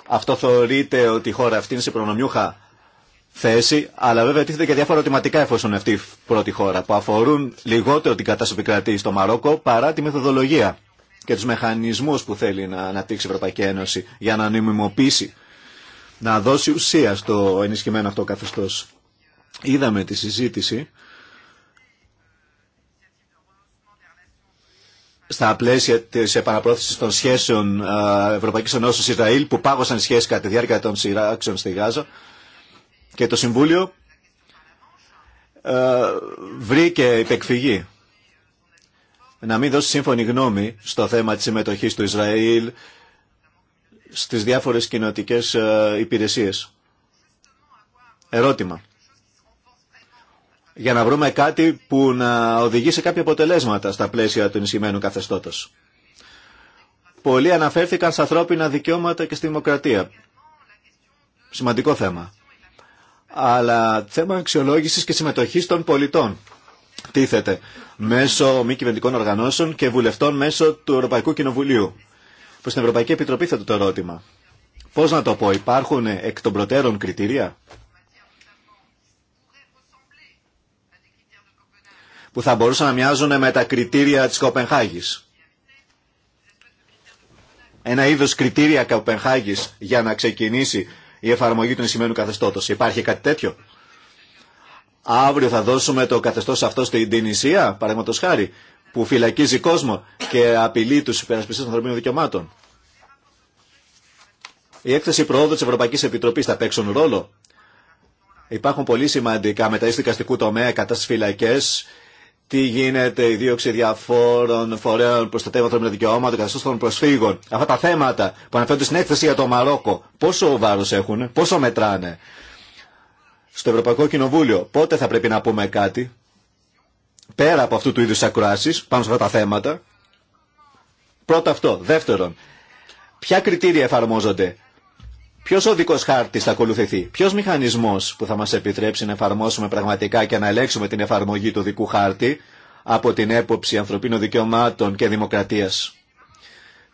Αυτό θεωρείται ότι η χώρα αυτή είναι σε προνομιούχα θέση, αλλά βέβαια τίθεται και διάφορα ερωτηματικά εφόσον αυτή η πρώτη χώρα, που αφορούν λιγότερο την κατάσταση που κρατεί στο Μαρόκο παρά τη μεθοδολογία και του μηχανισμού που θέλει να αναπτύξει η Ευρωπαϊκή Ένωση για να νομιμοποιήσει, να δώσει ουσία στο ενισχυμένο αυτό καθεστώ. Είδαμε τη συζήτηση στα πλαίσια τη επαναπρόθεση των σχέσεων Ευρωπαϊκή Ενώσεω Ισραήλ που πάγωσαν σχέσει κατά τη διάρκεια των σειράξεων στη Γάζα και το Συμβούλιο βρήκε υπεκφυγή να μην δώσει σύμφωνη γνώμη στο θέμα της συμμετοχής του Ισραήλ στις διάφορες κοινοτικές υπηρεσίες. Ερώτημα για να βρούμε κάτι που να οδηγεί σε κάποια αποτελέσματα στα πλαίσια του ενισχυμένου καθεστώτος. Πολλοί αναφέρθηκαν στα ανθρώπινα δικαιώματα και στη δημοκρατία. Σημαντικό θέμα. Αλλά θέμα αξιολόγησης και συμμετοχής των πολιτών τίθεται μέσω μη κυβερνητικών οργανώσεων και βουλευτών μέσω του Ευρωπαϊκού Κοινοβουλίου. Προς την Ευρωπαϊκή Επιτροπή θέτω το ερώτημα. Πώς να το πω, υπάρχουν εκ των προτέρων κριτήρια που θα μπορούσαν να μοιάζουν με τα κριτήρια της Κοπενχάγης. Ένα είδος κριτήρια Κοπενχάγης για να ξεκινήσει η εφαρμογή του νησημένου καθεστώτος. Υπάρχει κάτι τέτοιο. Αύριο θα δώσουμε το καθεστώς αυτό στην Τινησία, παραδείγματος χάρη, που φυλακίζει κόσμο και απειλεί τους υπερασπιστές των ανθρωπίνων δικαιωμάτων. Η έκθεση προόδου της Ευρωπαϊκής Επιτροπής θα παίξουν ρόλο. Υπάρχουν πολύ σημαντικά μεταίσθηση δικαστικού τομέα κατά στις φυλακές τι γίνεται, η δίωξη διαφόρων φορέων προστατεύοντα τα δικαιώματα, καθεστώ των προσφύγων. Αυτά τα θέματα που αναφέρονται στην έκθεση για το Μαρόκο, πόσο βάρο έχουν, πόσο μετράνε. Στο Ευρωπαϊκό Κοινοβούλιο, πότε θα πρέπει να πούμε κάτι, πέρα από αυτού του είδου ακράσει πάνω σε αυτά τα θέματα. Πρώτο αυτό. Δεύτερον, ποια κριτήρια εφαρμόζονται Ποιο οδικό χάρτη θα ακολουθηθεί, ποιο μηχανισμό που θα μα επιτρέψει να εφαρμόσουμε πραγματικά και να ελέγξουμε την εφαρμογή του δικού χάρτη από την έποψη ανθρωπίνων δικαιωμάτων και δημοκρατία.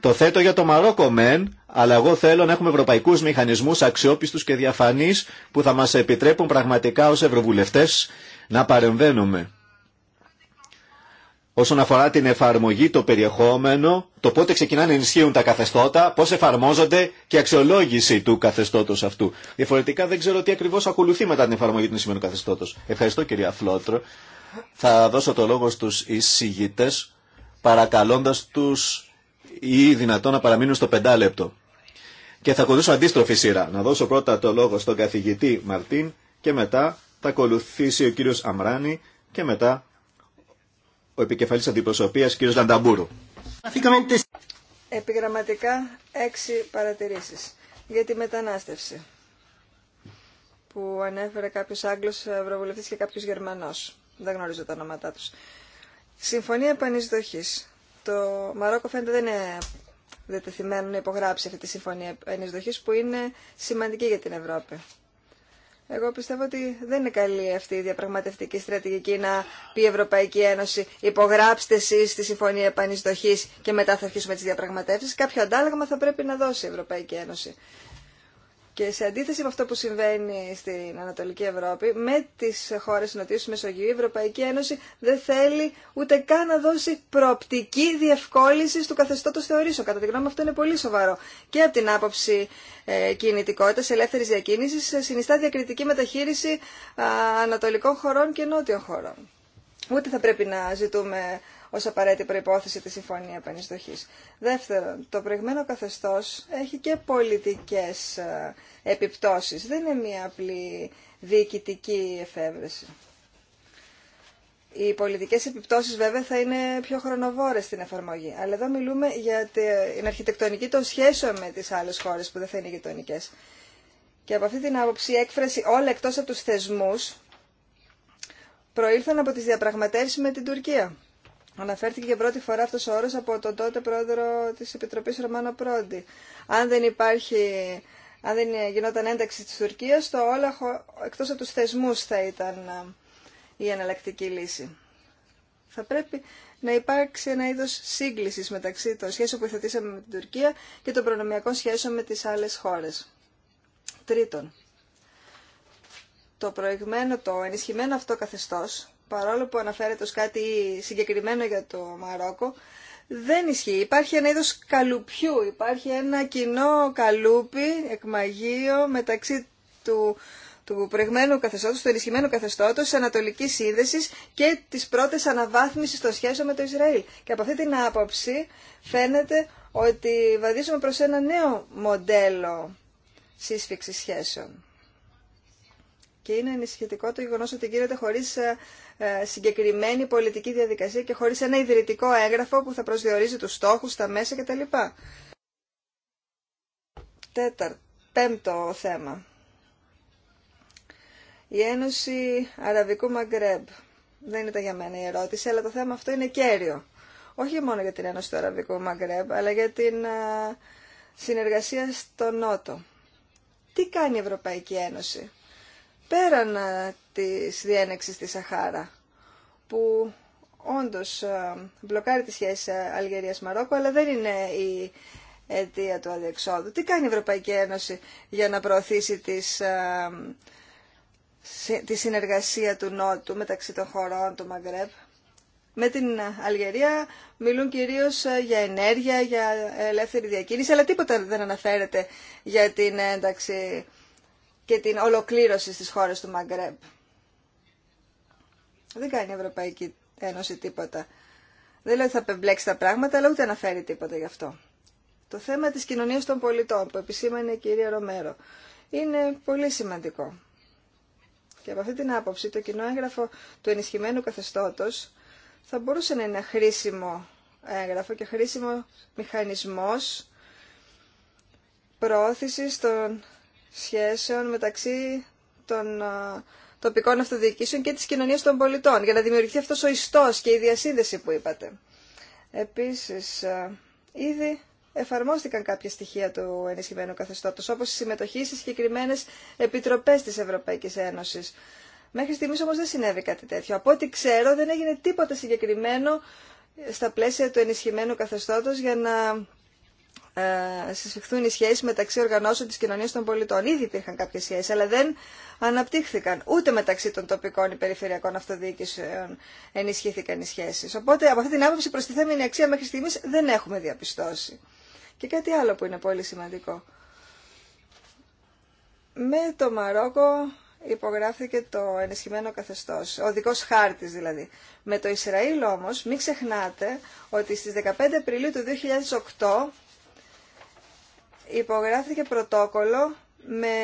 Το θέτω για το Μαρόκο μεν, αλλά εγώ θέλω να έχουμε ευρωπαϊκού μηχανισμού αξιόπιστους και διαφανείς που θα μα επιτρέπουν πραγματικά ω ευρωβουλευτέ να παρεμβαίνουμε όσον αφορά την εφαρμογή, το περιεχόμενο, το πότε ξεκινάνε να ενισχύουν τα καθεστώτα, πώ εφαρμόζονται και αξιολόγηση του καθεστώτος αυτού. Διαφορετικά δεν ξέρω τι ακριβώ ακολουθεί μετά την εφαρμογή του ενισχυμένου καθεστώτος. Ευχαριστώ κυρία Φλότρο. Θα δώσω το λόγο στους εισηγητέ, παρακαλώντα του ή δυνατόν να παραμείνουν στο πεντάλεπτο. Και θα ακολουθήσω αντίστροφη σειρά. Να δώσω πρώτα το λόγο στον καθηγητή Μαρτίν και μετά θα ακολουθήσει ο κύριος Αμράνη και μετά ο επικεφαλής αντιπροσωπείας κ. Λανταμπούρου. Επιγραμματικά έξι παρατηρήσεις για τη μετανάστευση που ανέφερε κάποιος Άγγλος Ευρωβουλευτής και κάποιος Γερμανός. Δεν γνωρίζω τα ονόματά τους. Συμφωνία επανεισδοχής. Το Μαρόκο φαίνεται δεν είναι δετεθειμένο να υπογράψει αυτή τη συμφωνία επανεισδοχής που είναι σημαντική για την Ευρώπη. Εγώ πιστεύω ότι δεν είναι καλή αυτή η διαπραγματευτική στρατηγική να πει η Ευρωπαϊκή Ένωση υπογράψτε εσεί τη Συμφωνία Επανεισδοχή και μετά θα αρχίσουμε τι διαπραγματεύσει. Κάποιο αντάλλαγμα θα πρέπει να δώσει η Ευρωπαϊκή Ένωση. Και σε αντίθεση με αυτό που συμβαίνει στην Ανατολική Ευρώπη, με τι χώρε τη Νοτιού Μεσογείου, η Ευρωπαϊκή Ένωση δεν θέλει ούτε καν να δώσει προοπτική διευκόλυνση του καθεστώτο θεωρήσεων. Κατά τη γνώμη μου, αυτό είναι πολύ σοβαρό. Και από την άποψη ε, κινητικότητα, ελεύθερη διακίνηση, ε, συνιστά διακριτική μεταχείριση ανατολικών χωρών και νότιων χωρών. Ούτε θα πρέπει να ζητούμε Ω απαραίτητη προϋπόθεση τη Συμφωνία πανιστοχή. Δεύτερον, το προηγμένο καθεστώ έχει και πολιτικέ ε, επιπτώσει. Δεν είναι μία απλή διοικητική εφεύρεση. Οι πολιτικέ επιπτώσει βέβαια θα είναι πιο χρονοβόρε στην εφαρμογή. Αλλά εδώ μιλούμε για την αρχιτεκτονική των σχέσεων με τι άλλε χώρε που δεν θα είναι γειτονικέ. Και από αυτή την άποψη η έκφραση όλα εκτό από του θεσμού προήλθαν από τι διαπραγματεύσει με την Τουρκία. Αναφέρθηκε για πρώτη φορά αυτός ο όρος από τον τότε πρόεδρο της Επιτροπής Ρωμάνο Πρόντι. Αν δεν υπάρχει, αν δεν γινόταν ένταξη της Τουρκίας, το όλαχο εκτός από τους θεσμούς θα ήταν ε, η εναλλακτική λύση. Θα πρέπει να υπάρξει ένα είδος σύγκλησης μεταξύ των σχέσεων που υιοθετήσαμε με την Τουρκία και των προνομιακών σχέσεων με τις άλλες χώρες. Τρίτον, το προηγμένο, το ενισχυμένο αυτό καθεστώς παρόλο που αναφέρεται ως κάτι συγκεκριμένο για το Μαρόκο, δεν ισχύει. Υπάρχει ένα είδος καλουπιού, υπάρχει ένα κοινό καλούπι, εκμαγείο μεταξύ του, του προηγμένου καθεστώτος, του ενισχυμένου καθεστώτος, της ανατολικής σύνδεσης και της πρώτης αναβάθμισης των σχέσεων με το Ισραήλ. Και από αυτή την άποψη φαίνεται ότι βαδίζουμε προς ένα νέο μοντέλο σύσφυξης σχέσεων. Και είναι ενισχυτικό το γεγονό ότι γίνεται χωρί ε, ε, συγκεκριμένη πολιτική διαδικασία και χωρί ένα ιδρυτικό έγγραφο που θα προσδιορίζει του στόχου, τα μέσα κτλ. Τέταρτο, πέμπτο θέμα. Η Ένωση Αραβικού Μαγκρέμπ. Δεν ήταν για μένα η ερώτηση, αλλά το θέμα αυτό είναι κέριο. Όχι μόνο για την Ένωση του Αραβικού Μαγκρέμπ, αλλά για την ε, συνεργασία στο Νότο. Τι κάνει η Ευρωπαϊκή Ένωση πέραν ε, της διένεξης της Σαχάρα, που όντως ε, μπλοκάρει τις σχέσεις ε, Αλγερίας-Μαρόκου, αλλά δεν είναι η αιτία του αδιεξόδου. Τι κάνει η Ευρωπαϊκή Ένωση για να προωθήσει τις, τη συνεργασία του Νότου μεταξύ των χωρών του Μαγκρέπ. Με την Αλγερία μιλούν κυρίως για ενέργεια, για ελεύθερη διακίνηση, αλλά τίποτα δεν αναφέρεται για την ένταξη και την ολοκλήρωση στις χώρες του Μαγκρέμπ. Δεν κάνει η Ευρωπαϊκή Ένωση τίποτα. Δεν λέω ότι θα πεμπλέξει τα πράγματα, αλλά ούτε αναφέρει τίποτα γι' αυτό. Το θέμα της κοινωνίας των πολιτών που επισήμανε η κυρία Ρομέρο είναι πολύ σημαντικό. Και από αυτή την άποψη το κοινό έγγραφο του ενισχυμένου καθεστώτος θα μπορούσε να είναι χρήσιμο έγγραφο και χρήσιμο μηχανισμός προώθησης των σχέσεων μεταξύ των ε, τοπικών αυτοδιοικήσεων και της κοινωνίας των πολιτών, για να δημιουργηθεί αυτός ο ιστός και η διασύνδεση που είπατε. Επίσης, ε, ήδη εφαρμόστηκαν κάποια στοιχεία του ενισχυμένου καθεστώτος, όπως η συμμετοχή σε συγκεκριμένες επιτροπές της Ευρωπαϊκής Ένωσης. Μέχρι στιγμής όμως δεν συνέβη κάτι τέτοιο. Από ό,τι ξέρω δεν έγινε τίποτα συγκεκριμένο στα πλαίσια του ενισχυμένου καθεστώτος για να ε, συσφιχθούν οι σχέσεις μεταξύ οργανώσεων της κοινωνίας των πολιτών. Ήδη υπήρχαν κάποιες σχέσεις, αλλά δεν αναπτύχθηκαν. Ούτε μεταξύ των τοπικών ή περιφερειακών αυτοδιοίκησεων ενισχύθηκαν οι σχέσεις. Οπότε από αυτή την άποψη τη προστιθέμενη αξία μέχρι στιγμής δεν έχουμε διαπιστώσει. Και κάτι άλλο που είναι πολύ σημαντικό. Με το Μαρόκο υπογράφηκε το ενισχυμένο καθεστώς, ο δικός χάρτης δηλαδή. Με το Ισραήλ όμως μην ξεχνάτε ότι στις 15 Απριλίου του 2008 υπογράφηκε πρωτόκολλο με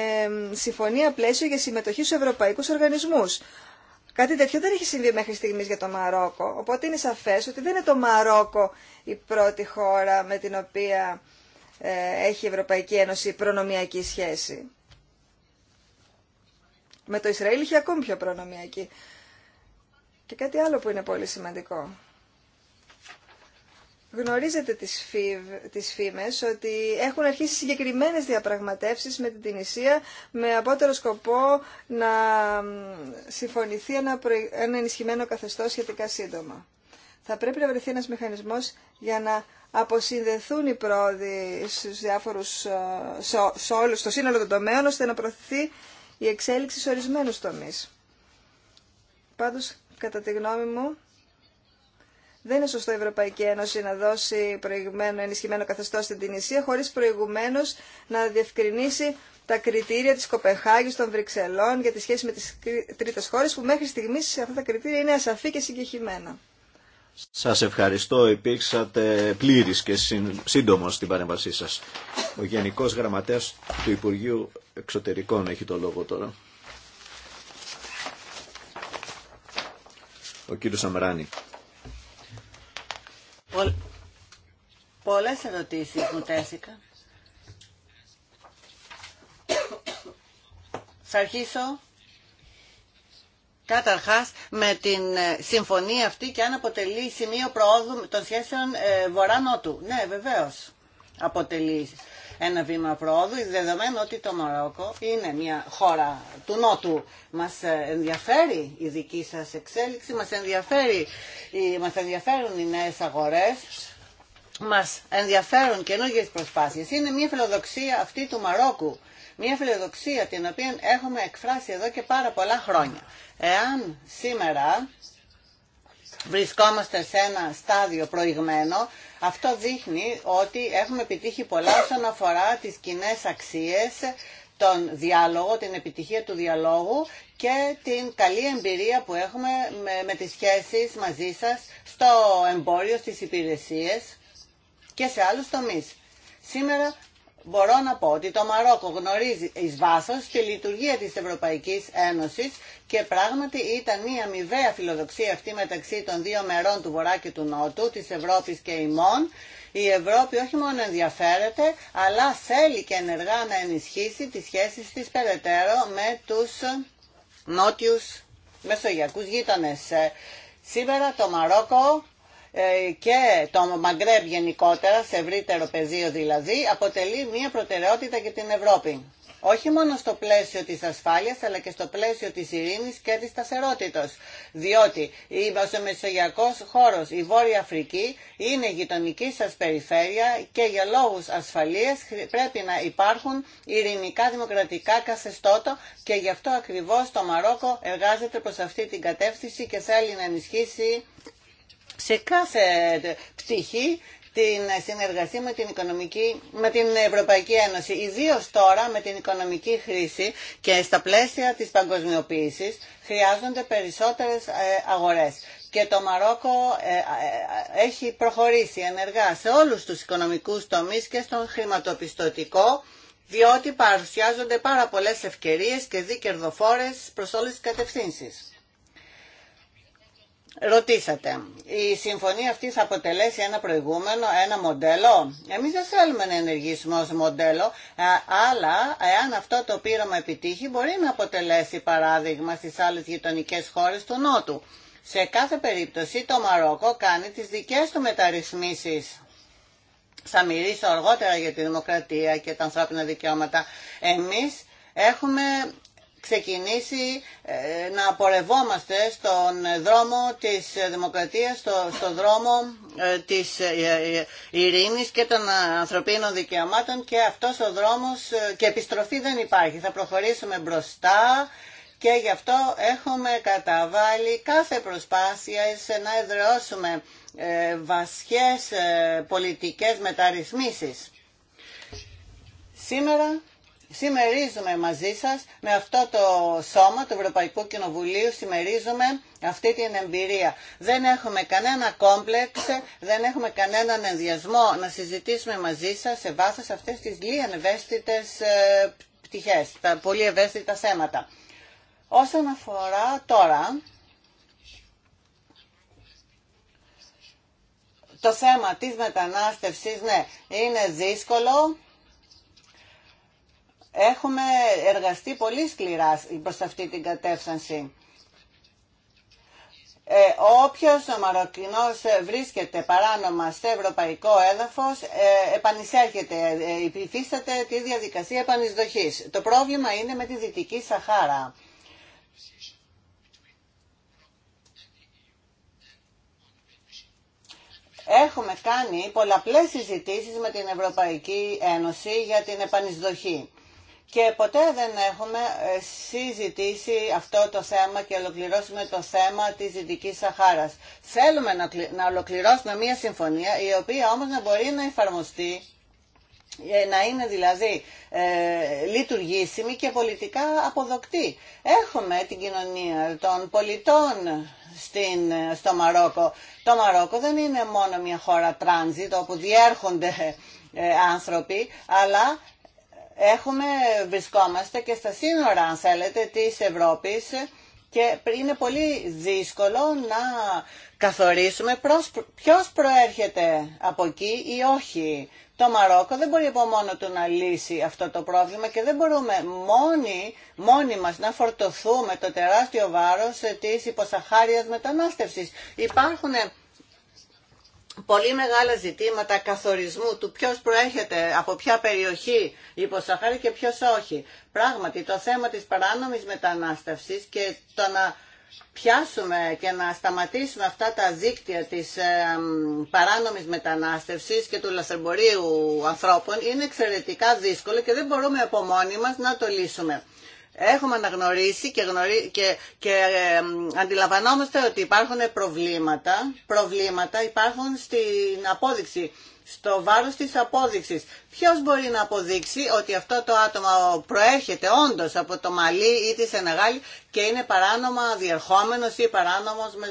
συμφωνία πλαίσιο για συμμετοχή στους ευρωπαϊκούς οργανισμούς. Κάτι τέτοιο δεν έχει συμβεί μέχρι στιγμής για το Μαρόκο, οπότε είναι σαφές ότι δεν είναι το Μαρόκο η πρώτη χώρα με την οποία ε, έχει η Ευρωπαϊκή Ένωση προνομιακή σχέση. Με το Ισραήλ είχε ακόμη πιο προνομιακή. Και κάτι άλλο που είναι πολύ σημαντικό. Γνωρίζετε τις, φήμε φήμες ότι έχουν αρχίσει συγκεκριμένες διαπραγματεύσεις με την Τινησία με απότερο σκοπό να συμφωνηθεί ένα, ενισχυμένο καθεστώς σχετικά σύντομα. Θα πρέπει να βρεθεί ένας μηχανισμός για να αποσυνδεθούν οι πρόοδοι στους διάφορους, ε, σε στο σύνολο των τομέων ώστε να προωθηθεί η εξέλιξη σε ορισμένους τομείς. Πάντως, κατά τη γνώμη μου, δεν είναι σωστό η Ευρωπαϊκή Ένωση να δώσει προηγουμένο ενισχυμένο καθεστώ στην Τινησία χωρί προηγουμένω να διευκρινίσει τα κριτήρια τη Κοπεχάγη, των Βρυξελών για τη σχέση με τι τρίτε χώρε που μέχρι στιγμή αυτά τα κριτήρια είναι ασαφή και συγκεχημένα. Σα ευχαριστώ. Υπήρξατε πλήρη και σύντομο στην παρέμβασή σα. Ο Γενικό Γραμματέας του Υπουργείου Εξωτερικών έχει το λόγο τώρα. Ο κύριο Αμράνη. Πολλές ερωτήσεις μου τέθηκαν. Θα αρχίσω καταρχάς με την ε, συμφωνία αυτή και αν αποτελεί σημείο προόδου των σχέσεων ε, Βορρά-Νότου. Ναι, βεβαίως αποτελεί ένα βήμα πρόοδου, δεδομένου ότι το Μαρόκο είναι μια χώρα του Νότου. Μας ε, ενδιαφέρει η δική σας εξέλιξη, μας, ενδιαφέρει, μας ενδιαφέρουν οι νέες αγορές, μας ενδιαφέρουν καινούργιες προσπάθειες. Είναι μια φιλοδοξία αυτή του Μαρόκου. Μια φιλοδοξία την οποία έχουμε εκφράσει εδώ και πάρα πολλά χρόνια. Εάν σήμερα βρισκόμαστε σε ένα στάδιο προηγμένο, αυτό δείχνει ότι έχουμε επιτύχει πολλά όσον αφορά τις κοινέ αξίες, τον διάλογο, την επιτυχία του διαλόγου και την καλή εμπειρία που έχουμε με, με τις σχέσεις μαζί σας στο εμπόριο, στις υπηρεσίες και σε άλλους τομείς. Σήμερα μπορώ να πω ότι το Μαρόκο γνωρίζει εις βάθος τη λειτουργία της Ευρωπαϊκής Ένωσης και πράγματι ήταν μια αμοιβαία φιλοδοξία αυτή μεταξύ των δύο μερών του Βορρά και του Νότου, της Ευρώπης και ημών. Η Ευρώπη όχι μόνο ενδιαφέρεται, αλλά θέλει και ενεργά να ενισχύσει τις σχέσεις της περαιτέρω με τους νότιους μεσογειακούς γείτονες. Ε, σήμερα το Μαρόκο ε, και το Μαγκρέμπ γενικότερα, σε ευρύτερο πεδίο δηλαδή, αποτελεί μια προτεραιότητα για την Ευρώπη. Όχι μόνο στο πλαίσιο της ασφάλειας, αλλά και στο πλαίσιο της ειρήνης και της σταθερότητας. Διότι ο μεσογειακός χώρος, η Βόρεια Αφρική, είναι γειτονική σας περιφέρεια και για λόγους ασφαλείας πρέπει να υπάρχουν ειρηνικά δημοκρατικά καθεστώτα και γι' αυτό ακριβώς το Μαρόκο εργάζεται προς αυτή την κατεύθυνση και θέλει να ενισχύσει σε κάθε πτυχή την συνεργασία με την, οικονομική, με την Ευρωπαϊκή Ένωση, ιδίω τώρα με την οικονομική χρήση και στα πλαίσια της παγκοσμιοποίησης χρειάζονται περισσότερες ε, αγορές. Και το Μαρόκο ε, ε, έχει προχωρήσει ενεργά σε όλους τους οικονομικούς τομείς και στον χρηματοπιστωτικό, διότι παρουσιάζονται πάρα πολλές ευκαιρίες και δίκερδοφόρες προς όλες τις κατευθύνσεις. Ρωτήσατε, η συμφωνία αυτή θα αποτελέσει ένα προηγούμενο, ένα μοντέλο. Εμείς δεν θέλουμε να ενεργήσουμε ως μοντέλο, ε, αλλά εάν αυτό το πείραμα επιτύχει μπορεί να αποτελέσει παράδειγμα στις άλλες γειτονικέ χώρες του Νότου. Σε κάθε περίπτωση το Μαρόκο κάνει τις δικές του μεταρρυθμίσεις. Θα μιλήσω αργότερα για τη δημοκρατία και τα ανθρώπινα δικαιώματα. Εμείς έχουμε ξεκινήσει ε, να πορευόμαστε στον δρόμο της δημοκρατίας, στο, δρόμο ε, της ε, ειρήνης και των ανθρωπίνων δικαιωμάτων και αυτός ο δρόμος και επιστροφή δεν υπάρχει. Θα προχωρήσουμε μπροστά και γι' αυτό έχουμε καταβάλει κάθε προσπάθεια σε να εδραιώσουμε βασιές πολιτικές μεταρρυθμίσεις. Σήμερα Σημερίζουμε μαζί σας με αυτό το σώμα του Ευρωπαϊκού Κοινοβουλίου, σημερίζουμε αυτή την εμπειρία. Δεν έχουμε κανένα κόμπλεξ, δεν έχουμε κανέναν ενδιασμό να συζητήσουμε μαζί σας σε βάθος αυτές τις λίγες ευαίσθητες ε, πτυχές, τα πολύ ευαίσθητα θέματα. Όσον αφορά τώρα το θέμα της μετανάστευσης, ναι, είναι δύσκολο, έχουμε εργαστεί πολύ σκληρά προς αυτή την κατεύθυνση. Ε, όποιος ο Μαροκινός βρίσκεται παράνομα σε ευρωπαϊκό έδαφος, ε, επανεισέρχεται, ε, υφίσταται τη διαδικασία επανεισδοχής. Το πρόβλημα είναι με τη Δυτική Σαχάρα. Έχουμε κάνει πολλαπλές συζητήσεις με την Ευρωπαϊκή Ένωση για την επανεισδοχή και ποτέ δεν έχουμε ε, συζητήσει αυτό το θέμα και ολοκληρώσουμε το θέμα της Δυτικής Σαχάρας. Θέλουμε να ολοκληρώσουμε μια συμφωνία η οποία όμως να μπορεί να εφαρμοστεί ε, να είναι δηλαδή ε, λειτουργήσιμη και πολιτικά αποδοκτή. Έχουμε την κοινωνία των πολιτών στην, στο Μαρόκο. Το Μαρόκο δεν είναι μόνο μια χώρα τράνζιτ όπου διέρχονται ε, άνθρωποι, αλλά έχουμε, βρισκόμαστε και στα σύνορα, αν θέλετε, της Ευρώπης και είναι πολύ δύσκολο να καθορίσουμε προς, ποιος προέρχεται από εκεί ή όχι. Το Μαρόκο δεν μπορεί από μόνο του να λύσει αυτό το πρόβλημα και δεν μπορούμε μόνοι, μόνοι μας να φορτωθούμε το τεράστιο βάρος της υποσαχάριας μετανάστευσης. Υπάρχουν πολύ μεγάλα ζητήματα καθορισμού του ποιος προέρχεται από ποια περιοχή υποσαχάρη και ποιος όχι. Πράγματι το θέμα της παράνομης μετανάστευσης και το να πιάσουμε και να σταματήσουμε αυτά τα δίκτυα της ε, παράνομης μετανάστευσης και του λαθρεμπορίου ανθρώπων είναι εξαιρετικά δύσκολο και δεν μπορούμε από μόνοι μας να το λύσουμε έχουμε αναγνωρίσει και, γνωρί... και, και αντιλαμβανόμαστε ότι υπάρχουν προβλήματα, προβλήματα υπάρχουν στην απόδειξη στο βάρος της απόδειξης. Ποιος μπορεί να αποδείξει ότι αυτό το άτομο προέρχεται όντως από το Μαλή ή τη Σενεγάλη και είναι παράνομα διερχόμενος ή παράνομος με,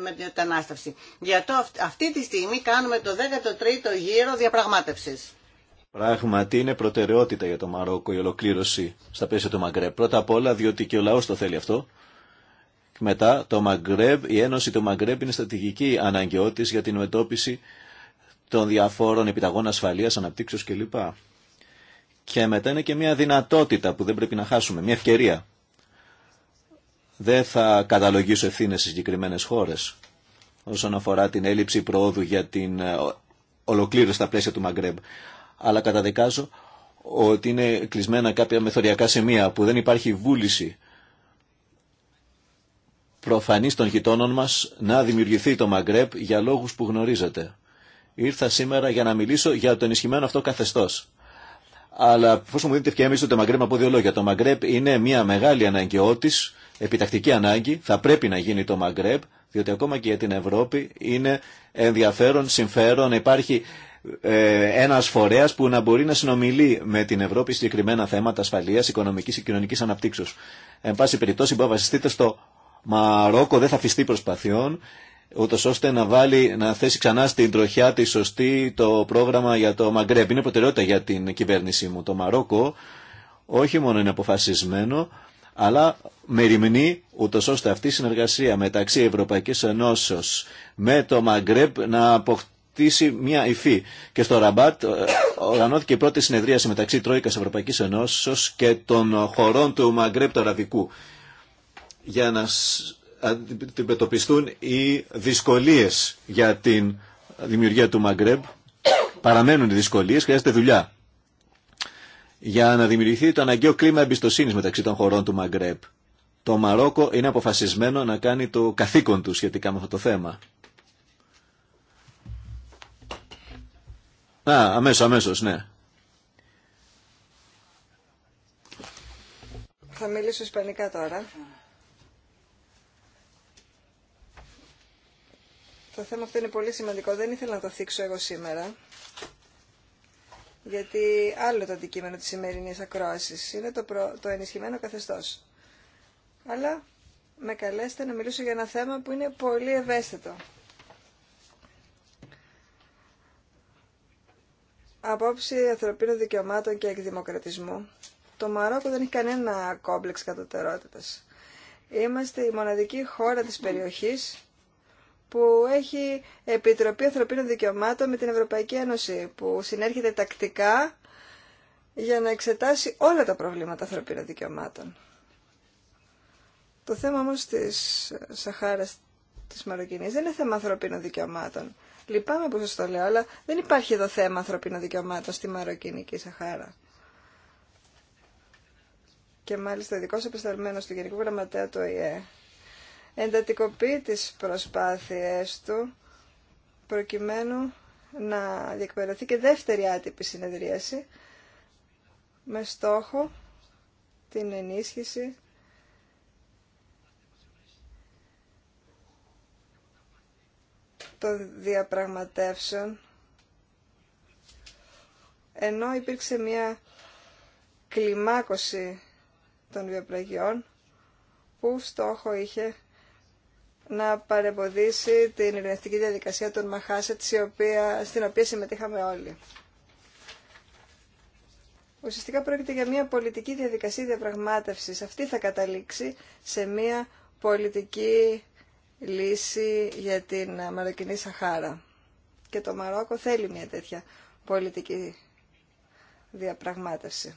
με, την μετανάστευση. Γιατί αυτή τη στιγμή κάνουμε το 13ο γύρο διαπραγμάτευσης. Πράγματι είναι προτεραιότητα για το Μαρόκο η ολοκλήρωση στα πλαίσια του Μαγκρέμπ. Πρώτα απ' όλα διότι και ο λαός το θέλει αυτό. Μετά το η ένωση του Μαγκρέμπ είναι στρατηγική αναγκαιότητα για την μετώπιση των διαφόρων επιταγών ασφαλείας, αναπτύξεως κλπ. Και μετά είναι και μια δυνατότητα που δεν πρέπει να χάσουμε, μια ευκαιρία. Δεν θα καταλογίσω ευθύνε σε συγκεκριμένε χώρε όσον αφορά την έλλειψη προόδου για την ε, ολοκλήρωση στα πλαίσια του Μαγκρέμπ αλλά καταδικάζω ότι είναι κλεισμένα κάποια μεθοριακά σημεία που δεν υπάρχει βούληση προφανής των γειτόνων μας να δημιουργηθεί το Μαγκρέπ για λόγους που γνωρίζετε. Ήρθα σήμερα για να μιλήσω για το ενισχυμένο αυτό καθεστώς. Αλλά πώς μου δίνετε ευκαιρία το Μαγκρέπ, από δύο λόγια. Το Μαγκρέπ είναι μια μεγάλη αναγκαιότητα, επιτακτική ανάγκη, θα πρέπει να γίνει το Μαγκρέπ, διότι ακόμα και για την Ευρώπη είναι ενδιαφέρον, συμφέρον, υπάρχει ε, ένας φορέας που να μπορεί να συνομιλεί με την Ευρώπη συγκεκριμένα θέματα ασφαλείας, οικονομικής και κοινωνικής αναπτύξεως. Εν πάση περιπτώσει, μπορεί να βασιστείτε στο Μαρόκο, δεν θα αφιστεί προσπαθειών, ούτω ώστε να, βάλει, να θέσει ξανά στην τροχιά τη σωστή το πρόγραμμα για το Μαγκρέμπ. Είναι προτεραιότητα για την κυβέρνησή μου. Το Μαρόκο όχι μόνο είναι αποφασισμένο, αλλά μεριμνεί ούτως ώστε αυτή η συνεργασία μεταξύ Ευρωπαϊκής Ενώσεω με το Μαγκρέπ να αποκτήσει χτίσει μια υφή. Και στο Ραμπάτ ε, οργανώθηκε η πρώτη συνεδρίαση μεταξύ Τρόικα Ευρωπαϊκή Ενώσεω και των χωρών του Μαγκρέπ του Αραβικού για να αντιμετωπιστούν οι δυσκολίε για την δημιουργία του Μαγκρέπ. Παραμένουν οι δυσκολίε, χρειάζεται δουλειά για να δημιουργηθεί το αναγκαίο κλίμα εμπιστοσύνη μεταξύ των χωρών του Μαγκρέπ. Το Μαρόκο είναι αποφασισμένο να κάνει το καθήκον του σχετικά με αυτό το θέμα. Α, αμέσως, αμέσως, ναι. Θα μιλήσω ισπανικά τώρα. Το θέμα αυτό είναι πολύ σημαντικό. Δεν ήθελα να το θίξω εγώ σήμερα. Γιατί άλλο το αντικείμενο της σημερινής ακρόασης είναι το, προ... το ενισχυμένο καθεστώς. Αλλά με καλέστε να μιλήσω για ένα θέμα που είναι πολύ ευαίσθητο. απόψη ανθρωπίνων δικαιωμάτων και εκδημοκρατισμού, το Μαρόκο δεν έχει κανένα κόμπλεξ κατωτερότητας. Είμαστε η μοναδική χώρα της περιοχής που έχει Επιτροπή Ανθρωπίνων Δικαιωμάτων με την Ευρωπαϊκή Ένωση, που συνέρχεται τακτικά για να εξετάσει όλα τα προβλήματα ανθρωπίνων δικαιωμάτων. Το θέμα όμως της Σαχάρας της Μαροκινής δεν είναι θέμα ανθρωπίνων δικαιωμάτων. Λυπάμαι που σας το λέω, αλλά δεν υπάρχει εδώ θέμα ανθρωπίνων δικαιωμάτων στη Μαροκινική Σαχάρα. Και μάλιστα ειδικό επισταλμένος του Γενικού Γραμματέα του ΟΗΕ εντατικοποιεί τι προσπάθειε του προκειμένου να διεκπαιρεθεί και δεύτερη άτυπη συνεδρίαση με στόχο την ενίσχυση των διαπραγματεύσεων, ενώ υπήρξε μια κλιμάκωση των βιοπραγιών που στόχο είχε να παρεμποδίσει την ειρηνευτική διαδικασία των Μαχάσετ στην οποία συμμετείχαμε όλοι. Ουσιαστικά πρόκειται για μια πολιτική διαδικασία διαπραγμάτευσης. Αυτή θα καταλήξει σε μια πολιτική λύση για την Μαροκινή Σαχάρα. Και το Μαρόκο θέλει μια τέτοια πολιτική διαπραγμάτευση.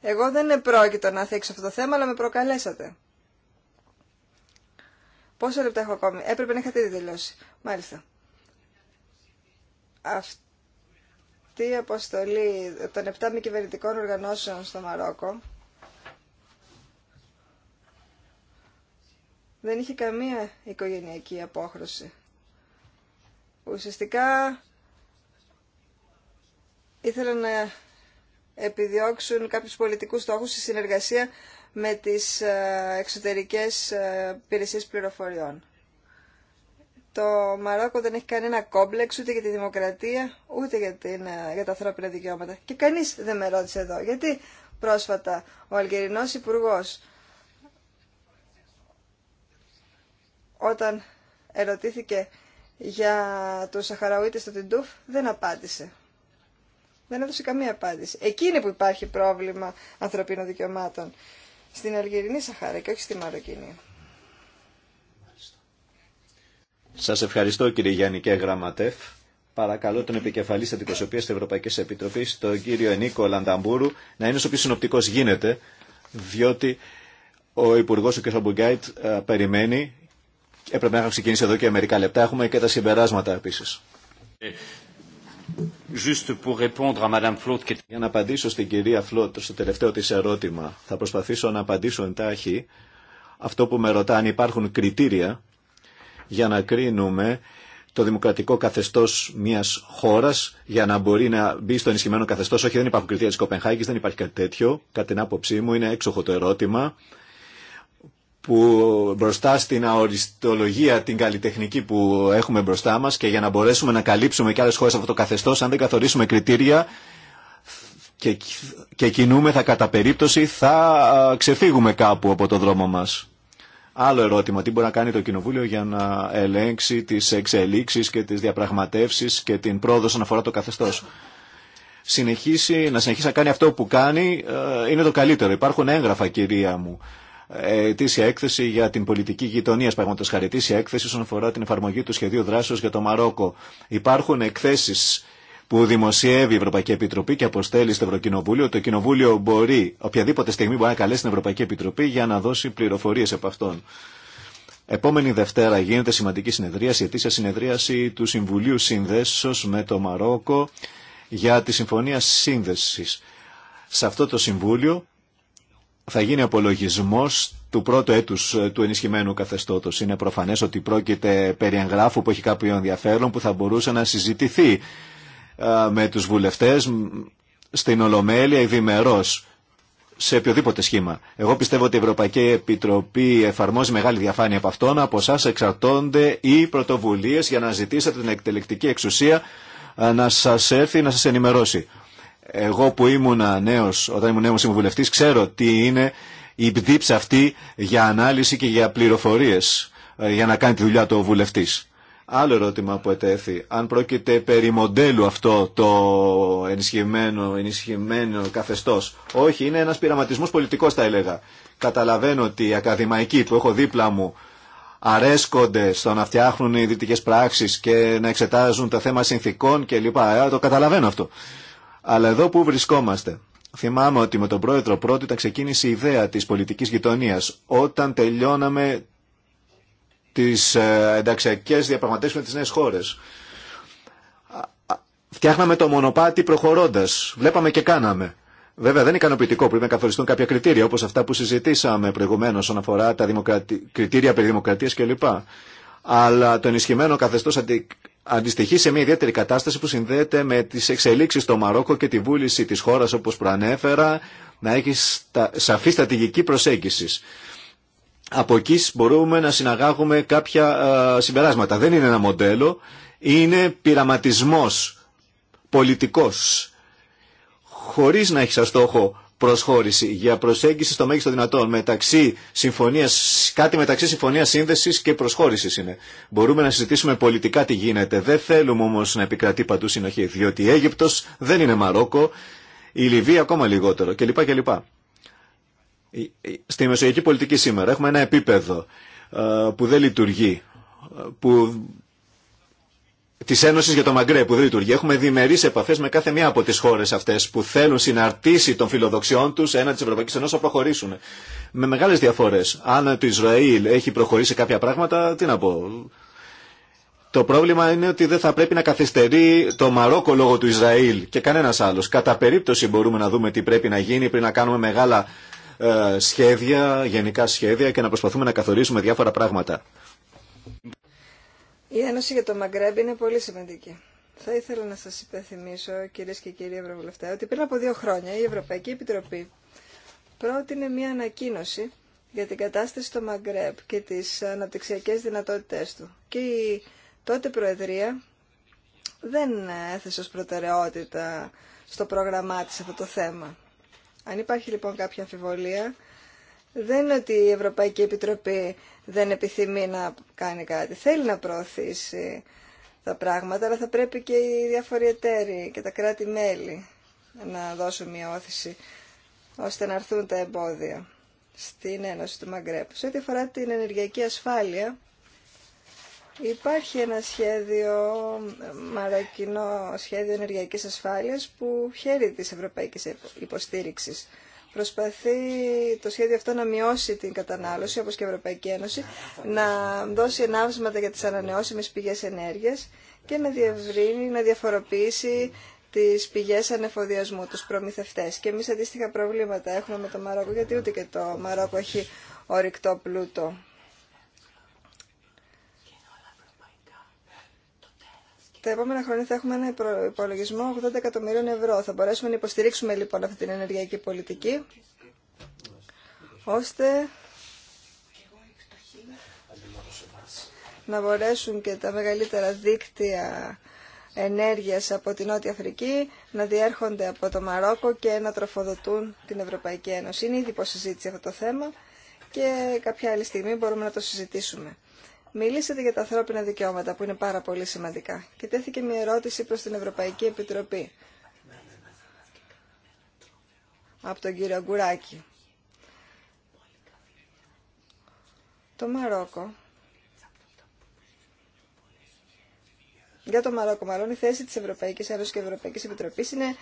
Εγώ δεν επρόκειτο να θέξω αυτό το θέμα, αλλά με προκαλέσατε. Πόσα λεπτά έχω ακόμη. Έπρεπε να είχατε ήδη τελειώσει. Μάλιστα. Αυτή η αποστολή των 7 μη κυβερνητικών οργανώσεων στο Μαρόκο δεν είχε καμία οικογενειακή απόχρωση. Ουσιαστικά ήθελαν να επιδιώξουν κάποιους πολιτικούς στόχους στη συνεργασία με τις ε, εξωτερικές ε, υπηρεσίε πληροφοριών. Το Μαρόκο δεν έχει κανένα κόμπλεξ ούτε για τη δημοκρατία, ούτε για, την, ε, για τα ανθρώπινα δικαιώματα. Και κανείς δεν με ρώτησε εδώ, γιατί πρόσφατα ο Αλγερινός Υπουργός όταν ερωτήθηκε για τους Σαχαραουίτες στο Τιντούφ, δεν απάντησε. Δεν έδωσε καμία απάντηση. Εκείνη που υπάρχει πρόβλημα ανθρωπίνων δικαιωμάτων. Στην Αλγερινή Σαχάρα και όχι στη Μαροκινή. Σας ευχαριστώ κύριε Γιάννη και Γραμματεύ. Παρακαλώ τον επικεφαλής αντικοσωπείας της Ευρωπαϊκής Επιτροπής, τον κύριο Ενίκο Λανταμπούρου, να είναι όσο πιο συνοπτικός γίνεται, διότι ο Υπουργό ο κ. Μπουγκάιτ ε, περιμένει έπρεπε να έχουν ξεκινήσει εδώ και μερικά λεπτά. Έχουμε και τα συμπεράσματα επίση. Juste pour répondre à Madame Για να απαντήσω στην κυρία Φλότ στο τελευταίο της ερώτημα, θα προσπαθήσω να απαντήσω εντάχει αυτό που με ρωτά αν υπάρχουν κριτήρια για να κρίνουμε το δημοκρατικό καθεστώ μια χώρα, για να μπορεί να μπει στο ενισχυμένο καθεστώ, Όχι, δεν υπάρχουν κριτήρια τη Κοπενχάγη, δεν υπάρχει κάτι τέτοιο. Κατά την άποψή μου είναι έξοχο το ερώτημα που μπροστά στην αοριστολογία την καλλιτεχνική που έχουμε μπροστά μας και για να μπορέσουμε να καλύψουμε και άλλες χώρες αυτό το καθεστώς, αν δεν καθορίσουμε κριτήρια και, και κινούμε θα κατά περίπτωση θα ξεφύγουμε κάπου από το δρόμο μας. Άλλο ερώτημα, τι μπορεί να κάνει το Κοινοβούλιο για να ελέγξει τις εξελίξεις και τις διαπραγματεύσεις και την πρόοδο όσον αφορά το καθεστώς. Συνεχίσει, να συνεχίσει να κάνει αυτό που κάνει ε, είναι το καλύτερο. Υπάρχουν έγγραφα κυρία μου ετήσια έκθεση για την πολιτική γειτονία, χάρη, ετήσια έκθεση όσον αφορά την εφαρμογή του σχεδίου δράσεω για το Μαρόκο. Υπάρχουν εκθέσει που δημοσιεύει η Ευρωπαϊκή Επιτροπή και αποστέλει στο Ευρωκοινοβούλιο. Το Κοινοβούλιο μπορεί οποιαδήποτε στιγμή μπορεί να καλέσει την Ευρωπαϊκή Επιτροπή για να δώσει πληροφορίε από αυτόν. Επόμενη Δευτέρα γίνεται σημαντική συνεδρίαση, ετήσια συνεδρίαση του Συμβουλίου Συνδέσεως με το Μαρόκο για τη Συμφωνία σύνδεση Σε αυτό το Συμβούλιο θα γίνει απολογισμός του πρώτου έτους ε, του ενισχυμένου καθεστώτος. Είναι προφανές ότι πρόκειται περί εγγράφου που έχει κάποιο ενδιαφέρον που θα μπορούσε να συζητηθεί ε, με τους βουλευτές στην Ολομέλεια ή διμερός σε οποιοδήποτε σχήμα. Εγώ πιστεύω ότι η σε Επιτροπή εφαρμόζει μεγάλη διαφάνεια από αυτόν. Από εσά εξαρτώνται οι πρωτοβουλίε για να ζητήσετε την εκτελεκτική εξουσία ε, να σα έρθει να σα ενημερώσει. Εγώ που ήμουν νέο, όταν ήμουν νέος συμβουλευτή, ξέρω τι είναι η πτύψη αυτή για ανάλυση και για πληροφορίε ε, για να κάνει τη δουλειά του ο βουλευτής. Άλλο ερώτημα που ετέθη, αν πρόκειται περί μοντέλου αυτό το ενισχυμένο, ενισχυμένο καθεστώς. Όχι, είναι ένας πειραματισμός πολιτικός θα έλεγα. Καταλαβαίνω ότι οι ακαδημαϊκοί που έχω δίπλα μου αρέσκονται στο να φτιάχνουν οι δυτικές πράξεις και να εξετάζουν τα θέματα συνθήκων κλπ. Ε, το καταλαβαίνω αυτό. Αλλά εδώ που βρισκόμαστε. Θυμάμαι ότι με τον πρόεδρο πρώτη τα ξεκίνησε η ιδέα της πολιτικής γειτονίας όταν τελειώναμε τις ε, ενταξιακές διαπραγματεύσεις με τις νέες χώρες. Φτιάχναμε το μονοπάτι προχωρώντας. Βλέπαμε και κάναμε. Βέβαια δεν είναι ικανοποιητικό, πρέπει να καθοριστούν κάποια κριτήρια όπως αυτά που συζητήσαμε προηγουμένως όσον αφορά τα κριτήρια περί δημοκρατίας κλπ. Αλλά το ενισχυμένο καθεστώς αντι αντιστοιχεί σε μια ιδιαίτερη κατάσταση που συνδέεται με τις εξελίξεις στο Μαρόκο και τη βούληση της χώρας όπως προανέφερα να έχει σαφή στρατηγική προσέγγιση. Από εκεί μπορούμε να συναγάγουμε κάποια συμπεράσματα. Δεν είναι ένα μοντέλο, είναι πειραματισμός πολιτικός χωρίς να έχει σαν στόχο προσχώρηση για προσέγγιση στο μέγιστο δυνατόν μεταξύ συμφωνίας, κάτι μεταξύ συμφωνία σύνδεση και προσχώρησης είναι. Μπορούμε να συζητήσουμε πολιτικά τι γίνεται. Δεν θέλουμε όμω να επικρατεί παντού συνοχή, διότι η Αίγυπτος δεν είναι Μαρόκο, η Λιβύη ακόμα λιγότερο κλπ. κλπ. Στη μεσογειακή πολιτική σήμερα έχουμε ένα επίπεδο ε, που δεν λειτουργεί, ε, που τη Ένωση για το Μαγκρέ που δεν λειτουργεί. Έχουμε διμερεί επαφέ με κάθε μία από τι χώρε αυτέ που θέλουν συναρτήσει των φιλοδοξιών του έναντι τη Ευρωπαϊκή Ένωση να προχωρήσουν. Με μεγάλε διαφορέ. Αν το Ισραήλ έχει προχωρήσει κάποια πράγματα, τι να πω. Το πρόβλημα είναι ότι δεν θα πρέπει να καθυστερεί το Μαρόκο λόγω του Ισραήλ και κανένα άλλο. Κατά περίπτωση μπορούμε να δούμε τι πρέπει να γίνει πριν να κάνουμε μεγάλα ε, σχέδια, γενικά σχέδια και να προσπαθούμε να καθορίσουμε διάφορα πράγματα. Η Ένωση για το Μαγκρέμπ είναι πολύ σημαντική. Θα ήθελα να σας υπενθυμίσω, κυρίες και κύριοι Ευρωβουλευτέ, ότι πριν από δύο χρόνια η Ευρωπαϊκή Επιτροπή πρότεινε μία ανακοίνωση για την κατάσταση στο Μαγκρέμπ και τις αναπτυξιακές δυνατότητές του. Και η τότε Προεδρία δεν έθεσε ως προτεραιότητα στο πρόγραμμά της αυτό το θέμα. Αν υπάρχει λοιπόν κάποια αμφιβολία, δεν είναι ότι η Ευρωπαϊκή Επιτροπή δεν επιθυμεί να κάνει κάτι. Θέλει να προωθήσει τα πράγματα, αλλά θα πρέπει και οι διάφοροι και τα κράτη-μέλη να δώσουν μια όθηση ώστε να έρθουν τα εμπόδια στην Ένωση του Μαγκρέπ. Σε ό,τι αφορά την ενεργειακή ασφάλεια, υπάρχει ένα σχέδιο, μαρακινό σχέδιο ενεργειακής ασφάλειας που χαίρει της ευρωπαϊκής υποστήριξης προσπαθεί το σχέδιο αυτό να μειώσει την κατανάλωση, όπως και η Ευρωπαϊκή Ένωση, να δώσει ενάβσματα για τις ανανεώσιμες πηγές ενέργειας και να διευρύνει, να διαφοροποιήσει τις πηγές ανεφοδιασμού, τους προμηθευτές. Και εμείς αντίστοιχα προβλήματα έχουμε με το Μαρόκο, γιατί ούτε και το Μαρόκο έχει ορυκτό πλούτο. τα επόμενα χρόνια θα έχουμε ένα υπολογισμό 80 εκατομμυρίων ευρώ. Θα μπορέσουμε να υποστηρίξουμε λοιπόν αυτή την ενεργειακή πολιτική, ώστε να μπορέσουν και τα μεγαλύτερα δίκτυα ενέργειας από την Νότια Αφρική να διέρχονται από το Μαρόκο και να τροφοδοτούν την Ευρωπαϊκή Ένωση. Είναι ήδη υποσυζήτηση αυτό το θέμα και κάποια άλλη στιγμή μπορούμε να το συζητήσουμε. Μιλήσατε για τα ανθρώπινα δικαιώματα που είναι πάρα πολύ σημαντικά και τέθηκε μια ερώτηση προς την Ευρωπαϊκή Επιτροπή από τον κύριο Γκουράκη. Το Μαρόκο. Για το Μαρόκο, μάλλον η θέση της Ευρωπαϊκής Ένωσης και Ευρωπαϊκής Επιτροπής είναι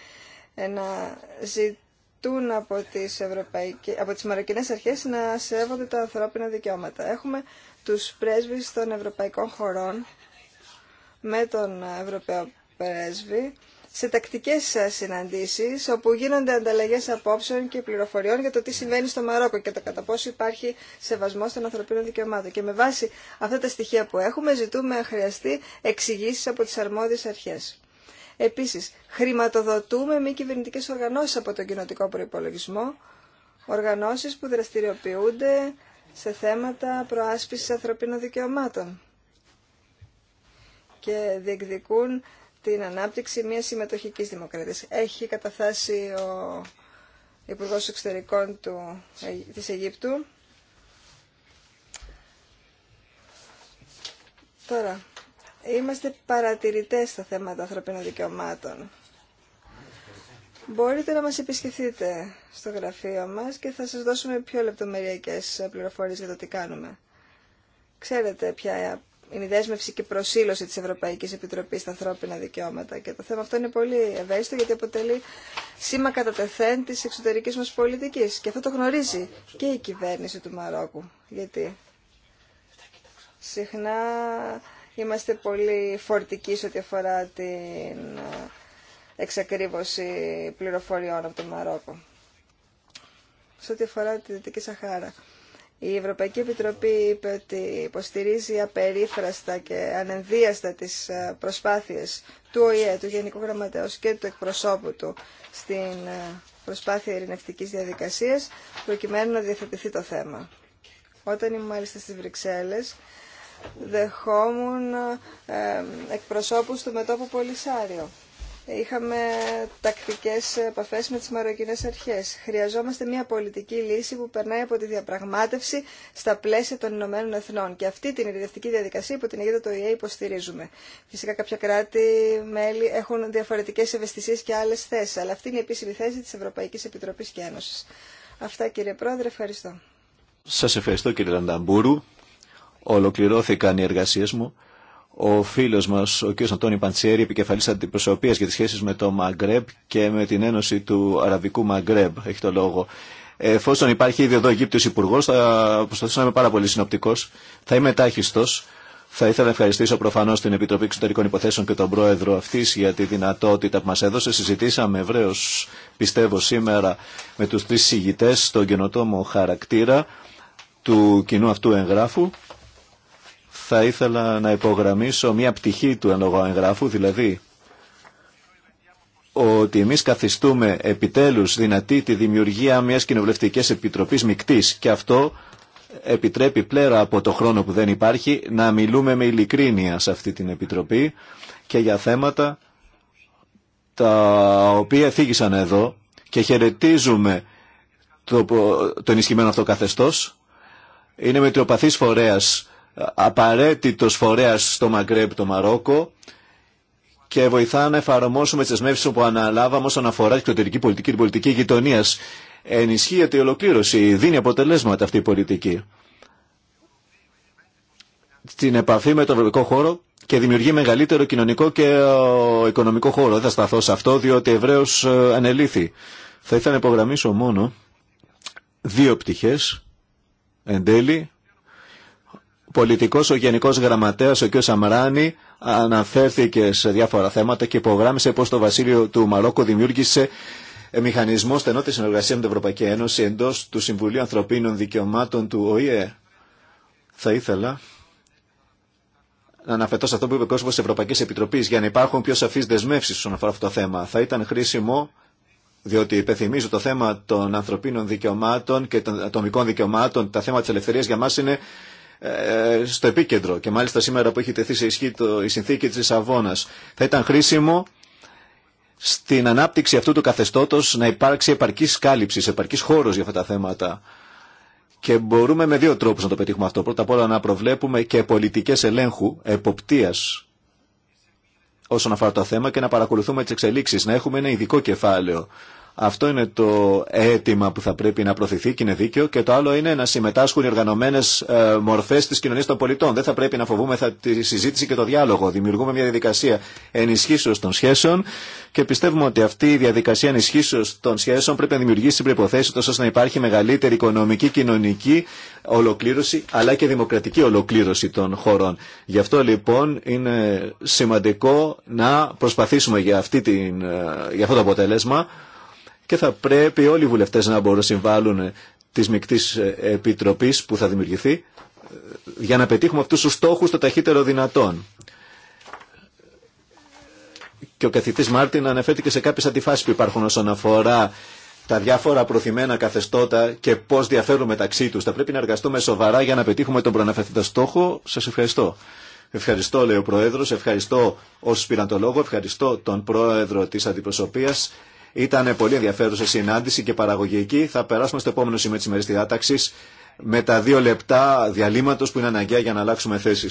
ε, να ζητούν από τις, Ευρωπαϊκές, από τις Μαροκινές Αρχές να σέβονται τα ανθρώπινα δικαιώματα. Έχουμε τους πρέσβεις των ευρωπαϊκών χωρών με τον Ευρωπαίο Πρέσβη σε τακτικές ε, συναντήσεις όπου γίνονται ανταλλαγές απόψεων και πληροφοριών για το τι συμβαίνει στο Μαρόκο και το κατά πόσο υπάρχει σεβασμός των ανθρωπίνων δικαιωμάτων. Και με βάση αυτά τα στοιχεία που έχουμε ζητούμε αν χρειαστεί εξηγήσει από τις αρμόδιες αρχές. Επίσης, χρηματοδοτούμε μη κυβερνητικέ οργανώσεις από τον κοινοτικό προϋπολογισμό, οργανώσεις που δραστηριοποιούνται σε θέματα προάσπισης ανθρωπίνων δικαιωμάτων και διεκδικούν την ανάπτυξη μιας συμμετοχικής δημοκρατίας. Έχει καταθάσει ο Υπουργός Εξωτερικών του, της Αιγύπτου. Τώρα, είμαστε παρατηρητές στα θέματα ανθρωπίνων δικαιωμάτων. Μπορείτε να μας επισκεφθείτε στο γραφείο μας και θα σας δώσουμε πιο λεπτομεριακές πληροφορίες για το τι κάνουμε. Ξέρετε ποια είναι η δέσμευση και προσήλωση της Ευρωπαϊκής Επιτροπής στα ανθρώπινα δικαιώματα και το θέμα αυτό είναι πολύ ευαίσθητο γιατί αποτελεί σήμα κατά τεθέν της εξωτερικής μας πολιτικής και αυτό το γνωρίζει και η κυβέρνηση του Μαρόκου γιατί συχνά είμαστε πολύ φορτικοί σε ό,τι αφορά την εξακρίβωση πληροφοριών από το Μαρόκο. Σε ό,τι αφορά τη Δυτική Σαχάρα. Η Ευρωπαϊκή Επιτροπή είπε ότι υποστηρίζει απερίφραστα και ανενδίαστα τις ε, προσπάθειες του ΟΗΕ, του Γενικού Γραμματέως και του εκπροσώπου του στην ε, προσπάθεια ειρηνευτικής διαδικασίας, προκειμένου να διαθετηθεί το θέμα. Όταν ήμουν μάλιστα στις Βρυξέλλες, δεχόμουν ε, εκπροσώπους του μετόπου Πολυσάριο είχαμε τακτικές επαφές με τις μαροκινές αρχές. Χρειαζόμαστε μια πολιτική λύση που περνάει από τη διαπραγμάτευση στα πλαίσια των Ηνωμένων Εθνών. Και αυτή την ειρηνευτική διαδικασία υπό την αιγύδα του ΙΕ υποστηρίζουμε. Φυσικά κάποια κράτη-μέλη έχουν διαφορετικές ευαισθησίες και άλλες θέσεις, αλλά αυτή είναι η επίσημη θέση της Ευρωπαϊκής Επιτροπής και Ένωσης. Αυτά κύριε Πρόεδρε, ευχαριστώ. Σας ευχαριστώ κύριε Λανταμπούρου. Ολοκληρώθηκαν οι εργασίες μου. Ο φίλο μα, ο κ. Αντώνη Παντσιέρη, επικεφαλή αντιπροσωπεία για τι σχέσει με το Μαγκρέμπ και με την Ένωση του Αραβικού Μαγκρέμπ, έχει το λόγο. Εφόσον υπάρχει ήδη εδώ Αιγύπτιο Υπουργό, θα προσπαθήσω να είμαι πάρα πολύ συνοπτικό. Θα είμαι τάχιστο. Θα ήθελα να ευχαριστήσω προφανώ την Επιτροπή Εξωτερικών Υποθέσεων και τον πρόεδρο αυτή για τη δυνατότητα που μα έδωσε. Συζητήσαμε ευρέω, πιστεύω, σήμερα με του τρει συγητέ στον καινοτόμο χαρακτήρα του κοινού αυτού εγγράφου θα ήθελα να υπογραμμίσω μια πτυχή του λόγω εγγράφου, δηλαδή ότι εμείς καθιστούμε επιτέλους δυνατή τη δημιουργία μιας κοινοβουλευτικής επιτροπής μικτής και αυτό επιτρέπει πλέρα από το χρόνο που δεν υπάρχει να μιλούμε με ειλικρίνεια σε αυτή την επιτροπή και για θέματα τα οποία θίγησαν εδώ και χαιρετίζουμε το, ενισχυμένο αυτό καθεστώς. Είναι μετριοπαθής φορέας Απαραίτητο φορέας στο Μαγκρέμπ το Μαρόκο και βοηθά να εφαρμόσουμε τι δεσμεύσει που αναλάβαμε όσον αφορά την εξωτερική πολιτική, την πολιτική γειτονία. Ενισχύεται η ολοκλήρωση, δίνει αποτελέσματα αυτή η πολιτική. Στην επαφή με τον ευρωπαϊκό χώρο και δημιουργεί μεγαλύτερο κοινωνικό και ε, οικονομικό χώρο. Δεν θα σταθώ σε αυτό, διότι ευρέω ε, ανελήθη. Θα ήθελα να υπογραμμίσω μόνο δύο πτυχέ εν τέλει πολιτικός ο Γενικός Γραμματέας ο κ. Σαμράνη αναφέρθηκε σε διάφορα θέματα και υπογράμμισε πως το Βασίλειο του Μαρόκο δημιούργησε μηχανισμό στενότητα συνεργασία με την Ευρωπαϊκή Ένωση εντός του Συμβουλίου Ανθρωπίνων Δικαιωμάτων του ΟΗΕ. Θα ήθελα να αναφερθώ σε αυτό που είπε ο κόσμο τη Ευρωπαϊκή Επιτροπή για να υπάρχουν πιο σαφεί δεσμεύσει όσον αφορά αυτό το θέμα. Θα ήταν χρήσιμο, διότι υπενθυμίζω το θέμα των ανθρωπίνων δικαιωμάτων και των ατομικών δικαιωμάτων, τα θέματα τη ελευθερία για μα είναι ε, στο επίκεντρο και μάλιστα σήμερα που έχει τεθεί σε ισχύ το, η συνθήκη της Λισαβόνα. Θα ήταν χρήσιμο στην ανάπτυξη αυτού του καθεστώτος να υπάρξει επαρκής κάλυψη, επαρκής χώρος για αυτά τα θέματα. Και μπορούμε με δύο τρόπους να το πετύχουμε αυτό. Πρώτα απ' όλα να προβλέπουμε και πολιτικές ελέγχου, εποπτείας όσον αφορά το θέμα και να παρακολουθούμε τις εξελίξεις, να έχουμε ένα ειδικό κεφάλαιο αυτό είναι το αίτημα που θα πρέπει να προωθηθεί και είναι δίκαιο. Και το άλλο είναι να συμμετάσχουν οι οργανωμένε ε, μορφέ τη κοινωνία των πολιτών. Δεν θα πρέπει να φοβούμε τη συζήτηση και το διάλογο. Δημιουργούμε μια διαδικασία ενισχύσεω των σχέσεων και πιστεύουμε ότι αυτή η διαδικασία ενισχύσεω των σχέσεων πρέπει να δημιουργήσει προποθέσει ώστε να υπάρχει μεγαλύτερη οικονομική, κοινωνική ολοκλήρωση αλλά και δημοκρατική ολοκλήρωση των χωρών. Γι' αυτό λοιπόν είναι σημαντικό να προσπαθήσουμε για, αυτή την, ε, για αυτό το αποτέλεσμα και θα πρέπει όλοι οι βουλευτές να μπορούν να συμβάλλουν ε, της μεικτής ε, επιτροπής που θα δημιουργηθεί ε, για να πετύχουμε αυτούς τους στόχους το ταχύτερο δυνατόν. Και ο καθηγητής Μάρτιν αναφέρθηκε σε κάποιες αντιφάσεις που υπάρχουν όσον αφορά τα διάφορα προθυμένα καθεστώτα και πώς διαφέρουν μεταξύ τους. Θα πρέπει να εργαστούμε σοβαρά για να πετύχουμε τον προαναφερθήτα στόχο. Σας ευχαριστώ. Ευχαριστώ, λέει ο Πρόεδρος, ευχαριστώ όσους πήραν το λόγο, ευχαριστώ τον Πρόεδρο της Αντιπροσωπείας. Ήταν πολύ ενδιαφέρουσα συνάντηση και παραγωγική. Θα περάσουμε στο επόμενο σημείο τη ημερή διάταξη με τα δύο λεπτά διαλύματο που είναι αναγκαία για να αλλάξουμε θέσει.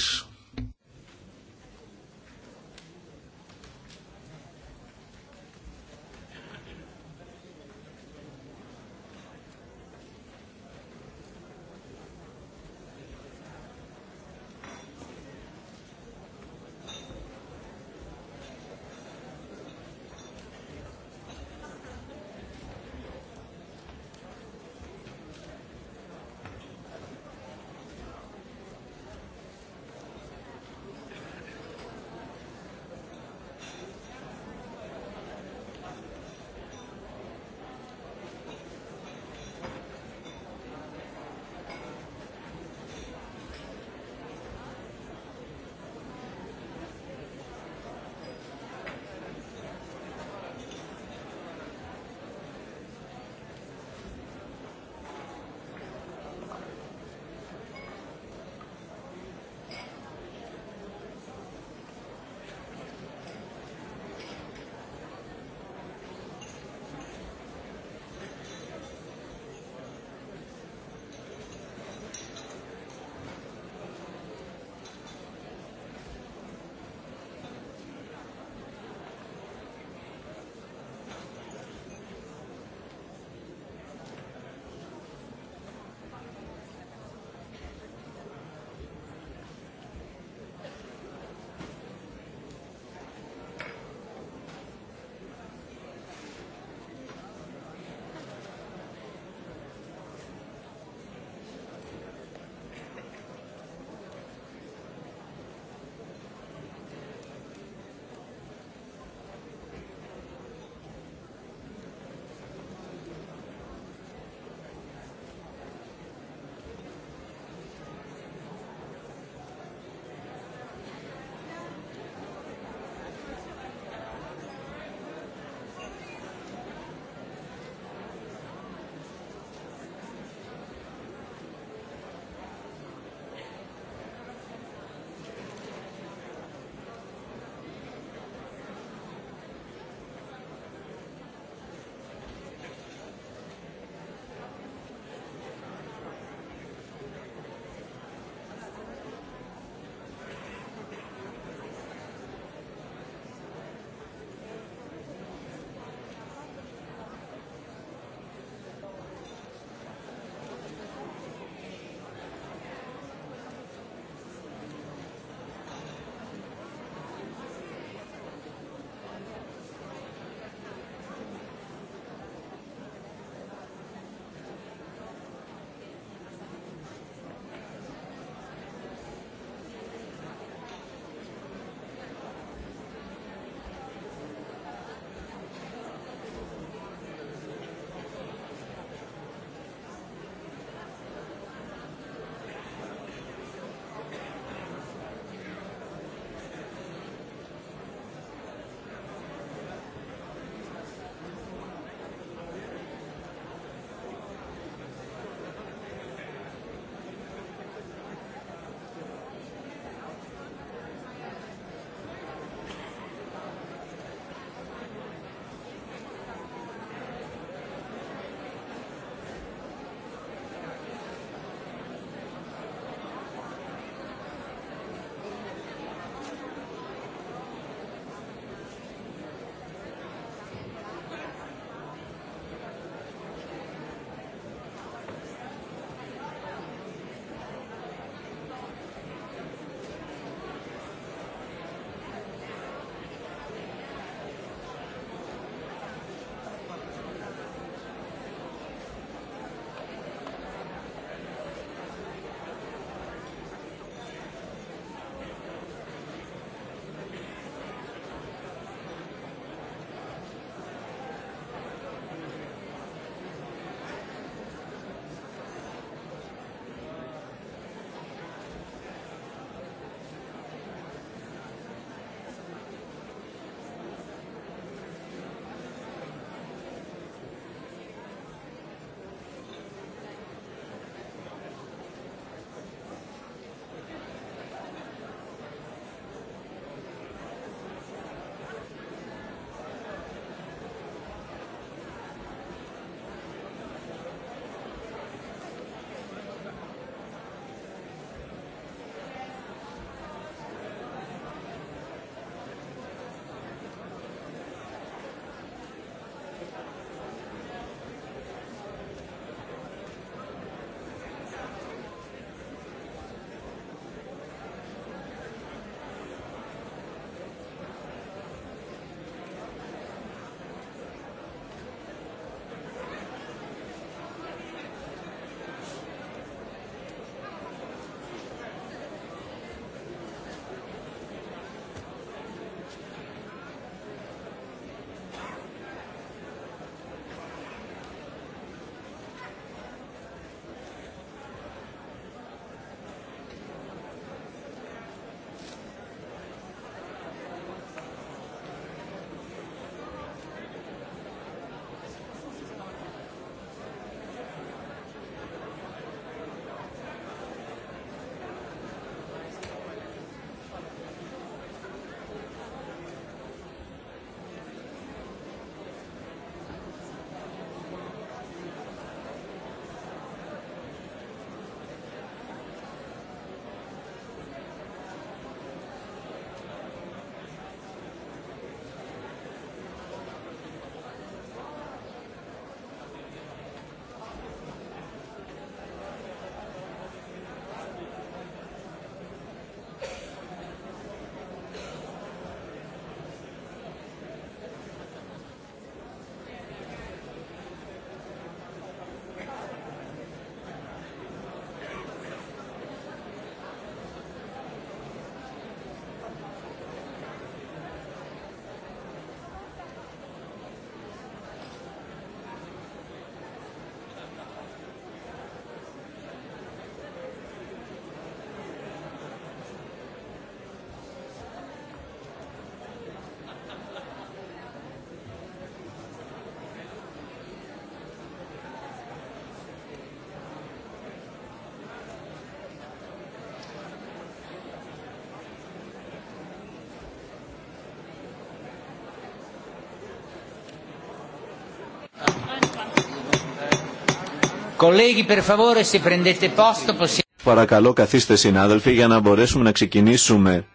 Παρακαλώ καθίστε συνάδελφοι για να μπορέσουμε να ξεκινήσουμε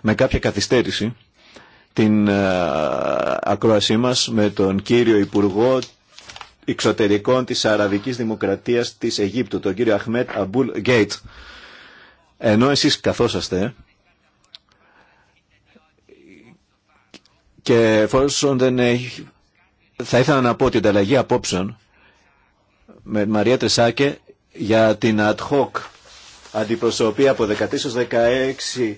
με κάποια καθυστέρηση την ε, ακρόασή μας με τον κύριο Υπουργό Εξωτερικών της Αραβικής Δημοκρατίας της Αιγύπτου, τον κύριο Αχμέτ Αμπούλ Γκέιτ. Ενώ εσείς καθόσαστε και εφόσον δεν έχει... Θα ήθελα να πω ότι η ανταλλαγή απόψεων με Μαρία Τρεσάκε για την ad hoc αντιπροσωπή 14-16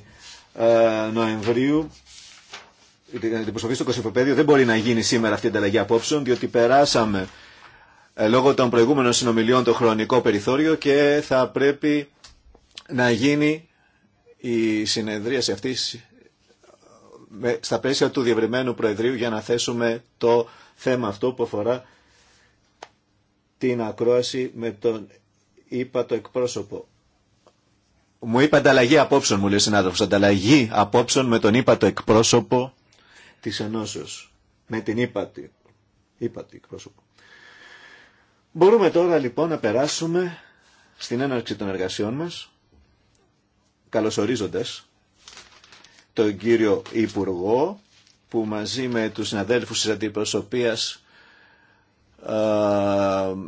ε, Νοεμβρίου την αντιπροσωπή στο Κωσυφοπέδιο δεν μπορεί να γίνει σήμερα αυτή η ανταλλαγή απόψεων διότι περάσαμε ε, λόγω των προηγούμενων συνομιλιών το χρονικό περιθώριο και θα πρέπει να γίνει η συνεδρίαση αυτή στα πλαίσια του διευρυμένου Προεδρίου για να θέσουμε το θέμα αυτό που αφορά την ακρόαση με τον είπα εκπρόσωπο. Μου είπε ανταλλαγή απόψεων, μου λέει ο συνάδελφο. Ανταλλαγή απόψεων με τον ήπατο εκπρόσωπο τη Ενώσεω. Με την ήπατη Ύπατη εκπρόσωπο. Μπορούμε τώρα λοιπόν να περάσουμε στην έναρξη των εργασιών μας, καλωσορίζοντας τον κύριο Υπουργό, που μαζί με τους συναδέλφους της αντιπροσωπείας ε,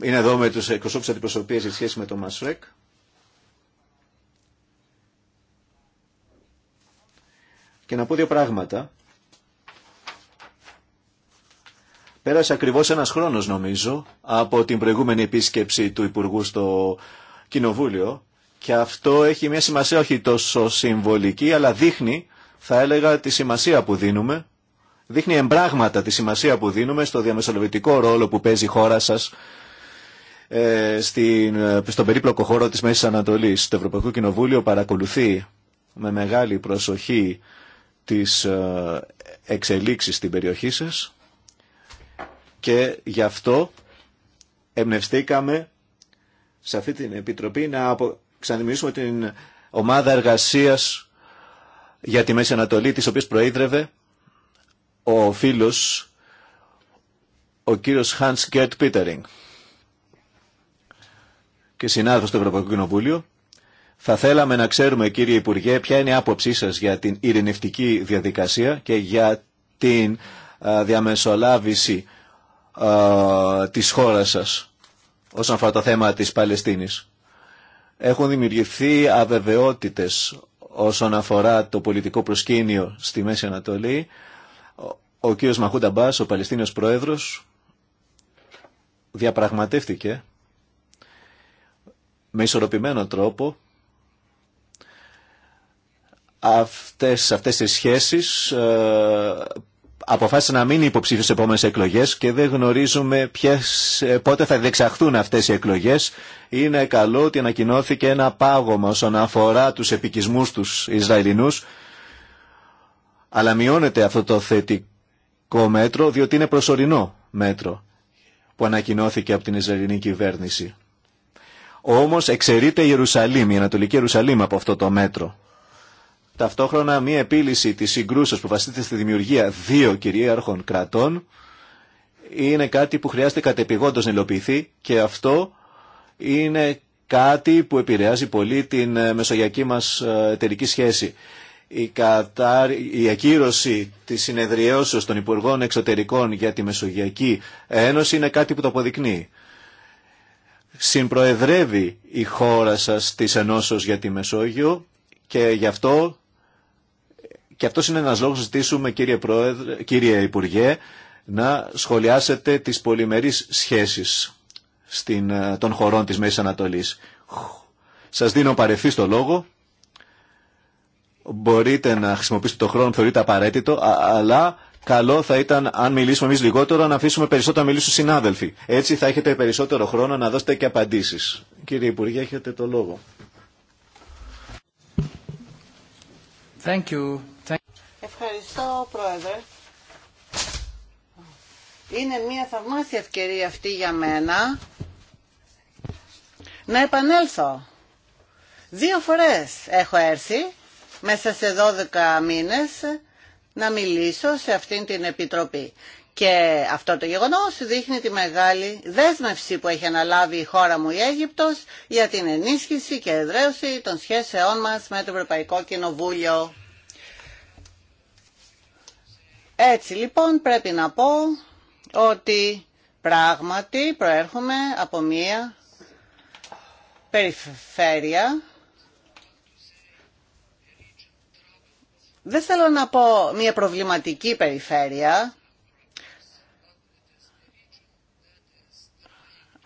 είναι εδώ με τους εκπροσώπους αντιπροσωπείας σε σχέση με το Μασρέκ. Και να πω δύο πράγματα. Πέρασε ακριβώς ένας χρόνος νομίζω από την προηγούμενη επίσκεψη του Υπουργού στο Κοινοβούλιο και αυτό έχει μια σημασία όχι τόσο συμβολική αλλά δείχνει θα έλεγα τη σημασία που δίνουμε δείχνει εμπράγματα τη σημασία που δίνουμε στο διαμεσολαβητικό ρόλο που παίζει η χώρα σας ε, ε, στον περίπλοκο χώρο της Μέσης Ανατολής. Το Ευρωπαϊκό Κοινοβούλιο παρακολουθεί με μεγάλη προσοχή τις ε, εξελίξεις στην περιοχή σας και γι' αυτό εμπνευστήκαμε σε αυτή την Επιτροπή να ξαναδημιουργήσουμε την ομάδα εργασίας για τη Μέση Ανατολή, της οποίας προείδρευε ο φίλος ο κύριος Hans Gerd Πίτερινγκ και συνάδελφος του Ευρωπαϊκού Κοινοβούλιο. Θα θέλαμε να ξέρουμε κύριε Υπουργέ ποια είναι η άποψή σας για την ειρηνευτική διαδικασία και για την διαμεσολάβηση της χώρας σας όσον αφορά το θέμα της Παλαιστίνης. Έχουν δημιουργηθεί αβεβαιότητες όσον αφορά το πολιτικό προσκήνιο στη Μέση Ανατολή ο κύριος Μαχούντα Μπάς, ο Παλαιστίνιος Πρόεδρος, διαπραγματεύτηκε με ισορροπημένο τρόπο αυτές, αυτές τις σχέσεις ε, αποφάσισε να μην υποψήφιο υποψήφιος στις επόμενες εκλογές και δεν γνωρίζουμε ε, πότε θα διεξαχθούν αυτές οι εκλογές. Είναι καλό ότι ανακοινώθηκε ένα πάγωμα όσον αφορά τους επικισμούς τους Ισραηλινούς αλλά μειώνεται αυτό το θετικό μέτρο διότι είναι προσωρινό μέτρο που ανακοινώθηκε από την Ισραηλινή κυβέρνηση. Όμως εξαιρείται η Ιερουσαλήμ, η Ανατολική Ιερουσαλήμ από αυτό το μέτρο. Ταυτόχρονα μία επίλυση της συγκρούσεως που βασίζεται στη δημιουργία δύο κυρίαρχων κρατών είναι κάτι που χρειάζεται κατεπηγόντως να υλοποιηθεί και αυτό είναι κάτι που επηρεάζει πολύ την ε, μεσογειακή μας ε, εταιρική σχέση η, η ακύρωση της συνεδριώσεως των Υπουργών Εξωτερικών για τη Μεσογειακή Ένωση είναι κάτι που το αποδεικνύει. Συμπροεδρεύει η χώρα σας της Ενώσεως για τη Μεσόγειο και γι' αυτό και αυτό είναι ένας λόγος να ζητήσουμε κύριε, Πρόεδρε, κύριε Υπουργέ να σχολιάσετε τις πολυμερείς σχέσεις στην, ε, των χωρών της Μέσης Ανατολής. Σας δίνω παρεφή το λόγο μπορείτε να χρησιμοποιήσετε το χρόνο που θεωρείτε απαραίτητο, αλλά καλό θα ήταν αν μιλήσουμε εμεί λιγότερο να αφήσουμε περισσότερο να μιλήσουν συνάδελφοι. Έτσι θα έχετε περισσότερο χρόνο να δώσετε και απαντήσει. Κύριε Υπουργέ, έχετε το λόγο. Thank you. Thank Ευχαριστώ, Πρόεδρε. Είναι μια θαυμάσια ευκαιρία αυτή για μένα να επανέλθω. Δύο φορές έχω έρθει μέσα σε 12 μήνες να μιλήσω σε αυτήν την Επιτροπή. Και αυτό το γεγονός δείχνει τη μεγάλη δέσμευση που έχει αναλάβει η χώρα μου η Αίγυπτος για την ενίσχυση και εδραίωση των σχέσεών μας με το Ευρωπαϊκό Κοινοβούλιο. Έτσι λοιπόν πρέπει να πω ότι πράγματι προέρχομαι από μία περιφέρεια Δεν θέλω να πω μια προβληματική περιφέρεια,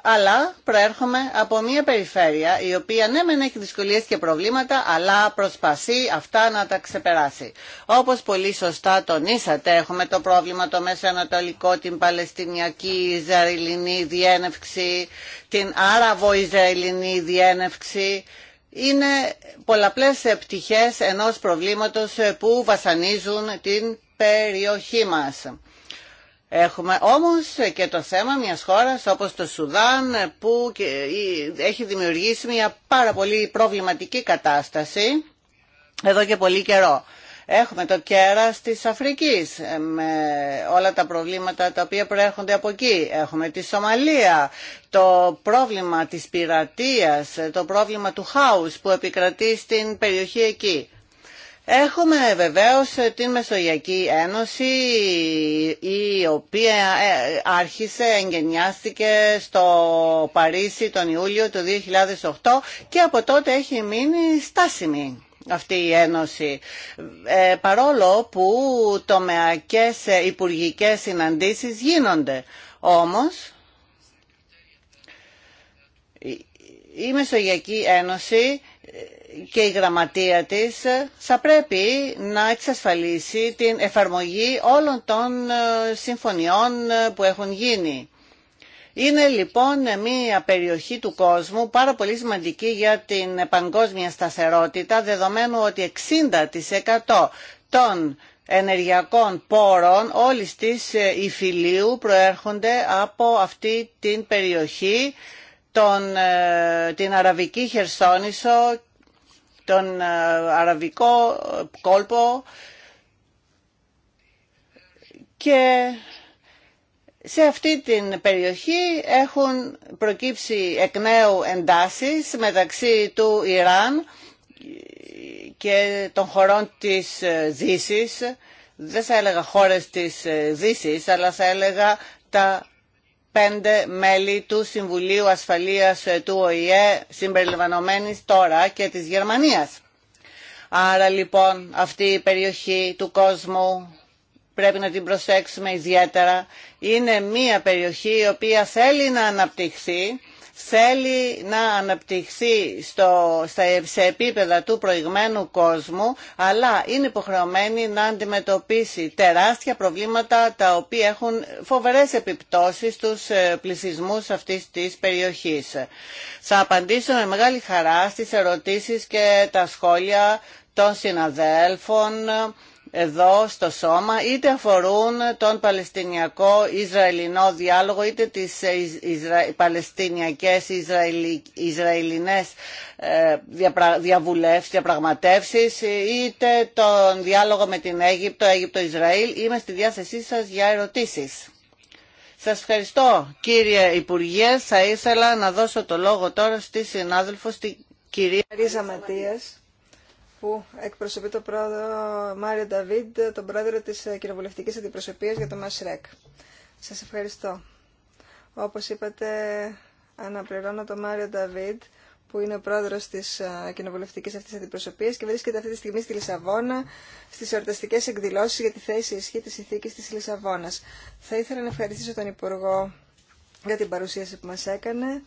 αλλά προέρχομαι από μια περιφέρεια η οποία ναι μεν έχει δυσκολίες και προβλήματα αλλά προσπαθεί αυτά να τα ξεπεράσει. Όπως πολύ σωστά τονίσατε έχουμε το πρόβλημα το Μέσο Ανατολικό, την Παλαιστινιακή Ισραηλινή διένευξη, την Άραβο Ισραηλινή διένευξη είναι πολλαπλές πτυχές ενός προβλήματος που βασανίζουν την περιοχή μας. Έχουμε όμως και το θέμα μιας χώρας όπως το Σουδάν που έχει δημιουργήσει μια πάρα πολύ προβληματική κατάσταση εδώ και πολύ καιρό. Έχουμε το κέρα της Αφρικής ε, με όλα τα προβλήματα τα οποία προέρχονται από εκεί. Έχουμε τη Σομαλία, το πρόβλημα της πειρατείας, ε, το πρόβλημα του χάους που επικρατεί στην περιοχή εκεί. Έχουμε βεβαίως ε, την Μεσογειακή Ένωση η οποία άρχισε, εγγενιάστηκε στο Παρίσι τον Ιούλιο του 2008 και από τότε έχει μείνει στάσιμη αυτή η Ένωση. Ε, παρόλο που τομεακές ε, υπουργικές συναντήσεις γίνονται. Όμως, η Μεσογειακή Ένωση ε, και η γραμματεία της θα πρέπει να εξασφαλίσει την εφαρμογή όλων των συμφωνιών που έχουν γίνει. Είναι λοιπόν μια περιοχή του κόσμου πάρα πολύ σημαντική για την παγκόσμια σταθερότητα, δεδομένου ότι 60% των ενεργειακών πόρων όλης της υφηλίου ε, προέρχονται από αυτή την περιοχή, ε, την Αραβική Χερσόνησο, τον ε, Αραβικό κόλπο και σε αυτή την περιοχή έχουν προκύψει εκ νέου εντάσεις μεταξύ του Ιράν και των χωρών της Δύσης. Δεν θα έλεγα χώρες της Δύσης, αλλά θα έλεγα τα πέντε μέλη του Συμβουλίου Ασφαλείας του ΟΗΕ συμπεριλαμβανομένης τώρα και της Γερμανίας. Άρα λοιπόν αυτή η περιοχή του κόσμου πρέπει να την προσέξουμε ιδιαίτερα. Είναι μία περιοχή η οποία θέλει να αναπτυχθεί, θέλει να αναπτυχθεί στο, στα, σε επίπεδα του προηγμένου κόσμου, αλλά είναι υποχρεωμένη να αντιμετωπίσει τεράστια προβλήματα τα οποία έχουν φοβερές επιπτώσεις στους ε, πληθυσμούς αυτής της περιοχής. Θα απαντήσω με μεγάλη χαρά στις ερωτήσεις και τα σχόλια των συναδέλφων, εδώ στο σώμα είτε αφορούν τον Παλαιστινιακό-Ισραηλινό διάλογο είτε τις Ισρα... Παλαιστινιακές Ισραηλι... Ισραηλινές ε, διαβουλεύσεις, διαπραγματεύσεις είτε τον διάλογο με την Αίγυπτο, Αίγυπτο-Ισραήλ. Είμαι στη διάθεσή σας για ερωτήσεις. Σας ευχαριστώ κύριε Υπουργέ. Θα ήθελα να δώσω το λόγο τώρα στη συνάδελφο, στη κυρία Ρίζα Ματίας που εκπροσωπεί το πρόεδρο Μάριο Νταβίντ, τον πρόεδρο της ε, κοινοβουλευτικής αντιπροσωπείας για το ΜΑΣΡΕΚ. Σας ευχαριστώ. Όπως είπατε, αναπληρώνω τον Μάριο Νταβίντ, που είναι ο πρόεδρος της ε, κοινοβουλευτικής αυτής αντιπροσωπείας και βρίσκεται αυτή τη στιγμή στη Λισαβόνα στις εορταστικές εκδηλώσεις για τη θέση ισχύ της ηθίκης της Λισαβόνας. Θα ήθελα να ευχαριστήσω τον Υπουργό για την παρουσίαση που μας έκανε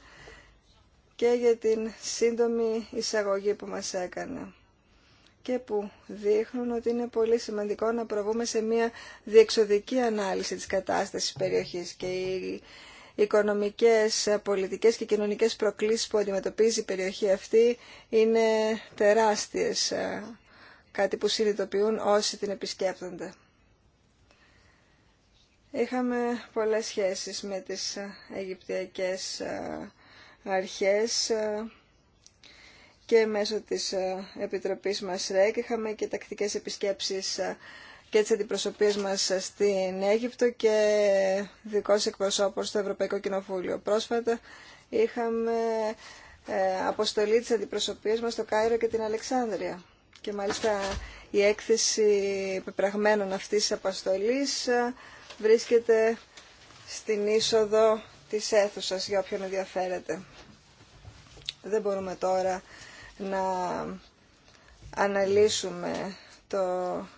και για την σύντομη εισαγωγή που μας έκανε και που δείχνουν ότι είναι πολύ σημαντικό να προβούμε σε μια διεξοδική ανάλυση της κατάστασης της περιοχής και οι οικονομικές, πολιτικές και κοινωνικές προκλήσεις που αντιμετωπίζει η περιοχή αυτή είναι τεράστιες, ε, κάτι που συνειδητοποιούν όσοι την επισκέπτονται. Είχαμε πολλές σχέσεις με τις ε, Αιγυπτιακές ε, αρχές και μέσω της ε, Επιτροπής μας ΡΕΚ. Είχαμε και τακτικές επισκέψεις ε, και τις αντιπροσωπείες μας ε, στην Αίγυπτο και δικός εκπροσώπος στο Ευρωπαϊκό Κοινοβούλιο. Πρόσφατα είχαμε αποστολή της αντιπροσωπείας μας στο Κάιρο και την Αλεξάνδρεια. Και μάλιστα η έκθεση πεπραγμένων αυτής της αποστολής βρίσκεται στην είσοδο της αίθουσας για όποιον ενδιαφέρεται. Δεν μπορούμε τώρα να αναλύσουμε το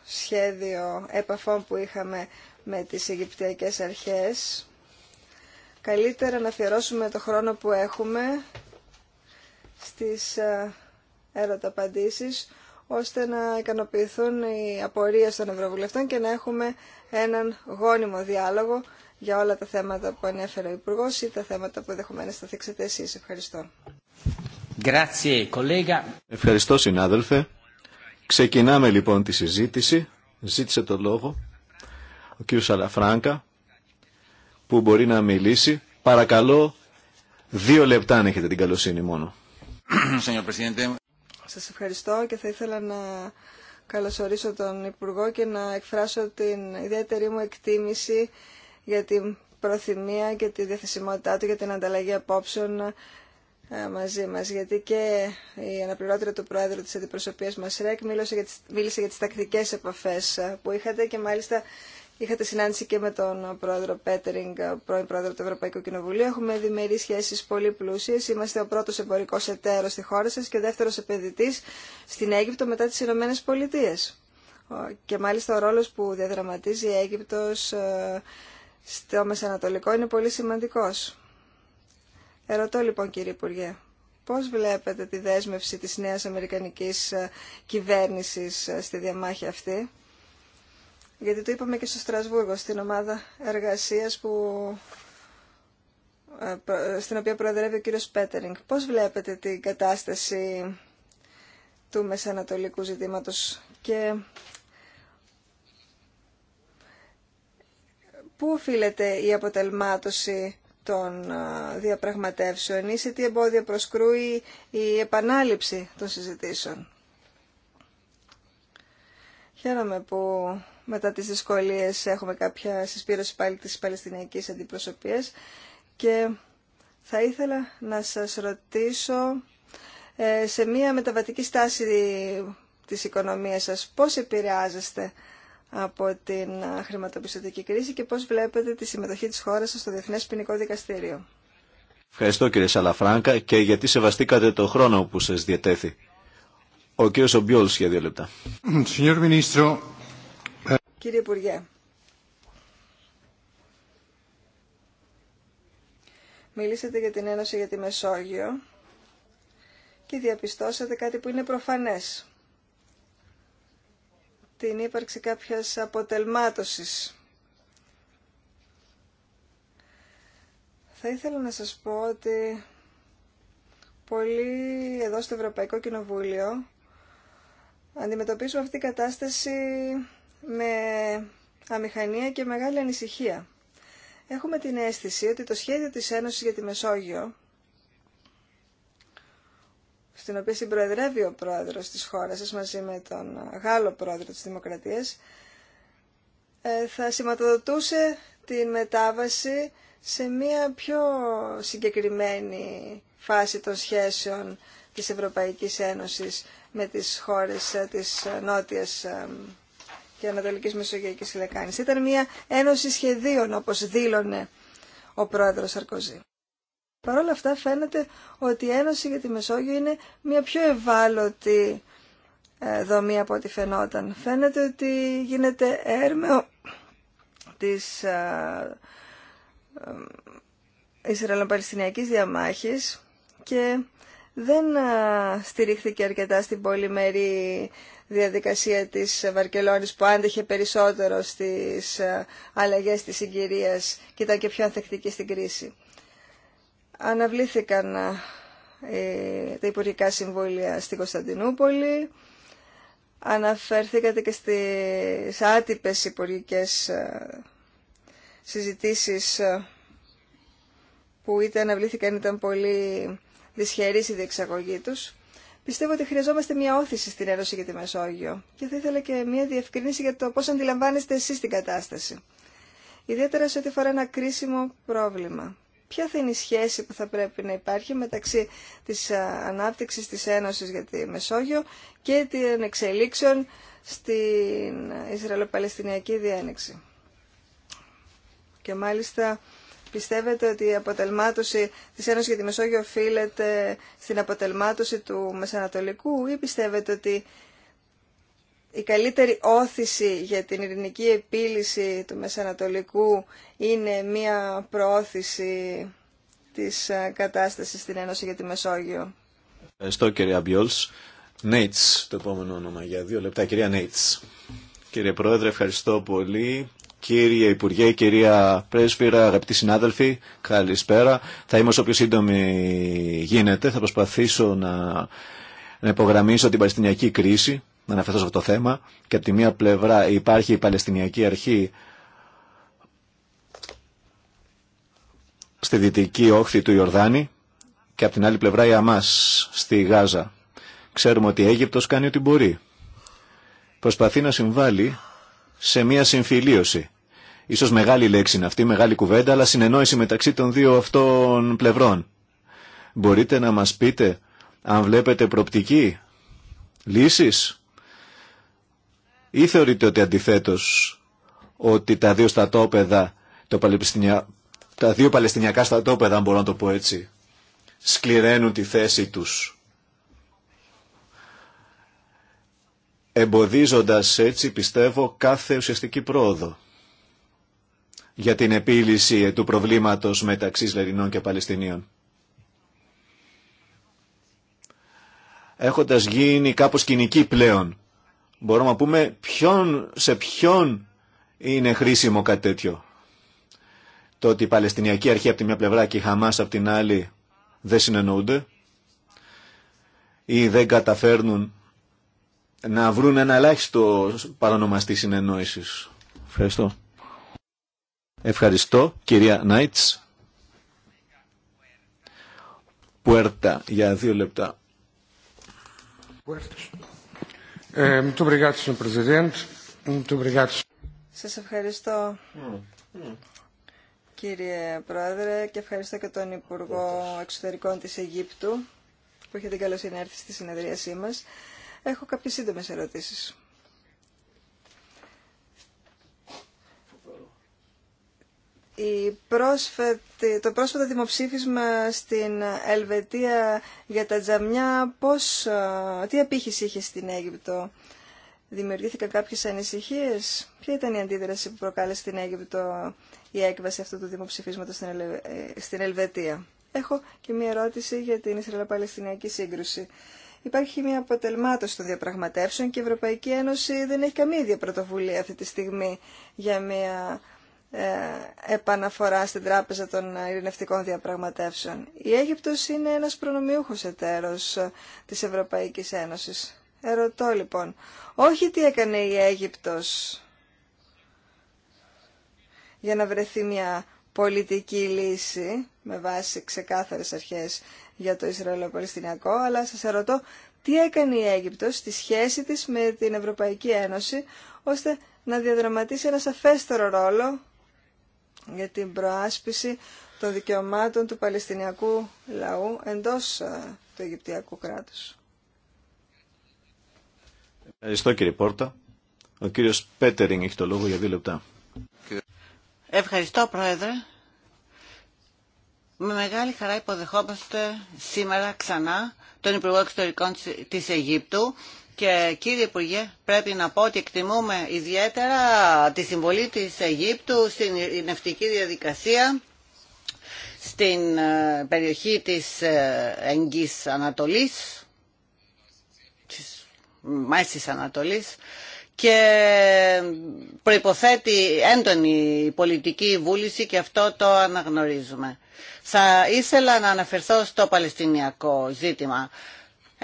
σχέδιο επαφών που είχαμε με τις Αιγυπτιακές Αρχές. Καλύτερα να αφιερώσουμε το χρόνο που έχουμε στις ε, ερωταπαντήσεις, ώστε να ικανοποιηθούν οι απορίες των Ευρωβουλευτών και να έχουμε έναν γόνιμο διάλογο για όλα τα θέματα που ανέφερε ο Υπουργός ή τα θέματα που ενδεχομένω θα θέξετε εσείς. Ευχαριστώ. Ευχαριστώ συνάδελφε. Ξεκινάμε λοιπόν τη συζήτηση. Ζήτησε το λόγο ο κ. Σαλαφράγκα, που μπορεί να μιλήσει. Παρακαλώ δύο λεπτά αν έχετε την καλοσύνη μόνο. Σας ευχαριστώ και θα ήθελα να καλωσορίσω τον Υπουργό και να εκφράσω την ιδιαίτερη μου εκτίμηση για την προθυμία και τη διαθεσιμότητά του για την ανταλλαγή απόψεων ε, μαζί μας, γιατί και η αναπληρώτρια του Πρόεδρου της Αντιπροσωπείας μας, ΡΕΚ, μίλησε για, τις, μίλησε για τις τακτικές επαφές ε, που είχατε και μάλιστα είχατε συνάντηση και με τον Πρόεδρο Πέτερινγκ, ε, πρώην Πρόεδρο του Ευρωπαϊκού Κοινοβουλίου. Έχουμε διμερεί σχέσει πολύ πλούσιε. Είμαστε ο πρώτος εμπορικός εταίρος στη χώρα σας και ο δεύτερος επενδυτής στην Αίγυπτο μετά τις Ηνωμένε Πολιτείες. Και μάλιστα ο ρόλος που διαδραματίζει η Αίγυπτος στο Μεσανατολικό είναι πολύ σημαντικός. Ερωτώ λοιπόν κύριε Υπουργέ, πώς βλέπετε τη δέσμευση της νέας Αμερικανικής ε, κυβέρνησης ε, στη διαμάχη αυτή. Γιατί το είπαμε και στο Στρασβούργο, στην ομάδα εργασίας που ε, στην οποία προεδρεύει ο κύριος Πέτερινγκ. Πώς βλέπετε την κατάσταση του μεσανατολικού ζητήματος και πού οφείλεται η αποτελμάτωση των διαπραγματεύσεων ή σε τι εμπόδια προσκρούει η επανάληψη των συζητήσεων. Χαίρομαι που μετά τις δυσκολίες έχουμε κάποια συσπήρωση πάλι της Παλαιστινιακής Αντιπροσωπείας και θα ήθελα να σας ρωτήσω ε, σε μία μεταβατική στάση της οικονομίας σας πώς επηρεάζεστε από την χρηματοπιστωτική κρίση και πώς βλέπετε τη συμμετοχή της χώρας στο Διεθνές Ποινικό Δικαστήριο. Ευχαριστώ κύριε Σαλαφράγκα και γιατί σεβαστήκατε το χρόνο που σας διατέθη. Ο κύριος Ομπιόλς για δύο λεπτά. Ε, κύριε Υπουργέ, μιλήσατε για την Ένωση για τη Μεσόγειο και διαπιστώσατε κάτι που είναι προφανές την ύπαρξη κάποιας αποτελμάτωσης. Θα ήθελα να σας πω ότι πολλοί εδώ στο Ευρωπαϊκό Κοινοβούλιο αντιμετωπίζουμε αυτή την κατάσταση με αμηχανία και μεγάλη ανησυχία. Έχουμε την αίσθηση ότι το σχέδιο της Ένωσης για τη Μεσόγειο στην οποία συμπροεδρεύει ο πρόεδρος της χώρας σας μαζί με τον Γάλλο πρόεδρο της Δημοκρατίας, ε, θα σηματοδοτούσε τη μετάβαση σε μια πιο συγκεκριμένη φάση των σχέσεων της Ευρωπαϊκής Ένωσης με τις χώρες ε, της ε, Νότιας και Ανατολικής Μεσογειακής Λεκάνης. Ήταν μια ένωση σχεδίων, όπως δήλωνε ο πρόεδρος Σαρκοζή. Παρ' όλα αυτά φαίνεται ότι η Ένωση για τη Μεσόγειο είναι μια πιο ευάλωτη ε, δομή από ό,τι φαινόταν. Φαίνεται ότι γίνεται έρμεο της ε, ε, Ισραηλοπαλαιστινιακής διαμάχης και δεν στηρίχθηκε αρκετά στην πολυμερή διαδικασία της Βαρκελόνης που άντεχε περισσότερο στις αλλαγές της συγκυρίας και ήταν και πιο ανθεκτική στην κρίση. Αναβλήθηκαν ε, ε, τα Υπουργικά Συμβούλια στην Κωνσταντινούπολη. Αναφέρθηκατε και στις άτυπες υπουργικές ε, συζητήσεις που είτε αναβλήθηκαν ήταν πολύ δυσχερής η διεξαγωγή τους. Πιστεύω ότι χρειαζόμαστε μια όθηση στην Ένωση για τη Μεσόγειο και θα ήθελα και μια διευκρίνηση για το πώς αντιλαμβάνεστε εσείς την κατάσταση. Ιδιαίτερα σε ό,τι αφορά ένα κρίσιμο πρόβλημα ποια θα είναι η σχέση που θα πρέπει να υπάρχει μεταξύ της ε, ανάπτυξης της Ένωσης για τη Μεσόγειο και των εξελίξεων στην Ισραηλο-Παλαιστινιακή διένεξη. Και μάλιστα πιστεύετε ότι η αποτελμάτωση της Ένωσης για τη Μεσόγειο οφείλεται στην αποτελμάτωση του Μεσανατολικού ή πιστεύετε ότι η καλύτερη όθηση για την ειρηνική επίλυση του Μεσανατολικού είναι μία προώθηση της ε, κατάστασης στην Ένωση για τη Μεσόγειο. Ευχαριστώ κύριε Αμπιόλς. Νέιτς, το επόμενο όνομα για δύο λεπτά. Κυρία Νέιτς. Κύριε Πρόεδρε, ευχαριστώ πολύ. Κύριε Υπουργέ, κυρία Πρέσβυρα, αγαπητοί συνάδελφοι, καλησπέρα. Θα είμαι όσο πιο σύντομη γίνεται. Θα προσπαθήσω να, υπογραμμίσω την Παλαιστινιακή κρίση να αναφερθώ σε αυτό το θέμα και από τη μία πλευρά υπάρχει η Παλαιστινιακή Αρχή στη δυτική όχθη του Ιορδάνη και από την άλλη πλευρά η Αμάς στη Γάζα. Ξέρουμε ότι η Αίγυπτος κάνει ό,τι μπορεί. Προσπαθεί να συμβάλλει σε μια συμφιλίωση. Ίσως μεγάλη λέξη είναι αυτή, μεγάλη κουβέντα, αλλά συνεννόηση μεταξύ των δύο αυτών πλευρών. Μπορείτε να μας πείτε αν βλέπετε προπτική, λύσεις ή θεωρείτε ότι αντιθέτως ότι τα δύο στατόπεδα, το τα δύο παλαιστινιακά στατόπεδα, αν μπορώ να το πω έτσι, σκληραίνουν τη θέση τους, εμποδίζοντας έτσι, πιστεύω, κάθε ουσιαστική πρόοδο για την επίλυση του προβλήματος μεταξύ Ισραηλινών και Παλαιστινίων. Έχοντας γίνει κάπως κοινική πλέον μπορούμε να πούμε ποιον, σε ποιον είναι χρήσιμο κάτι τέτοιο. Το ότι η Παλαιστινιακή Αρχή από τη μια πλευρά και η Χαμάς από την άλλη δεν συνεννοούνται ή δεν καταφέρνουν να βρουν ένα ελάχιστο παρονομαστή συνεννόησης. Ευχαριστώ. Ευχαριστώ κυρία Νάιτς. Πουέρτα για δύο λεπτά. Ε, Σας ευχαριστώ κύριε Πρόεδρε και ευχαριστώ και τον Υπουργό Εξωτερικών της Αιγύπτου που είχε την καλοσύνη έρθει στη συνεδρίασή μας. Έχω κάποιες σύντομες ερωτήσεις. η πρόσφατη, το πρόσφατο δημοψήφισμα στην Ελβετία για τα τζαμιά, πώς, τι απήχηση είχε στην Αίγυπτο. Δημιουργήθηκαν κάποιες ανησυχίες. Ποια ήταν η αντίδραση που προκάλεσε στην Αίγυπτο η έκβαση αυτού του δημοψηφίσματος στην, ε, στην Ελβετία. Έχω και μία ερώτηση για την Ισραηλοπαλαιστινιακή σύγκρουση. Υπάρχει μια αποτελμάτωση των διαπραγματεύσεων και η Ευρωπαϊκή Ένωση δεν έχει καμία ίδια πρωτοβουλία αυτή τη στιγμή για μια ε, επαναφορά στην Τράπεζα των Ειρηνευτικών Διαπραγματεύσεων. Η Αίγυπτος είναι ένας προνομιούχος εταίρος ε, της Ευρωπαϊκής Ένωσης. Ερωτώ λοιπόν, όχι τι έκανε η Αίγυπτος για να βρεθεί μια πολιτική λύση με βάση ξεκάθαρες αρχές για το Ισραήλο-Παλαιστινιακό, αλλά σας ερωτώ τι έκανε η Αίγυπτος στη σχέση της με την Ευρωπαϊκή Ένωση, ώστε να διαδραματίσει ένα σαφέστερο ρόλο για την προάσπιση των δικαιωμάτων του Παλαιστινιακού λαού εντός ε, του Αιγυπτιακού κράτους. Ευχαριστώ κύριε Πόρτα. Ο κύριος Πέτερινγκ έχει το λόγο για δύο λεπτά. Ευχαριστώ Πρόεδρε. Με μεγάλη χαρά υποδεχόμαστε σήμερα ξανά τον Υπουργό Εξωτερικών της Αιγύπτου και κύριε Υπουργέ, πρέπει να πω ότι εκτιμούμε ιδιαίτερα τη συμβολή της Αιγύπτου στην ενευτική διαδικασία στην ε, περιοχή της ε, Εγγύς Ανατολής, της Μέσης Ανατολής και προϋποθέτει έντονη πολιτική βούληση και αυτό το αναγνωρίζουμε. Θα ήθελα να αναφερθώ στο Παλαιστινιακό ζήτημα.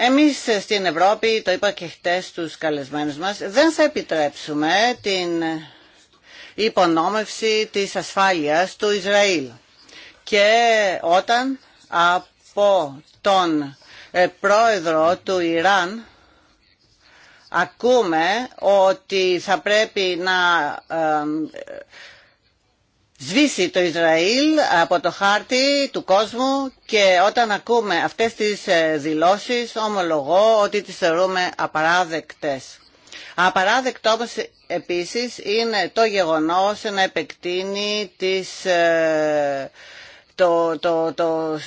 Εμείς στην Ευρώπη, το είπα και χτες στους καλεσμένους μας, δεν θα επιτρέψουμε την υπονόμευση της ασφάλειας του Ισραήλ. Και όταν από τον ε, πρόεδρο του Ιράν ακούμε ότι θα πρέπει να ε, σβήσει το Ισραήλ από το χάρτη του κόσμου και όταν ακούμε αυτές τις ε, δηλώσεις ομολογώ ότι τις θεωρούμε απαράδεκτες. Απαράδεκτο όμως επίσης είναι το γεγονός να επεκτείνει ε, το, το, το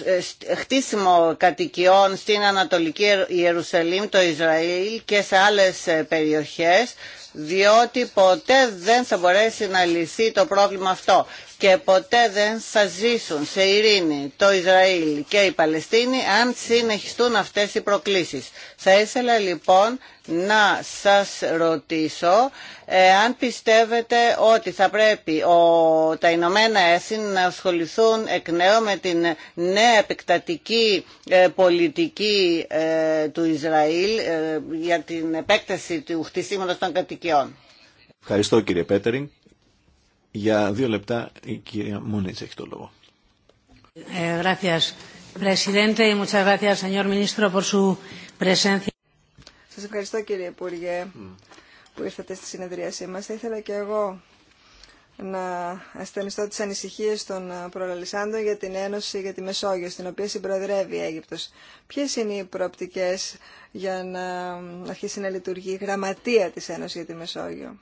ε, χτίσιμο κατοικιών στην Ανατολική Ιερουσαλήμ, το Ισραήλ και σε άλλες περιοχές διότι ποτέ δεν θα μπορέσει να λυθεί το πρόβλημα αυτό και ποτέ δεν θα ζήσουν σε ειρήνη το Ισραήλ και η Παλαιστίνη αν συνεχιστούν αυτές οι προκλήσεις. Θα ήθελα λοιπόν να σας ρωτήσω ε, αν πιστεύετε ότι θα πρέπει ο, τα Ηνωμένα Έθνη να ασχοληθούν εκ νέου με την νέα επεκτατική ε, πολιτική ε, του Ισραήλ για την επέκταση του χτισήματος των κατοικιών. Ευχαριστώ κύριε Πέτερινγκ. Για δύο λεπτά η κυρία Μούνιτς έχει το λόγο. Ε, ε, Σας ευχαριστώ κύριε Υπουργέ που ήρθατε στη συνεδρίασή μας. Θα ήθελα και εγώ να ασθενιστώ τις ανησυχίες των προλαλισσάντων για την Ένωση για τη Μεσόγειο, στην οποία συμπροεδρεύει η Αίγυπτος. Ποιες είναι οι προοπτικές για να αρχίσει να λειτουργεί η γραμματεία της Ένωσης για τη Μεσόγειο.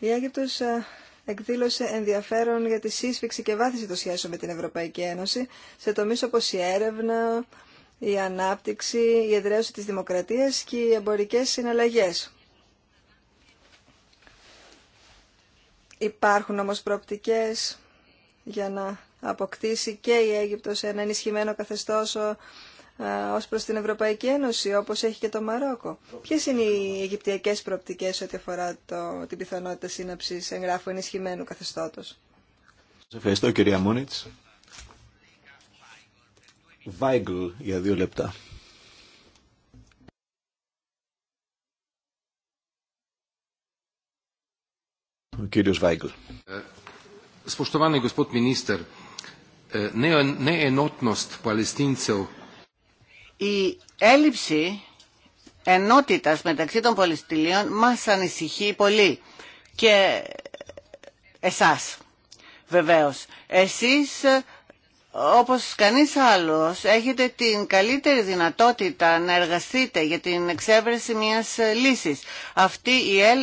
Η Αίγυπτος ε, εκδήλωσε ενδιαφέρον για τη σύσφυξη και βάθηση των σχέσεων με την Ευρωπαϊκή Ένωση σε τομείς όπως η έρευνα, η ανάπτυξη, η εδραίωση της δημοκρατίας και οι εμπορικές συναλλαγές. Υπάρχουν όμως προοπτικές για να αποκτήσει και η Αίγυπτος ένα ενισχυμένο καθεστώς ως προς την Ευρωπαϊκή Ένωση, όπως έχει και το Μαρόκο. Ποιες είναι οι αιγυπτιακές προοπτικές ό,τι αφορά το, την πιθανότητα σύναψης εγγράφου ενισχυμένου καθεστώτος. Σας ευχαριστώ κυρία Μόνιτς, Βάιγκλ για δύο λεπτά. Ο κύριος Βάιγκλ. Ε, Spoštovani gospod minister, ενότνοστ palestincev η έλλειψη ενότητας μεταξύ των πολυστηλίων μας ανησυχεί πολύ και εσάς βεβαίως. Εσείς όπως κανείς άλλος έχετε την καλύτερη δυνατότητα να εργαστείτε για την εξέβρεση μιας λύσης. Αυτή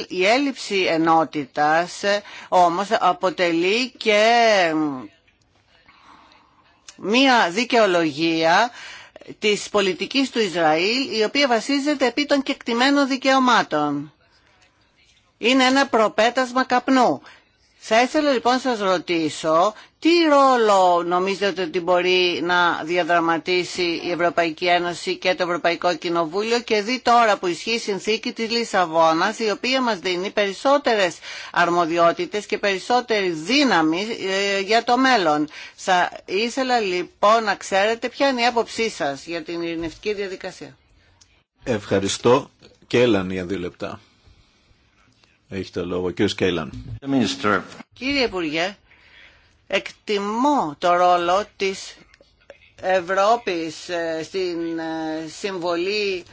η έλλειψη ενότητας όμως αποτελεί και μία δικαιολογία της πολιτικής του Ισραήλ, η οποία βασίζεται επί των κεκτημένων δικαιωμάτων. Είναι ένα προπέτασμα καπνού. Θα ήθελα λοιπόν να σας ρωτήσω τι ρόλο νομίζετε ότι μπορεί να διαδραματίσει η Ευρωπαϊκή Ένωση και το Ευρωπαϊκό Κοινοβούλιο και δει τώρα που ισχύει η συνθήκη της Λισαβόνας η οποία μας δίνει περισσότερες αρμοδιότητες και περισσότερη δύναμη ε, για το μέλλον. Θα ήθελα λοιπόν να ξέρετε ποια είναι η άποψή σας για την ειρηνευτική διαδικασία. Ευχαριστώ και έλαν για δύο λεπτά. Έχει το λόγο. Κύριο Κύριε Υπουργέ, εκτιμώ το ρόλο της Ευρώπης ε, στην ε, συμβολή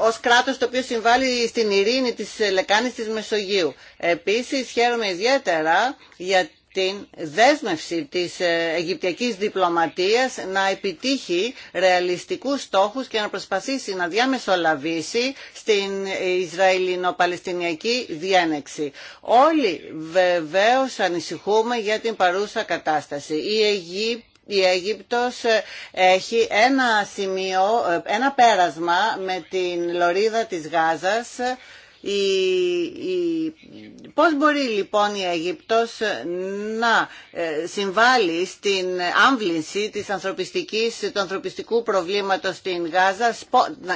ως κράτος το οποίο συμβάλλει στην ειρήνη της ε, λεκάνης της Μεσογείου. Επίσης χαίρομαι ιδιαίτερα για την δέσμευση της ε, Αιγυπτιακής διπλωματίας να επιτύχει ρεαλιστικούς στόχους και να προσπαθήσει να διαμεσολαβήσει στην Ισραηλινο-Παλαιστινιακή διένεξη. Όλοι βεβαίως ανησυχούμε για την παρούσα κατάσταση. Η Αιγύπτ η Αίγυπτος ε, έχει ένα σημείο, ε, ένα πέρασμα με την λωρίδα της Γάζας η, η, πώς μπορεί λοιπόν η Αιγυπτός να ε, συμβάλλει στην άμβλυνση της ανθρωπιστικής, του ανθρωπιστικού προβλήματος στην Γάζα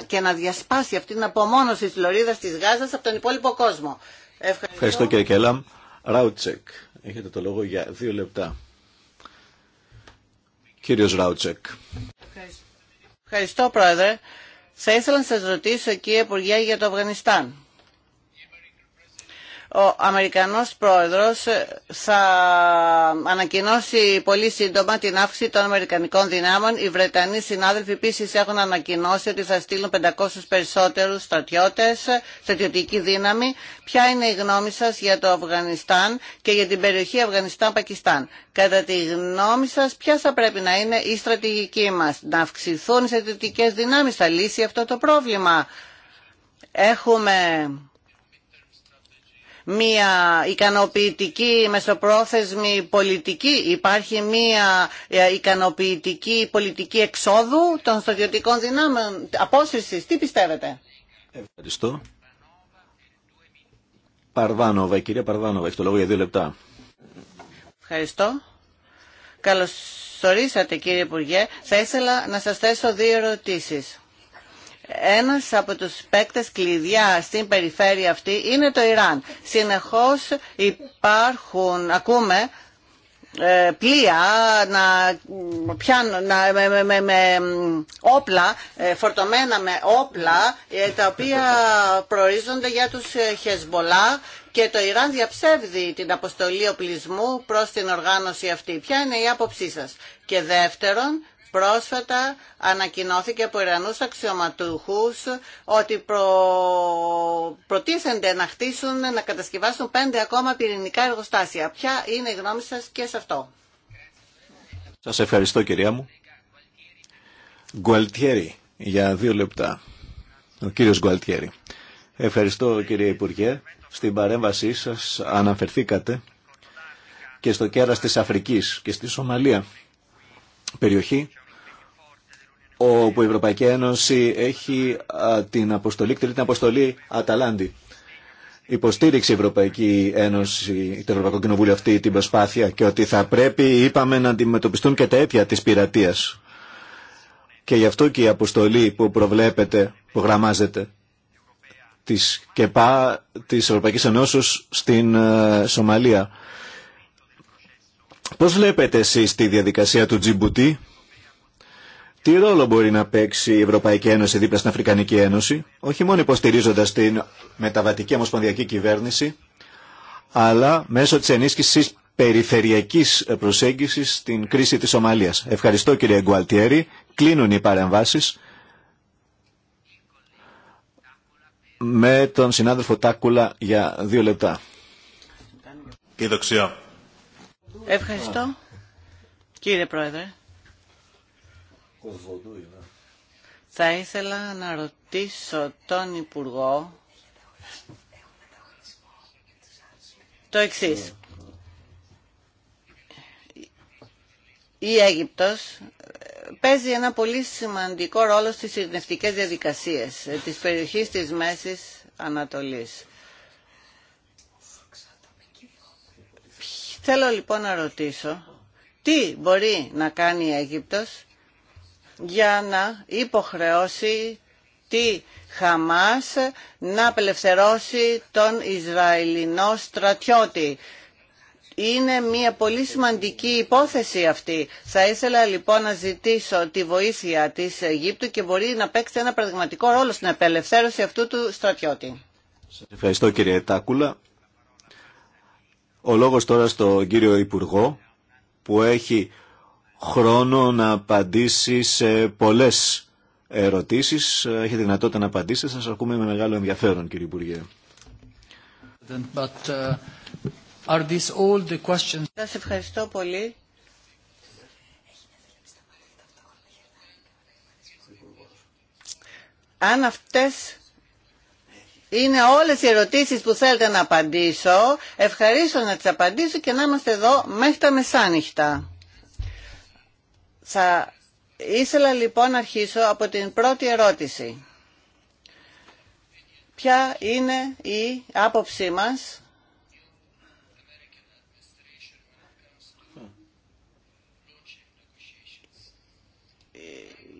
και να διασπάσει αυτή την απομόνωση της λωρίδας της Γάζας από τον υπόλοιπο κόσμο. Ευχαριστώ, Ευχαριστώ κύριε Κέλαμ. Ράουτσεκ, έχετε το λόγο για δύο λεπτά. Κύριος Ράουτσεκ. Ευχαριστώ, Πρόεδρε. Θα ήθελα να σας ρωτήσω, κύριε Υπουργέ, για το Αφγανιστάν ο Αμερικανός πρόεδρος ε, θα ανακοινώσει πολύ σύντομα την αύξηση των Αμερικανικών δυνάμων. Οι Βρετανοί συνάδελφοι επίσης έχουν ανακοινώσει ότι θα στείλουν 500 περισσότερους στρατιώτες, στρατιωτική δύναμη. Ποια είναι η γνώμη σας για το Αφγανιστάν και για την περιοχή Αφγανιστάν-Πακιστάν. Κατά τη γνώμη σας, ποια θα πρέπει να είναι η στρατηγική μας. Να αυξηθούν οι στρατιωτικές δυνάμεις, θα λύσει αυτό το πρόβλημα. Έχουμε μια ικανοποιητική μεσοπρόθεσμη πολιτική, υπάρχει μια ε, ικανοποιητική πολιτική εξόδου των στρατιωτικών δυνάμεων, απόσυρσης, τι πιστεύετε. Ευχαριστώ. Παρβάνοβα, η κυρία Παρβάνοβα, έχει το λόγο για δύο λεπτά. Ευχαριστώ. Καλώς ορίσατε κύριε Υπουργέ. Θα ήθελα να σας θέσω δύο ερωτήσεις ένας από τους παίκτες κλειδιά στην περιφέρεια αυτή είναι το Ιράν. Συνεχώς υπάρχουν, ακούμε, ε, πλοία να να, με, με, όπλα, ε, φορτωμένα με όπλα, ε, τα οποία προορίζονται για τους Χεσμολά και το Ιράν διαψεύδει την αποστολή οπλισμού προς την οργάνωση αυτή. Ποια είναι η άποψή σας. Και δεύτερον, Πρόσφατα ανακοινώθηκε από Ιρανούς αξιωματούχους ότι προ... προτίθενται να χτίσουν, να κατασκευάσουν πέντε ακόμα πυρηνικά εργοστάσια. Ποια είναι η γνώμη σας και σε αυτό. Σας ευχαριστώ κυρία μου. Γκουαλτιέρη, για δύο λεπτά. Ο κύριος Γκουαλτιέρη. Ευχαριστώ κύριε Υπουργέ. Στην παρέμβασή σας αναφερθήκατε και στο κέρας της Αφρικής και στη Σομαλία περιοχή όπου η Ευρωπαϊκή Ένωση έχει την αποστολή, την αποστολή Αταλάντη. Υποστήριξε η Ευρωπαϊκή Ένωση, το Ευρωπαϊκό Κοινοβούλιο αυτή την προσπάθεια και ότι θα πρέπει, είπαμε, να αντιμετωπιστούν και τα αίτια της πειρατείας. Και γι' αυτό και η αποστολή που προβλέπεται, που γραμμάζεται της ΚΕΠΑ, της Ευρωπαϊκής Ενώσεως στην ε, Σομαλία. Πώς βλέπετε εσείς τη διαδικασία του Τζιμπουτή, τι ρόλο μπορεί να παίξει η Ευρωπαϊκή Ένωση δίπλα στην Αφρικανική Ένωση, όχι μόνο υποστηρίζοντας την μεταβατική ομοσπονδιακή κυβέρνηση, αλλά μέσω της ενίσχυσης περιφερειακής προσέγγισης στην κρίση της Σομαλίας. Ευχαριστώ κύριε Γκουαλτιέρη. Κλείνουν οι παρεμβάσεις με τον συνάδελφο Τάκουλα για δύο λεπτά. Ευχαριστώ κύριε Πρόεδρε. Θα ήθελα να ρωτήσω τον Υπουργό το εξής. Η Αίγυπτος παίζει ένα πολύ σημαντικό ρόλο στις ειρηνευτικές διαδικασίες της περιοχής της Μέσης Ανατολής. Θέλω λοιπόν να ρωτήσω τι μπορεί να κάνει η Αίγυπτος για να υποχρεώσει τη Χαμάς να απελευθερώσει τον Ισραηλινό στρατιώτη. Είναι μια πολύ σημαντική υπόθεση αυτή. Θα ήθελα λοιπόν να ζητήσω τη βοήθεια της Αιγύπτου και μπορεί να παίξει ένα πραγματικό ρόλο στην απελευθέρωση αυτού του στρατιώτη. Σας ευχαριστώ κύριε Τάκουλα. Ο λόγος τώρα στον κύριο Υπουργό που έχει χρόνο να απαντήσει σε πολλές ερωτήσεις. Έχετε δυνατότητα να απαντήσετε. Σας ακούμε με μεγάλο ενδιαφέρον, κύριε Υπουργέ. Uh, Σα ευχαριστώ πολύ. Αν αυτές είναι όλες οι ερωτήσεις που θέλετε να απαντήσω, ευχαρίστω να τις απαντήσω και να είμαστε εδώ μέχρι τα μεσάνυχτα. Θα ήθελα λοιπόν να αρχίσω από την πρώτη ερώτηση. Ποια είναι η άποψή μας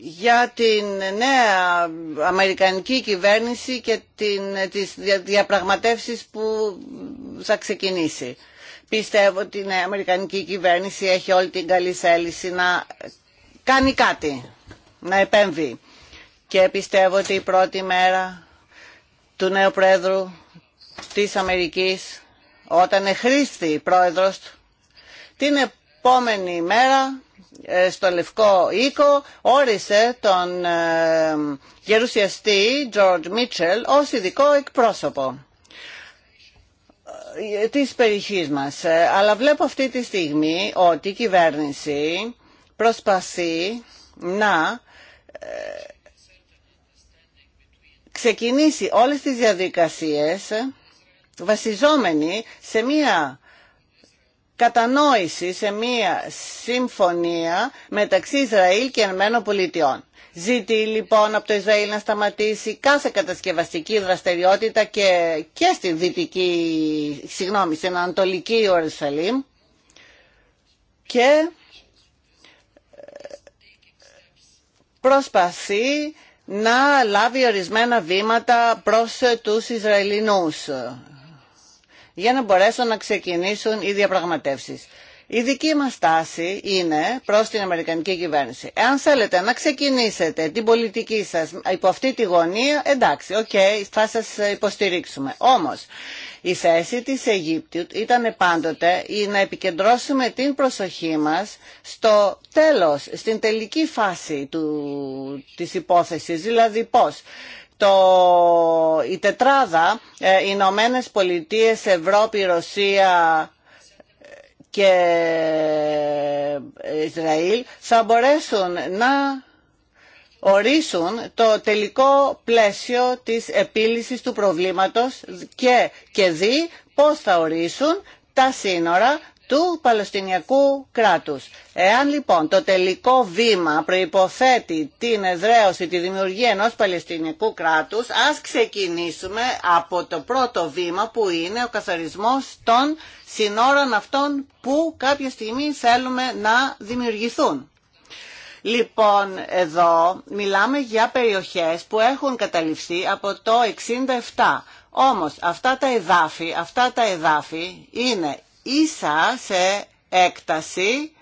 για την νέα αμερικανική κυβέρνηση και την, τις διαπραγματεύσεις που θα ξεκινήσει. Πιστεύω ότι η νέα αμερικανική κυβέρνηση έχει όλη την καλή θέληση να κάνει κάτι, να επέμβει. Και πιστεύω ότι η πρώτη μέρα του νέου πρόεδρου της Αμερικής, όταν εχρήστη πρόεδρος, την επόμενη μέρα ε, στο Λευκό Οίκο όρισε τον ε, γερουσιαστή George Mitchell ως ειδικό εκπρόσωπο ε, της περιοχής μας. Αλλά βλέπω αυτή τη στιγμή ότι η κυβέρνηση προσπαθεί να ε, ξεκινήσει όλες τις διαδικασίες βασιζόμενοι σε μία κατανόηση, σε μία συμφωνία μεταξύ Ισραήλ και Ενωμένων Πολιτειών. Ζήτη λοιπόν από το Ισραήλ να σταματήσει κάθε κατασκευαστική δραστηριότητα και, και στη δυτική, συγγνώμη, στην Ανατολική Ιερουσαλήμ και προσπαθεί να λάβει ορισμένα βήματα προς τους Ισραηλινούς για να μπορέσουν να ξεκινήσουν οι διαπραγματεύσεις. Η δική μας τάση είναι προς την Αμερικανική κυβέρνηση. Εάν θέλετε να ξεκινήσετε την πολιτική σας υπό αυτή τη γωνία, εντάξει, οκ, θα σας υποστηρίξουμε. Όμως, η θέση της Αιγύπτου ήταν πάντοτε να επικεντρώσουμε την προσοχή μας στο τέλος, στην τελική φάση του, της υπόθεσης, δηλαδή πώς το, η τετράδα ε, Ηνωμένε Πολιτείε, Ευρώπη, Ρωσία και Ισραήλ θα μπορέσουν να ορίσουν το τελικό πλαίσιο της επίλυσης του προβλήματος και, και δει πώς θα ορίσουν τα σύνορα του Παλαιστινιακού κράτους. Εάν λοιπόν το τελικό βήμα προϋποθέτει την εδραίωση, τη δημιουργία ενός Παλαιστινιακού κράτους, ας ξεκινήσουμε από το πρώτο βήμα που είναι ο καθαρισμός των συνόρων αυτών που κάποια στιγμή θέλουμε να δημιουργηθούν. Λοιπόν, εδώ μιλάμε για περιοχές που έχουν καταληφθεί από το 67. Όμως, αυτά τα εδάφη, αυτά τα εδάφη είναι ίσα σε έκταση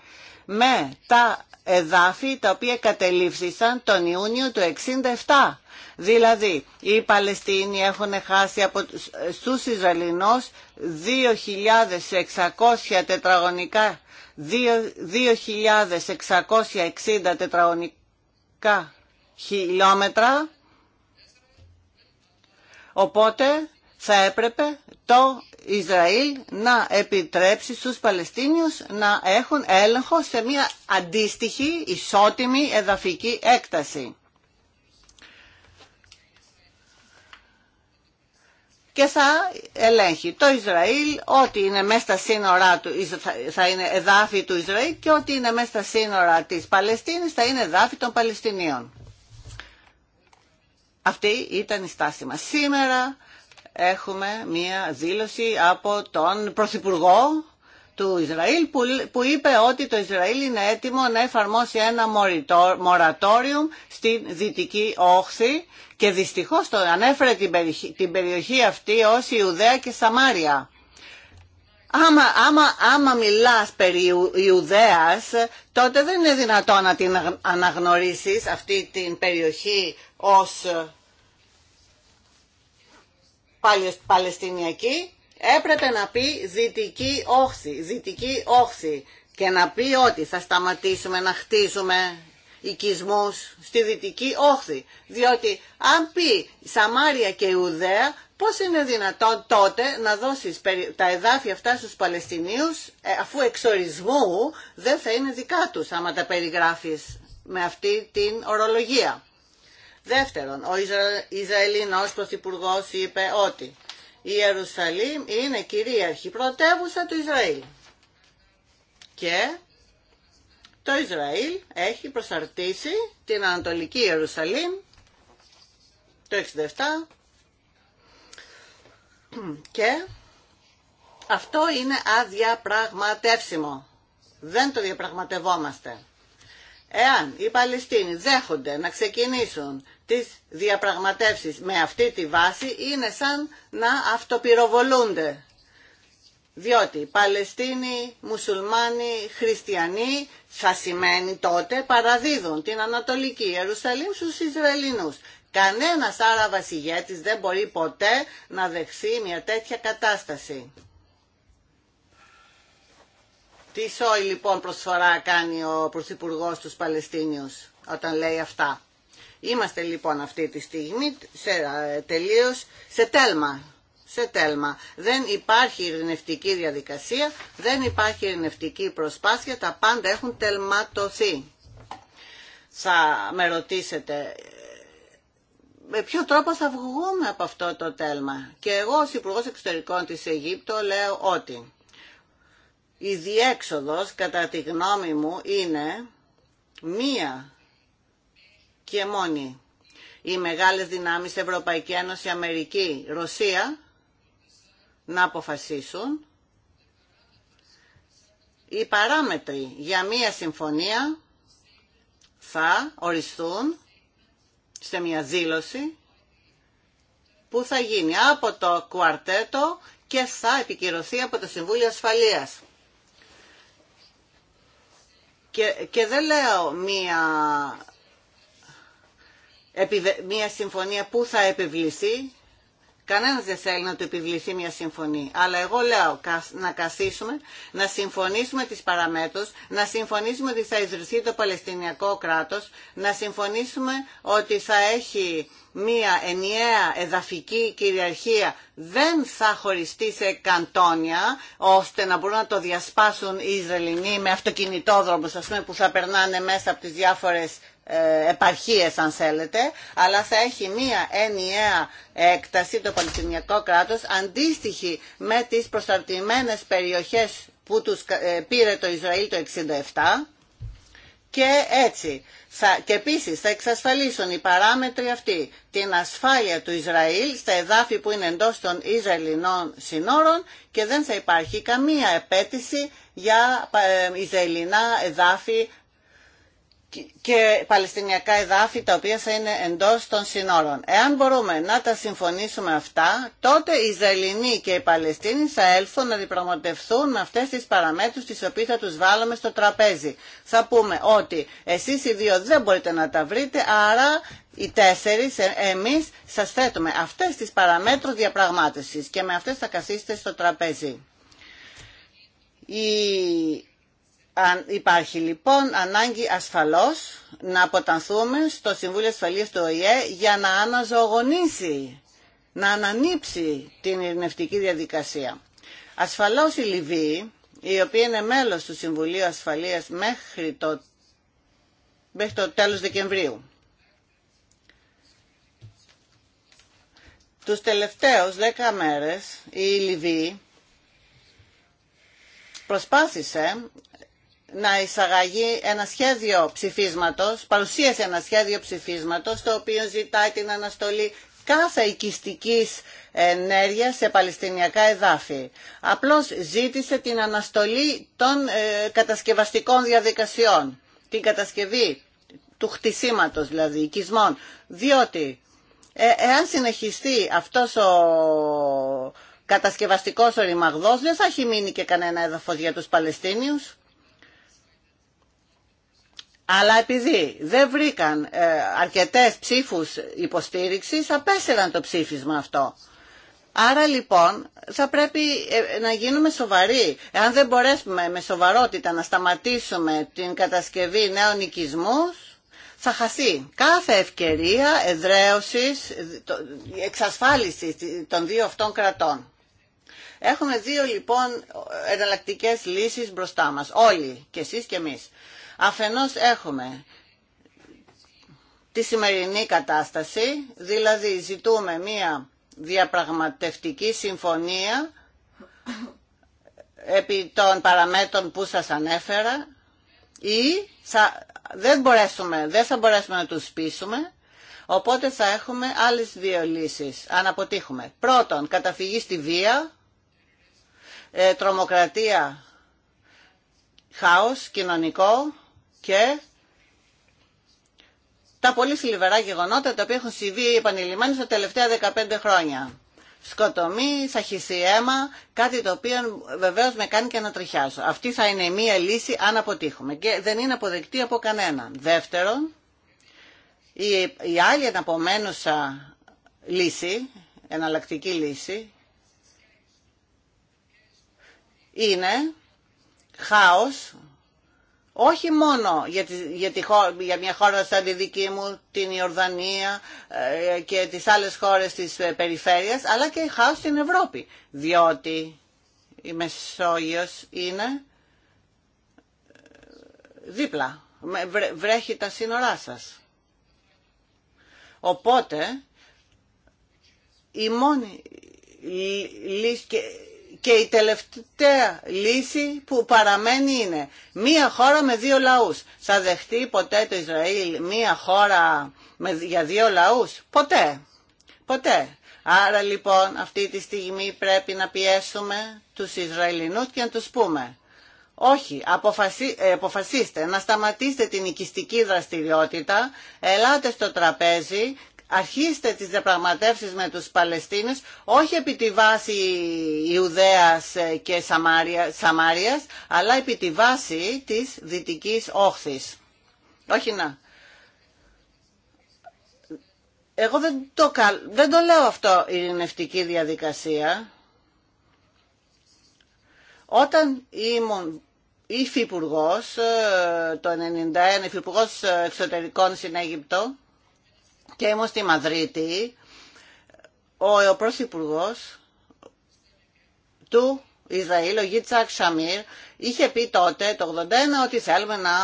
με τα εδάφη τα οποία κατελήφθησαν τον Ιούνιο του 67. Δηλαδή, οι Παλαιστίνοι έχουν χάσει από, στους Ισραηλινούς 2.600 τετραγωνικά 2.660 τετραγωνικά χιλιόμετρα, οπότε θα έπρεπε το Ισραήλ να επιτρέψει στους Παλαιστίνιους να έχουν έλεγχο σε μια αντίστοιχη ισότιμη εδαφική έκταση. και θα ελέγχει το Ισραήλ, ό,τι είναι μέσα στα σύνορά του θα είναι εδάφη του Ισραήλ και ό,τι είναι μέσα στα σύνορα της Παλαιστίνης θα είναι εδάφη των Παλαιστινίων. Αυτή ήταν η στάση μας. Σήμερα έχουμε μία δήλωση από τον Πρωθυπουργό του Ισραήλ που είπε ότι το Ισραήλ είναι έτοιμο να εφαρμόσει ένα μορατόριο στην Δυτική Όχθη και δυστυχώς το ανέφερε την περιοχή αυτή ως Ιουδαία και Σαμάρια. Άμα, άμα, άμα μιλάς περί Ιουδαίας, τότε δεν είναι δυνατό να την αναγνωρίσεις αυτή την περιοχή ως ε, Παλαιστινιακή έπρεπε να πει δυτική όχθη, ζητική όχθη και να πει ότι θα σταματήσουμε να χτίζουμε οικισμούς στη δυτική όχθη. Διότι αν πει Σαμάρια και Ιουδαία, πώς είναι δυνατόν τότε να δώσεις τα εδάφια αυτά στους Παλαιστινίους, ε, αφού εξορισμού δεν θα είναι δικά τους, άμα τα περιγράφεις με αυτή την ορολογία. Δεύτερον, ο Ισραηλινός Πρωθυπουργός είπε ότι η Ιερουσαλήμ είναι κυρίαρχη πρωτεύουσα του Ισραήλ. Και το Ισραήλ έχει προσαρτήσει την Ανατολική Ιερουσαλήμ το 67 και αυτό είναι αδιαπραγματεύσιμο. Δεν το διαπραγματευόμαστε. Εάν οι Παλαιστίνοι δέχονται να ξεκινήσουν τις διαπραγματεύσεις με αυτή τη βάση είναι σαν να αυτοπυροβολούνται. Διότι Παλαιστίνοι, Μουσουλμάνοι, Χριστιανοί θα σημαίνει τότε παραδίδουν την Ανατολική Ιερουσαλήμ στους Ισραηλινούς. Κανένας Άραβας ηγέτης δεν μπορεί ποτέ να δεχθεί μια τέτοια κατάσταση. Τι σόι λοιπόν προσφορά κάνει ο Πρωθυπουργός τους Παλαιστίνιους όταν λέει αυτά. Είμαστε λοιπόν αυτή τη στιγμή σε, ε, τελείως σε τέλμα. Σε τέλμα. Δεν υπάρχει ειρηνευτική διαδικασία, δεν υπάρχει ειρηνευτική προσπάθεια, τα πάντα έχουν τελματωθεί. Θα με ρωτήσετε, με ποιο τρόπο θα βγούμε από αυτό το τέλμα. Και εγώ ως Υπουργός Εξωτερικών της Αιγύπτου λέω ότι η διέξοδος κατά τη γνώμη μου είναι μία και μόνοι. Οι μεγάλες δυνάμεις Ευρωπαϊκή Ένωση, Αμερική, Ρωσία να αποφασίσουν οι παράμετροι για μία συμφωνία θα οριστούν σε μία δήλωση που θα γίνει από το κουαρτέτο και θα επικυρωθεί από το Συμβούλιο Ασφαλείας. Και, και δεν λέω μία μια συμφωνία που θα επιβληθεί. κανένα δεν θέλει να του επιβληθεί μια συμφωνία. Αλλά εγώ λέω να καθίσουμε, να συμφωνήσουμε τις παραμέτρους, να συμφωνήσουμε ότι θα ιδρυθεί το Παλαιστινιακό κράτος, να συμφωνήσουμε ότι θα έχει μια ενιαία εδαφική κυριαρχία δεν θα χωριστεί σε καντόνια ώστε να μπορούν να το διασπάσουν οι Ισραηλινοί με αυτοκινητόδρομους α πούμε, που θα περνάνε μέσα από τι διάφορε. Ε, επαρχίες αν θέλετε, αλλά θα έχει μία ενιαία έκταση το Παλαιστινιακό κράτος αντίστοιχη με τις προστατευμένες περιοχές που τους ε, πήρε το Ισραήλ το 1967 και έτσι θα, και επίσης θα εξασφαλίσουν οι παράμετροι αυτοί την ασφάλεια του Ισραήλ στα εδάφη που είναι εντός των Ισραηλινών συνόρων και δεν θα υπάρχει καμία επέτηση για ε, Ισραηλινά εδάφη και παλαιστινιακά εδάφη τα οποία θα είναι εντός των συνόρων. Εάν μπορούμε να τα συμφωνήσουμε αυτά, τότε οι Ισραηλινοί και οι Παλαιστίνοι θα έλθουν να διπραγματευθούν με αυτές τις παραμέτρους τις οποίες θα τους βάλουμε στο τραπέζι. Θα πούμε ότι εσείς οι δύο δεν μπορείτε να τα βρείτε, άρα οι τέσσερις ε, εμείς σας θέτουμε αυτές τις παραμέτρους διαπραγμάτευσης και με αυτές θα καθίσετε στο τραπέζι. Υπάρχει λοιπόν ανάγκη ασφαλώς να αποτανθούμε στο Συμβούλιο Ασφαλείας του ΟΗΕ για να αναζωογονήσει, να ανανύψει την ειρηνευτική διαδικασία. Ασφαλώς η Λιβύη, η οποία είναι μέλος του Συμβουλίου Ασφαλείας μέχρι το, μέχρι τέλος Δεκεμβρίου, τους τελευταίους δέκα μέρες η Λιβύη προσπάθησε να εισαγαγεί ένα σχέδιο ψηφίσματος, παρουσίασε ένα σχέδιο ψηφίσματος, το οποίο ζητάει την αναστολή κάθε οικιστικής ενέργεια σε παλαιστινιακά εδάφη. Απλώς ζήτησε την αναστολή των ε, κατασκευαστικών διαδικασιών, την κατασκευή του χτισήματος δηλαδή, οικισμών, διότι ε, εάν συνεχιστεί αυτός ο κατασκευαστικός οριμαγδός δεν θα έχει μείνει και κανένα έδαφος για τους Παλαιστίνιους. Αλλά επειδή δεν βρήκαν ε, αρκετές ψήφους υποστήριξης, απέσυραν το ψήφισμα αυτό. Άρα λοιπόν θα πρέπει ε, να γίνουμε σοβαροί. Εάν δεν μπορέσουμε με σοβαρότητα να σταματήσουμε την κατασκευή νέων οικισμούς, θα χαθεί κάθε ευκαιρία εδραίωσης, ε, εξασφάλισης των δύο αυτών κρατών. Έχουμε δύο λοιπόν εναλλακτικέ λύσεις μπροστά μας, όλοι, και εσείς και εμείς. Αφενός έχουμε τη σημερινή κατάσταση, δηλαδή ζητούμε μία διαπραγματευτική συμφωνία επί των παραμέτρων που σας ανέφερα ή δεν, μπορέσουμε, δεν θα μπορέσουμε να τους πείσουμε Οπότε θα έχουμε άλλες δύο λύσεις, αν αποτύχουμε. Πρώτον, καταφυγή στη βία, ε, τρομοκρατία, χάος κοινωνικό και τα πολύ σιλιβερά γεγονότα τα οποία έχουν συμβεί επανειλημμένα στα τελευταία 15 χρόνια. Σκοτωμή, σαχισή αίμα, κάτι το οποίο βεβαίω με κάνει και να τριχιάσω. Αυτή θα είναι μία λύση αν αποτύχουμε και δεν είναι αποδεκτή από κανέναν. Δεύτερον, η, η άλλη αναπομένουσα λύση, εναλλακτική λύση, είναι χάος όχι μόνο για, τη, μια χώρα σαν τη δική μου, την Ιορδανία ε, και τις άλλες χώρες της ε, περιφέρειας, αλλά και χάος στην Ευρώπη. Διότι η Μεσόγειος είναι ε, δίπλα, βρέχει τα σύνορά σας. Οπότε, η μόνη λύση και η τελευταία λύση που παραμένει είναι μία χώρα με δύο λαούς. Θα δεχτεί ποτέ το Ισραήλ μία χώρα για δύο λαούς. Ποτέ. Ποτέ. Άρα λοιπόν αυτή τη στιγμή πρέπει να πιέσουμε τους Ισραηλινούς και να τους πούμε όχι, αποφασί, ε, αποφασίστε να σταματήσετε την οικιστική δραστηριότητα, ελάτε στο τραπέζι αρχίστε τις διαπραγματεύσει με τους Παλαιστίνους όχι επί τη βάση Ιουδαίας ε, και Σαμάρια, αλλά επί τη βάση της Δυτικής Όχθης. Όχι να. Εγώ δεν το, δεν το λέω αυτό η ειρηνευτική διαδικασία. Όταν ήμουν υφυπουργός, ε, το 1991 υφυπουργός ε, εξωτερικών στην Αίγυπτο, και ήμουν στη Μαδρίτη, ο Πρωθυπουργό του Ισραήλ, ο Γιτσακ Σαμίρ, είχε πει τότε το 81 ότι θέλουμε να,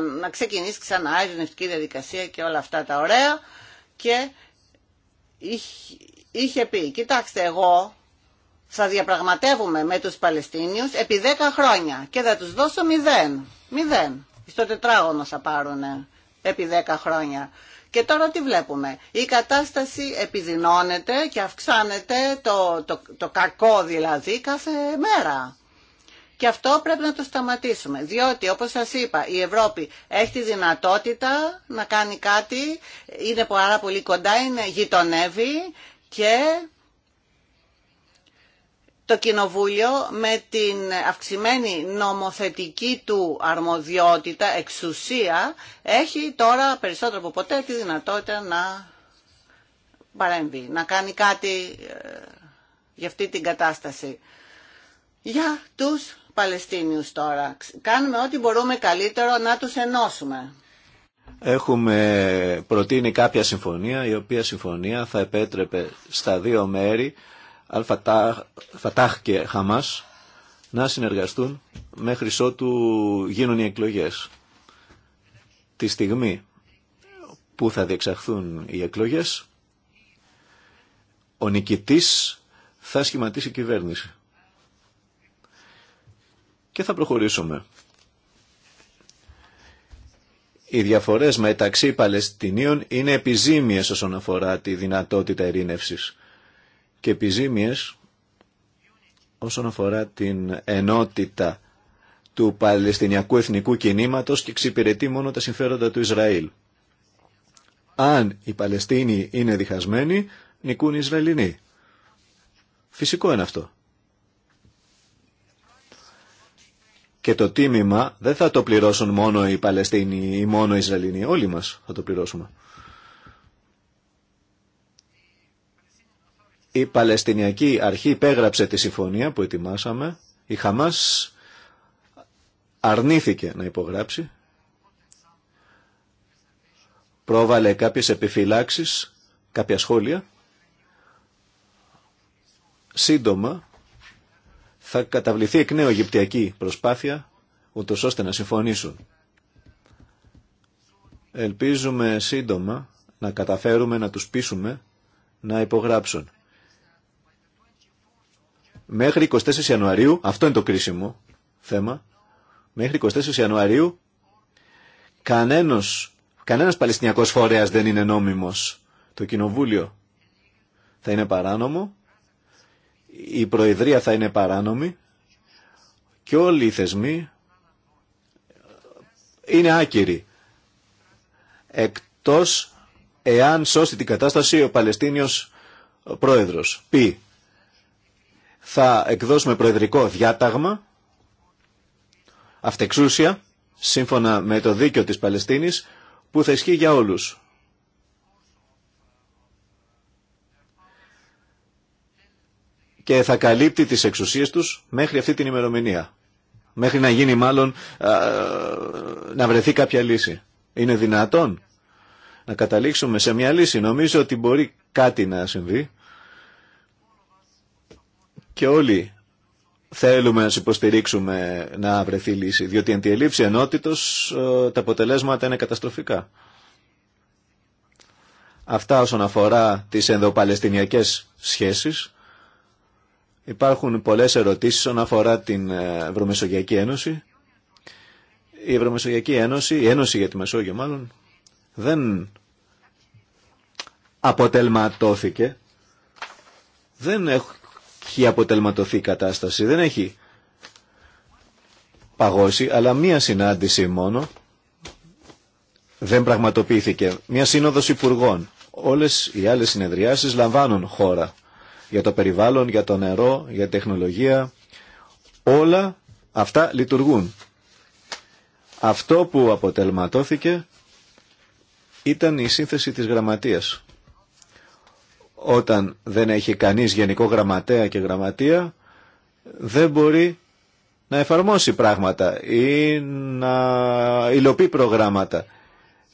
να ξεκινήσει ξανά η ειρηνευτική διαδικασία και όλα αυτά τα ωραία και είχε πει, κοιτάξτε εγώ θα διαπραγματεύουμε με τους Παλαιστίνιους επί 10 χρόνια και θα τους δώσω μηδέν, μηδέν, στο τετράγωνο θα πάρουνε επί 10 χρόνια. Και τώρα τι βλέπουμε. Η κατάσταση επιδεινώνεται και αυξάνεται το, το, το κακό δηλαδή κάθε μέρα. Και αυτό πρέπει να το σταματήσουμε, διότι όπως σας είπα η Ευρώπη έχει τη δυνατότητα να κάνει κάτι, είναι πάρα πολύ κοντά, είναι γειτονεύει και το Κοινοβούλιο με την αυξημένη νομοθετική του αρμοδιότητα, εξουσία, έχει τώρα περισσότερο από ποτέ τη δυνατότητα να παρέμβει, να κάνει κάτι ε, για αυτή την κατάσταση. Για τους Παλαιστίνιους τώρα. Κάνουμε ό,τι μπορούμε καλύτερο να τους ενώσουμε. Έχουμε προτείνει κάποια συμφωνία, η οποία συμφωνία θα επέτρεπε στα δύο μέρη Αλφατάχ και Χαμάς να συνεργαστούν μέχρι ότου γίνουν οι εκλογές. Τη στιγμή που θα διεξαχθούν οι εκλογές, ο νικητής θα σχηματίσει κυβέρνηση. Και θα προχωρήσουμε. Οι διαφορές μεταξύ Παλαιστινίων είναι επιζήμιες όσον αφορά τη δυνατότητα ειρήνευσης και επιζήμιες όσον αφορά την ενότητα του Παλαιστινιακού Εθνικού Κινήματος και εξυπηρετεί μόνο τα συμφέροντα του Ισραήλ. Αν οι Παλαιστίνοι είναι διχασμένοι, νικούν οι Ισραηλινοί. Φυσικό είναι αυτό. Και το τίμημα δεν θα το πληρώσουν μόνο οι Παλαιστίνοι ή μόνο οι Ισραηλινοί. Όλοι μας θα το πληρώσουμε. Η Παλαιστινιακή Αρχή υπέγραψε τη συμφωνία που ετοιμάσαμε. Η Χαμάς αρνήθηκε να υπογράψει. Πρόβαλε κάποιες επιφυλάξεις, κάποια σχόλια. Σύντομα θα καταβληθεί εκ νέου Αιγυπτιακή προσπάθεια, ούτω ώστε να συμφωνήσουν. Ελπίζουμε σύντομα να καταφέρουμε να τους πείσουμε να υπογράψουν μέχρι 24 Ιανουαρίου, αυτό είναι το κρίσιμο θέμα, μέχρι 24 Ιανουαρίου κανένας, κανένας Παλαιστινιακός φορέας δεν είναι νόμιμος. Το Κοινοβούλιο θα είναι παράνομο, η Προεδρία θα είναι παράνομη και όλοι οι θεσμοί είναι άκυροι. Εκτός εάν σώσει την κατάσταση ο Παλαιστίνιος Πρόεδρος. Πει θα εκδώσουμε προεδρικό διάταγμα αυτεξούσια σύμφωνα με το δίκαιο της Παλαιστίνης που θα ισχύει για όλους. Και θα καλύπτει τις εξουσίες τους μέχρι αυτή την ημερομηνία. Μέχρι να γίνει μάλλον να βρεθεί κάποια λύση. Είναι δυνατόν να καταλήξουμε σε μια λύση. Νομίζω ότι μπορεί κάτι να συμβεί και όλοι θέλουμε να του υποστηρίξουμε να βρεθεί λύση, διότι εν τη ελλείψη ενότητος ε, τα αποτελέσματα είναι καταστροφικά. Αυτά όσον αφορά τις ενδοπαλαιστινιακές σχέσεις. Υπάρχουν πολλές ερωτήσεις όσον αφορά την ε, Ευρωμεσογειακή Ένωση. Η Ευρωμεσογειακή Ένωση, η Ένωση για τη Μεσόγειο μάλλον, δεν αποτελματώθηκε. Δεν έχει αποτελματωθεί η κατάσταση. Δεν έχει παγώσει, αλλά μία συνάντηση μόνο δεν πραγματοποιήθηκε. Μία σύνοδος υπουργών. Όλες οι άλλες συνεδριάσεις λαμβάνουν χώρα για το περιβάλλον, για το νερό, για τεχνολογία. Όλα αυτά λειτουργούν. Αυτό που αποτελματώθηκε ήταν η σύνθεση της γραμματείας όταν δεν έχει κανείς γενικό γραμματέα και γραμματεία δεν μπορεί να εφαρμόσει πράγματα ή να υλοποιεί προγράμματα.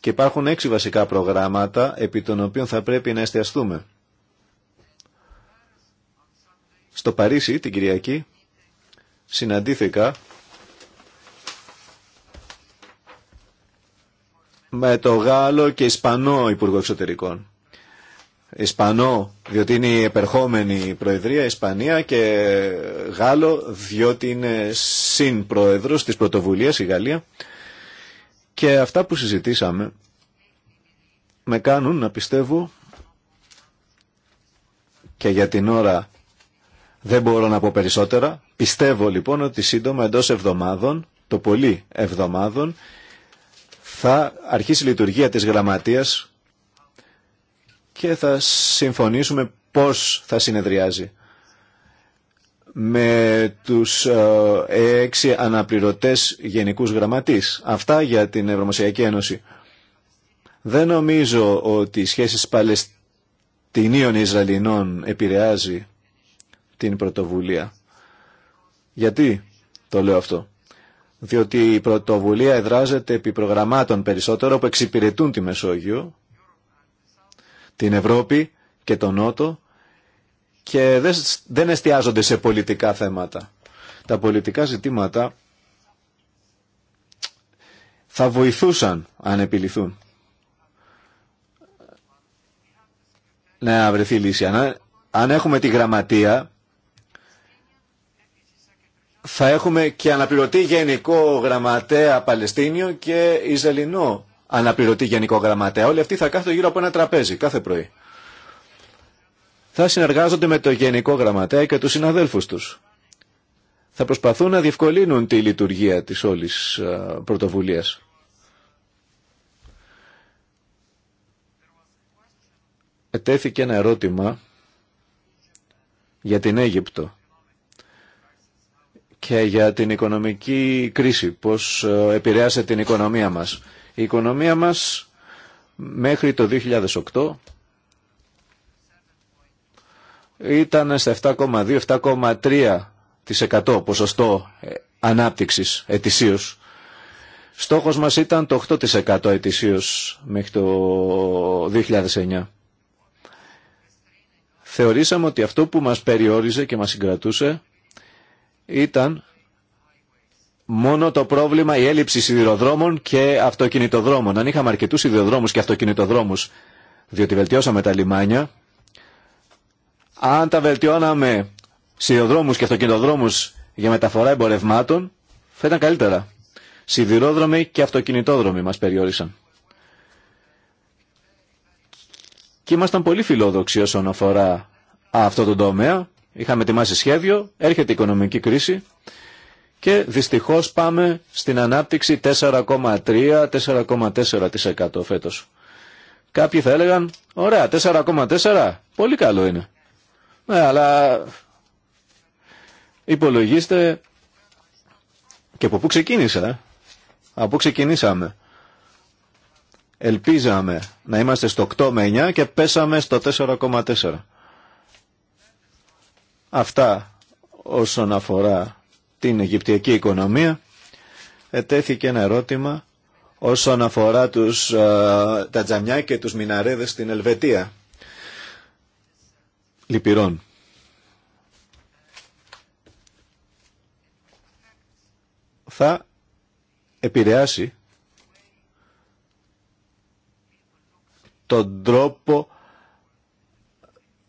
Και υπάρχουν έξι βασικά προγράμματα επί των οποίων θα πρέπει να εστιαστούμε. Στο Παρίσι την Κυριακή συναντήθηκα με το Γάλλο και Ισπανό Υπουργό Εξωτερικών. Ισπανό διότι είναι η επερχόμενη Προεδρία Ισπανία και Γάλλο διότι είναι συνπροεδρός της πρωτοβουλίας η Γαλλία και αυτά που συζητήσαμε με κάνουν να πιστεύω και για την ώρα δεν μπορώ να πω περισσότερα. Πιστεύω λοιπόν ότι σύντομα εντός εβδομάδων, το πολύ εβδομάδων, θα αρχίσει η λειτουργία της γραμματείας και θα συμφωνήσουμε πώς θα συνεδριάζει. Με τους ε, έξι αναπληρωτές γενικούς γραμματείς. Αυτά για την Ευρωμοσιακή Ένωση. Δεν νομίζω ότι οι σχέσεις Παλαιστινίων Ισραηλινών επηρεάζει την πρωτοβουλία. Γιατί το λέω αυτό. Διότι η πρωτοβουλία εδράζεται επί προγραμμάτων περισσότερο που εξυπηρετούν τη Μεσόγειο την Ευρώπη και τον Νότο και δεν εστιάζονται σε πολιτικά θέματα. Τα πολιτικά ζητήματα θα βοηθούσαν αν επιληθούν. Να βρεθεί λύση. Αν έχουμε τη γραμματεία θα έχουμε και αναπληρωτή γενικό γραμματέα Παλαιστίνιο και Ισραηλινό αναπληρωτή γενικό γραμματέα. Όλοι αυτοί θα κάθονται γύρω από ένα τραπέζι κάθε πρωί. Θα συνεργάζονται με το γενικό γραμματέα και τους συναδέλφους τους. Θα προσπαθούν να διευκολύνουν τη λειτουργία της όλης πρωτοβουλίας. Ετέθηκε ένα ερώτημα για την Αίγυπτο και για την οικονομική κρίση, πώς επηρέασε την οικονομία μας. Η οικονομία μας μέχρι το 2008 ήταν στα 7,2-7,3% ποσοστό ε, ανάπτυξης ετησίως. Στόχος μας ήταν το 8% ετησίως μέχρι το 2009. Θεωρήσαμε ότι αυτό που μας περιόριζε και μας συγκρατούσε ήταν μόνο το πρόβλημα η έλλειψη σιδηροδρόμων και αυτοκινητοδρόμων. Αν είχαμε αρκετού σιδηροδρόμους και αυτοκινητοδρόμους, διότι βελτιώσαμε τα λιμάνια, αν τα βελτιώναμε σιδηροδρόμους και αυτοκινητοδρόμους για μεταφορά εμπορευμάτων, θα ήταν καλύτερα. Σιδηρόδρομοι και αυτοκινητόδρομοι μας περιόρισαν. Και ήμασταν πολύ φιλόδοξοι όσον αφορά αυτό το τομέα. Είχαμε ετοιμάσει σχέδιο, έρχεται η οικονομική κρίση και δυστυχώς πάμε στην ανάπτυξη 4,3, 4,4% φέτος. Κάποιοι θα έλεγαν, ωραία, 4,4, πολύ καλό είναι. Ναι, αλλά υπολογίστε και από πού ξεκίνησα, ε? από πού ξεκινήσαμε. Ελπίζαμε να είμαστε στο 8 με 9 και πέσαμε στο 4,4. Αυτά όσον αφορά την Αιγυπτιακή οικονομία ετέθηκε ένα ερώτημα όσον αφορά τους, τα τζαμιά και τους μιναρέδες στην Ελβετία. Λυπηρών. Θα επηρεάσει τον τρόπο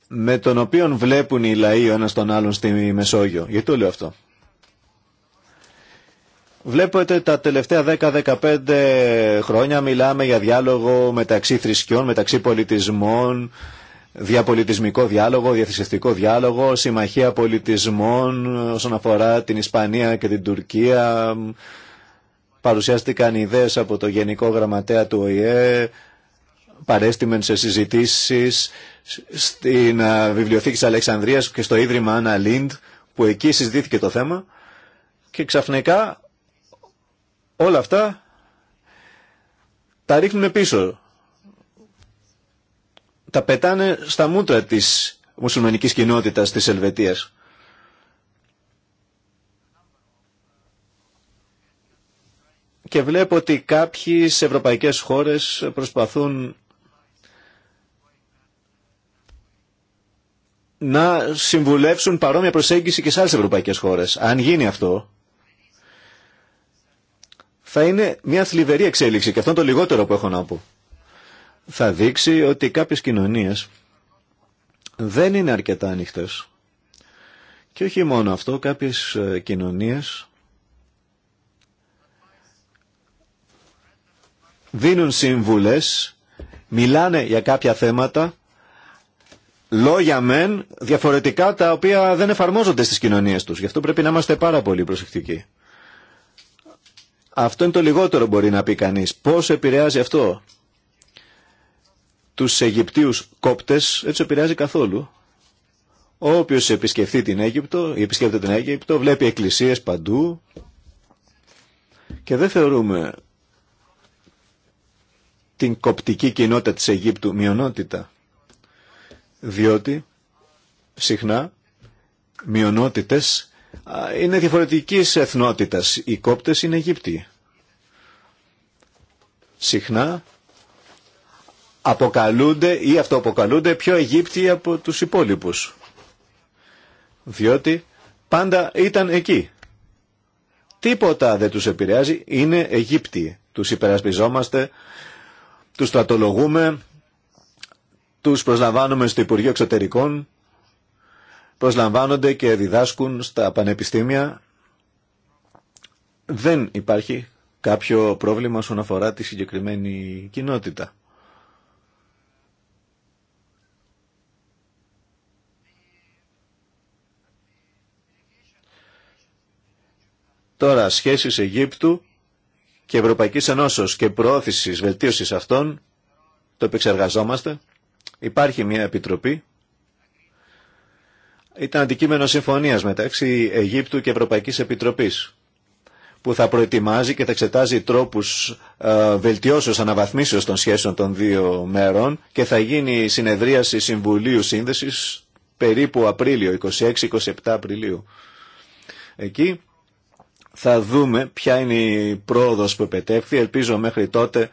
με τον οποίο βλέπουν οι λαοί ο ένας τον άλλον στη Μεσόγειο. Γιατί το λέω αυτό. Βλέπετε τα τελευταία 10-15 χρόνια μιλάμε για διάλογο μεταξύ θρησκειών, μεταξύ πολιτισμών, διαπολιτισμικό διάλογο, διαθυσιστικό διάλογο, συμμαχία πολιτισμών όσον αφορά την Ισπανία και την Τουρκία. Παρουσιάστηκαν ιδέες από το Γενικό Γραμματέα του ΟΗΕ, παρέστημεν σε συζητήσεις στην Βιβλιοθήκη της Αλεξανδρίας και στο Ίδρυμα Άννα Λίντ, που εκεί συζητήθηκε το θέμα και ξαφνικά Όλα αυτά τα ρίχνουν πίσω. Τα πετάνε στα μούτρα της μουσουλμανικής κοινότητας της Ελβετίας. Και βλέπω ότι κάποιοι σε ευρωπαϊκές χώρες προσπαθούν να συμβουλεύσουν παρόμοια προσέγγιση και σε άλλες ευρωπαϊκές χώρες. Αν γίνει αυτό, θα είναι μια θλιβερή εξέλιξη και αυτό είναι το λιγότερο που έχω να πω. Θα δείξει ότι κάποιες κοινωνίες δεν είναι αρκετά ανοιχτέ. Και όχι μόνο αυτό, κάποιες ε, κοινωνίες δίνουν σύμβουλες, μιλάνε για κάποια θέματα, λόγια μεν, διαφορετικά τα οποία δεν εφαρμόζονται στις κοινωνίες τους. Γι' αυτό πρέπει να είμαστε πάρα πολύ προσεκτικοί. Αυτό είναι το λιγότερο μπορεί να πει κανείς. Πώς επηρεάζει αυτό τους Αιγυπτίους κόπτες, έτσι επηρεάζει καθόλου. Όποιος επισκεφτεί την Αίγυπτο, ή επισκέπτεται την Αίγυπτο, βλέπει εκκλησίες παντού και δεν θεωρούμε την κοπτική κοινότητα της Αιγύπτου μειονότητα. Διότι συχνά μειονότητες είναι διαφορετικής εθνότητας. Οι κόπτες είναι Αιγύπτιοι συχνά αποκαλούνται ή αυτοαποκαλούνται πιο Αιγύπτιοι από τους υπόλοιπους. Διότι πάντα ήταν εκεί. Τίποτα δεν τους επηρεάζει, είναι Αιγύπτιοι. Τους υπερασπιζόμαστε, τους στρατολογούμε, τους προσλαμβάνουμε στο Υπουργείο Εξωτερικών, προσλαμβάνονται και διδάσκουν στα πανεπιστήμια. Δεν υπάρχει κάποιο πρόβλημα όσον αφορά τη συγκεκριμένη κοινότητα. Τώρα, σχέσεις Αιγύπτου και Ευρωπαϊκής Ενώσεως και προώθησης βελτίωσης αυτών, το επεξεργαζόμαστε. Υπάρχει μια επιτροπή. Ήταν αντικείμενο συμφωνίας μεταξύ Αιγύπτου και Ευρωπαϊκής Επιτροπής που θα προετοιμάζει και θα εξετάζει τρόπους ε, βελτιώσεως αναβαθμίσεως των σχέσεων των δύο μέρων και θα γίνει συνεδρίαση Συμβουλίου Σύνδεσης περίπου Απρίλιο, 26-27 Απριλίου. Εκεί θα δούμε ποια είναι η πρόοδος που επετεύχθη. Ελπίζω μέχρι τότε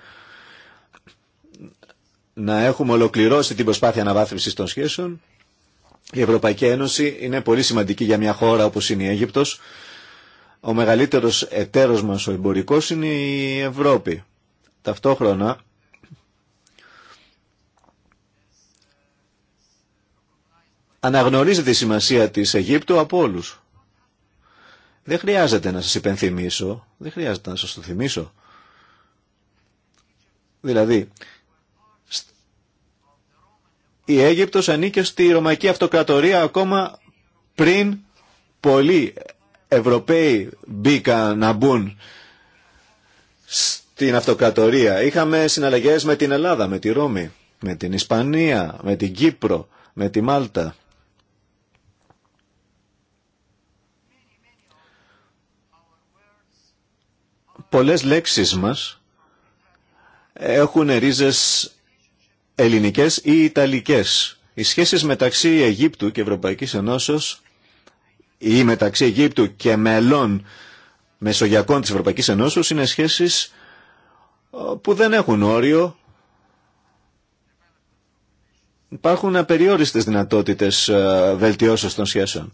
να έχουμε ολοκληρώσει την προσπάθεια αναβάθμισης των σχέσεων. Η Ευρωπαϊκή Ένωση είναι πολύ σημαντική για μια χώρα όπως είναι η Αίγυπτος ο μεγαλύτερος εταίρος μας ο εμπορικός είναι η Ευρώπη. Ταυτόχρονα αναγνωρίζεται τη σημασία της Αιγύπτου από όλους. Δεν χρειάζεται να σας υπενθυμίσω, δεν χρειάζεται να σας το θυμίσω. Δηλαδή, η Αίγυπτος ανήκε στη Ρωμαϊκή Αυτοκρατορία ακόμα πριν πολύ Ευρωπαίοι μπήκαν να μπουν στην αυτοκρατορία. Είχαμε συναλλαγές με την Ελλάδα, με τη Ρώμη, με την Ισπανία, με την Κύπρο, με τη Μάλτα. Πολλές λέξεις μας έχουν ρίζες ελληνικές ή ιταλικές. Οι σχέσεις μεταξύ Αιγύπτου και Ευρωπαϊκής Ενώσεως ή μεταξύ Αιγύπτου και μελών μεσογειακών της Ευρωπαϊκής Ενώσεως είναι σχέσεις ε, που δεν έχουν όριο. Υπάρχουν απεριόριστες δυνατότητες ε, βελτιώσεως των σχέσεων.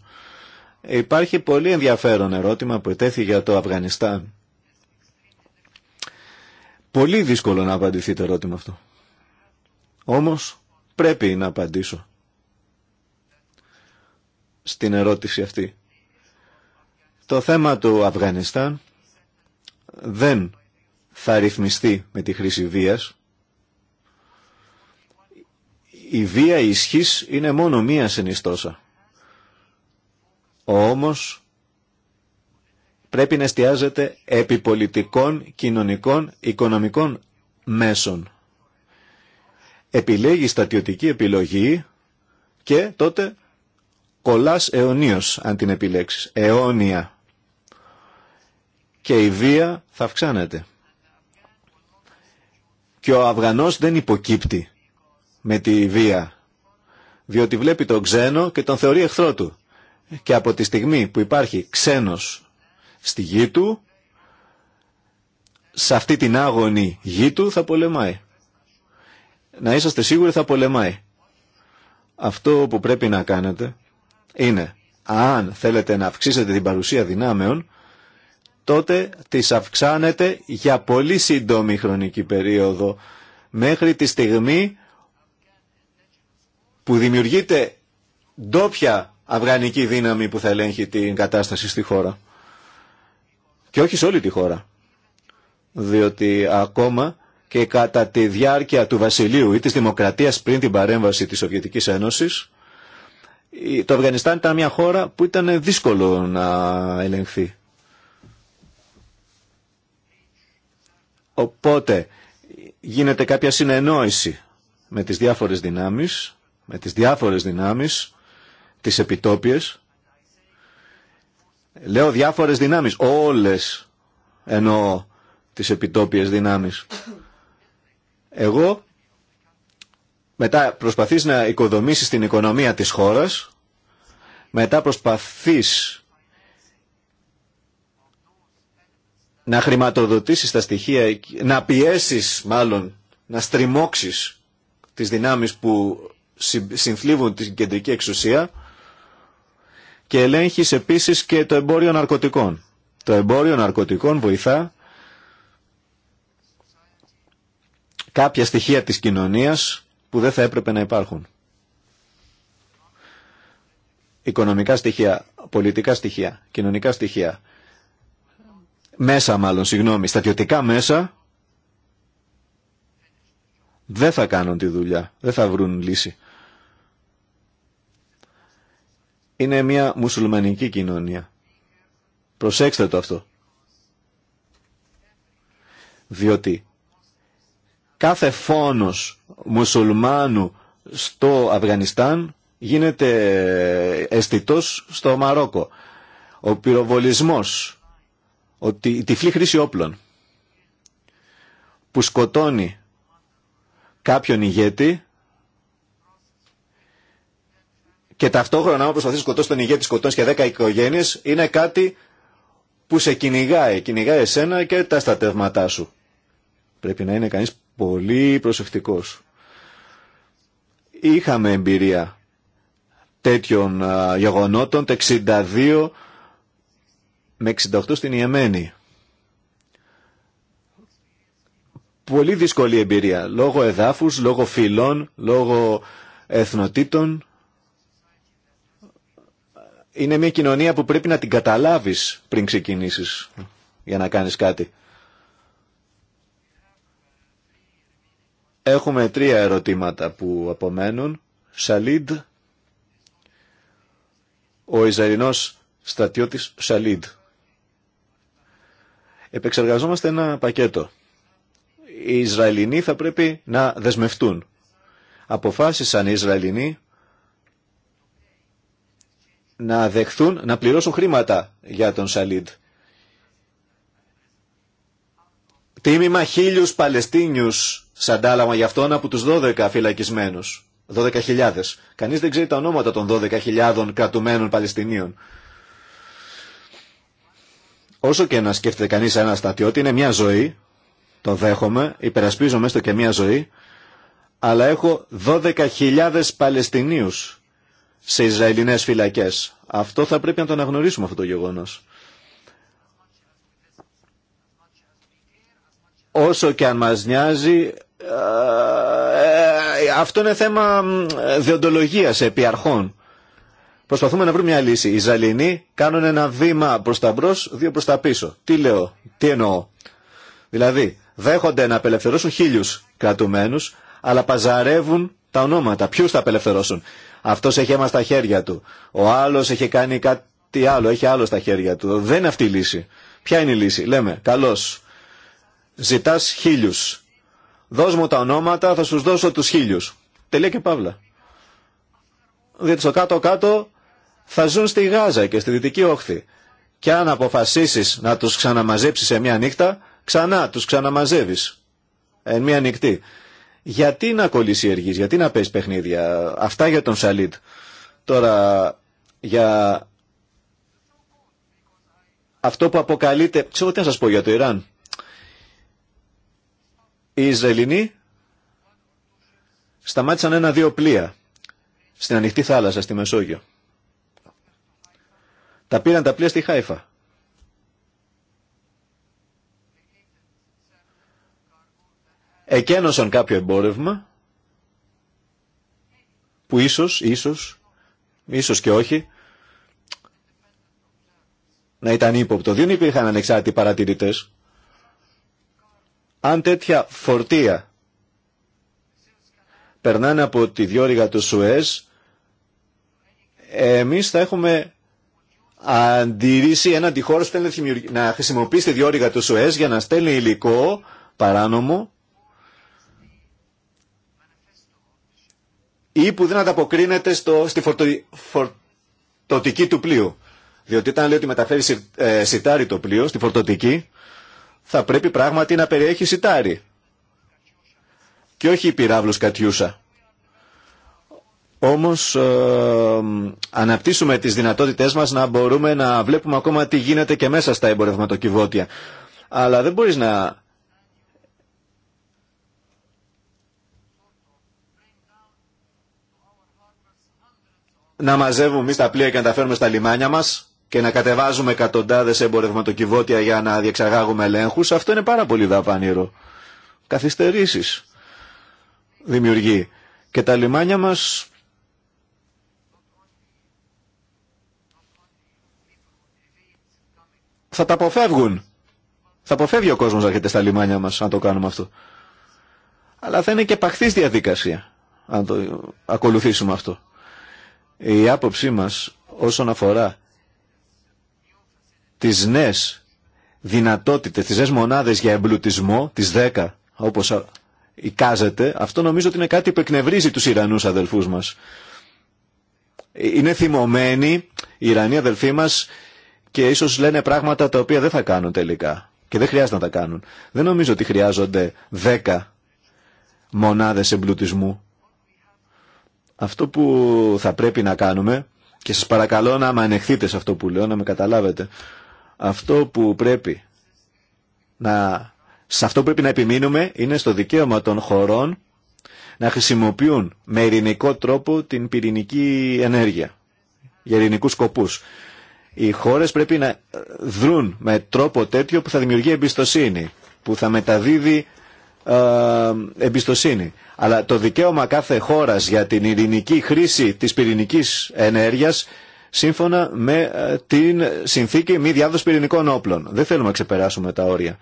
Υπάρχει πολύ ενδιαφέρον ερώτημα που ετέθη για το Αφγανιστάν. Πολύ δύσκολο να απαντηθεί το ερώτημα αυτό. Όμως πρέπει να απαντήσω στην ερώτηση αυτή. Το θέμα του Αφγανιστάν δεν θα ρυθμιστεί με τη χρήση βίας. Η βία ισχύς είναι μόνο μία συνιστόσα. Όμως πρέπει να εστιάζεται επί πολιτικών, κοινωνικών, οικονομικών μέσων. Επιλέγει στατιωτική επιλογή και τότε κολλάς αιωνίως αν την επιλέξεις, αιώνια. Και η βία θα αυξάνεται. Και ο Αφγανός δεν υποκύπτει με τη βία, διότι βλέπει τον ξένο και τον θεωρεί εχθρό του. Και από τη στιγμή που υπάρχει ξένος στη γη του, σε αυτή την άγωνη γη του θα πολεμάει. Να είσαστε σίγουροι θα πολεμάει. Αυτό που πρέπει να κάνετε είναι αν θέλετε να αυξήσετε την παρουσία δυνάμεων, τότε τις αυξάνετε για πολύ σύντομη χρονική περίοδο, μέχρι τη στιγμή που δημιουργείται ντόπια αυγανική δύναμη που θα ελέγχει την κατάσταση στη χώρα. Και όχι σε όλη τη χώρα. Διότι ακόμα και κατά τη διάρκεια του βασιλείου ή της δημοκρατίας πριν την παρέμβαση της Σοβιετικής Ένωσης, το Αφγανιστάν ήταν μια χώρα που ήταν δύσκολο να ελεγχθεί. Οπότε γίνεται κάποια συνεννόηση με τις διάφορες δυνάμεις, με τις διάφορες δυνάμεις, τις επιτόπιες. Λέω διάφορες δυνάμεις, όλες εννοώ τις επιτόπιες δυνάμεις. Εγώ μετά προσπαθείς να οικοδομήσεις την οικονομία της χώρας, μετά προσπαθείς να χρηματοδοτήσεις τα στοιχεία, να πιέσεις μάλλον, να στριμώξεις τις δυνάμεις που συνθλίβουν την κεντρική εξουσία και ελέγχεις επίσης και το εμπόριο ναρκωτικών. Το εμπόριο ναρκωτικών βοηθά κάποια στοιχεία της κοινωνίας που δεν θα έπρεπε να υπάρχουν. Οικονομικά στοιχεία, πολιτικά στοιχεία, κοινωνικά στοιχεία, μέσα μάλλον, συγγνώμη, στατιωτικά μέσα, δεν θα κάνουν τη δουλειά, δεν θα βρουν λύση. Είναι μια μουσουλμανική κοινωνία. Προσέξτε το αυτό. Διότι κάθε φόνος μουσουλμάνου στο Αφγανιστάν γίνεται αισθητό στο Μαρόκο. Ο πυροβολισμός, ότι η τυφλή χρήση όπλων που σκοτώνει κάποιον ηγέτη και ταυτόχρονα όπως προσπαθεί να σκοτώσει τον ηγέτη, σκοτώνει και 10 οικογένειες, είναι κάτι που σε κυνηγάει, κυνηγάει εσένα και τα στατεύματά σου. Πρέπει να είναι κανείς πολύ προσεκτικός. Είχαμε εμπειρία τέτοιων γεγονότων το 62 με 68 στην Ιεμένη. Πολύ δύσκολη εμπειρία, λόγω εδάφους, λόγω φυλών, λόγω εθνοτήτων. Είναι μια κοινωνία που πρέπει να την καταλάβεις πριν ξεκινήσεις για να κάνεις κάτι. Έχουμε τρία ερωτήματα που απομένουν. Σαλίντ, ο Ιζαρινός στρατιώτης Σαλίντ. Επεξεργαζόμαστε ένα πακέτο. Οι Ισραηλινοί θα πρέπει να δεσμευτούν. Αποφάσισαν οι Ισραηλινοί να δεχθούν, να πληρώσουν χρήματα για τον Σαλίντ. Τίμημα χίλιους Παλαιστίνιους σαν τάλαμα για αυτόν από τους 12 φυλακισμένους. 12.000. Κανείς δεν ξέρει τα ονόματα των 12.000 κρατουμένων Παλαιστινίων. Όσο και να σκέφτεται κανείς ένα στατιώτη, είναι μια ζωή, το δέχομαι, υπερασπίζομαι στο και μια ζωή, αλλά έχω 12.000 Παλαιστινίους σε Ισραηλινές φυλακές. Αυτό θα πρέπει να το αναγνωρίσουμε αυτό το γεγονός. όσο και αν μας νοιάζει, ε, ε, αυτό είναι θέμα διοντολογίας επί αρχών. Προσπαθούμε να βρούμε μια λύση. Οι Ζαλινοί κάνουν ένα βήμα προς τα μπρος, δύο προς τα πίσω. Τι λέω, τι εννοώ. Δηλαδή, δέχονται να απελευθερώσουν χίλιους κρατουμένους, αλλά παζαρεύουν τα ονόματα. Ποιους θα απελευθερώσουν. Αυτός έχει αίμα στα χέρια του. Ο άλλος έχει κάνει κάτι άλλο, έχει άλλο στα χέρια του. Δεν είναι αυτή η λύση. Ποια είναι η λύση. Λέμε, καλώς, Ζητάς χίλιους. Δώσ' μου τα ονόματα, θα σου δώσω τους χίλιους. Τελεία και παύλα. Διότι στο κάτω-κάτω θα ζουν στη Γάζα και στη Δυτική Όχθη. Και αν αποφασίσεις να τους ξαναμαζέψεις σε μια νύχτα, ξανά τους ξαναμαζεύεις. Εν μια νυχτή. Γιατί να κολλήσει εργής, γιατί να παίζει παιχνίδια. Αυτά για τον Σαλίτ. Τώρα, για αυτό που αποκαλείται... Ξέρω τι να σας πω για το Ιράν. Οι Ισραηλινοί σταμάτησαν ένα-δύο πλοία στην ανοιχτή θάλασσα, στη Μεσόγειο. Τα πήραν τα πλοία στη Χάιφα. Εκένωσαν κάποιο εμπόρευμα που ίσως, ίσως, ίσως και όχι, να ήταν ύποπτο. Δεν υπήρχαν ανεξάρτητοι παρατηρητές. Αν τέτοια φορτία περνάνε από τη διόρυγα του Σουέζ, εμείς θα έχουμε αντιρρήσει έναν αντιχώρο που θέλει να χρησιμοποιήσει τη διόρυγα του Σουέζ για να στέλνει υλικό παράνομο ή που δεν ανταποκρίνεται στο, στη φορτω, φορτωτική του πλοίου. Διότι όταν λέει ότι μεταφέρει ε, σιτάρι το πλοίο στη φορτωτική, θα πρέπει πράγματι να περιέχει σιτάρι και όχι πυράβλος κατιούσα. Όμως ε, αναπτύσσουμε τις δυνατότητές μας να μπορούμε να βλέπουμε ακόμα τι γίνεται και μέσα στα εμπορευματοκιβώτια. Αλλά δεν μπορείς να... να μαζεύουμε εμείς τα πλοία και να τα φέρουμε στα λιμάνια μας και να κατεβάζουμε εκατοντάδες εμπορευματοκιβώτια για να διεξαγάγουμε ελέγχους, αυτό είναι πάρα πολύ δαπανήρο. Καθυστερήσεις δημιουργεί. Και τα λιμάνια μας θα τα αποφεύγουν. Θα αποφεύγει ο κόσμος να έρχεται στα λιμάνια μας αν το κάνουμε αυτό. Αλλά θα είναι και παχθής διαδικασία αν το ακολουθήσουμε αυτό. Η άποψή μας όσον αφορά τις νέες δυνατότητες, τις νέες μονάδες για εμπλουτισμό, τις 10 όπως εικάζεται, αυτό νομίζω ότι είναι κάτι που εκνευρίζει τους Ιρανούς αδελφούς μας. Είναι θυμωμένοι οι Ιρανοί αδελφοί μας και ίσως λένε πράγματα τα οποία δεν θα κάνουν τελικά και δεν χρειάζεται να τα κάνουν. Δεν νομίζω ότι χρειάζονται 10 μονάδες εμπλουτισμού. Αυτό που θα πρέπει να κάνουμε και σας παρακαλώ να με ανεχθείτε σε αυτό που λέω, να με καταλάβετε αυτό που πρέπει να, σε αυτό που πρέπει να επιμείνουμε είναι στο δικαίωμα των χωρών να χρησιμοποιούν με ειρηνικό τρόπο την πυρηνική ενέργεια για ειρηνικού σκοπούς. Οι χώρες πρέπει να δρουν με τρόπο τέτοιο που θα δημιουργεί εμπιστοσύνη, που θα μεταδίδει ε, εμπιστοσύνη. Αλλά το δικαίωμα κάθε χώρας για την ειρηνική χρήση της πυρηνική ενέργεια σύμφωνα με ε, την συνθήκη μη διάδοση πυρηνικών όπλων. Δεν θέλουμε να ξεπεράσουμε τα όρια.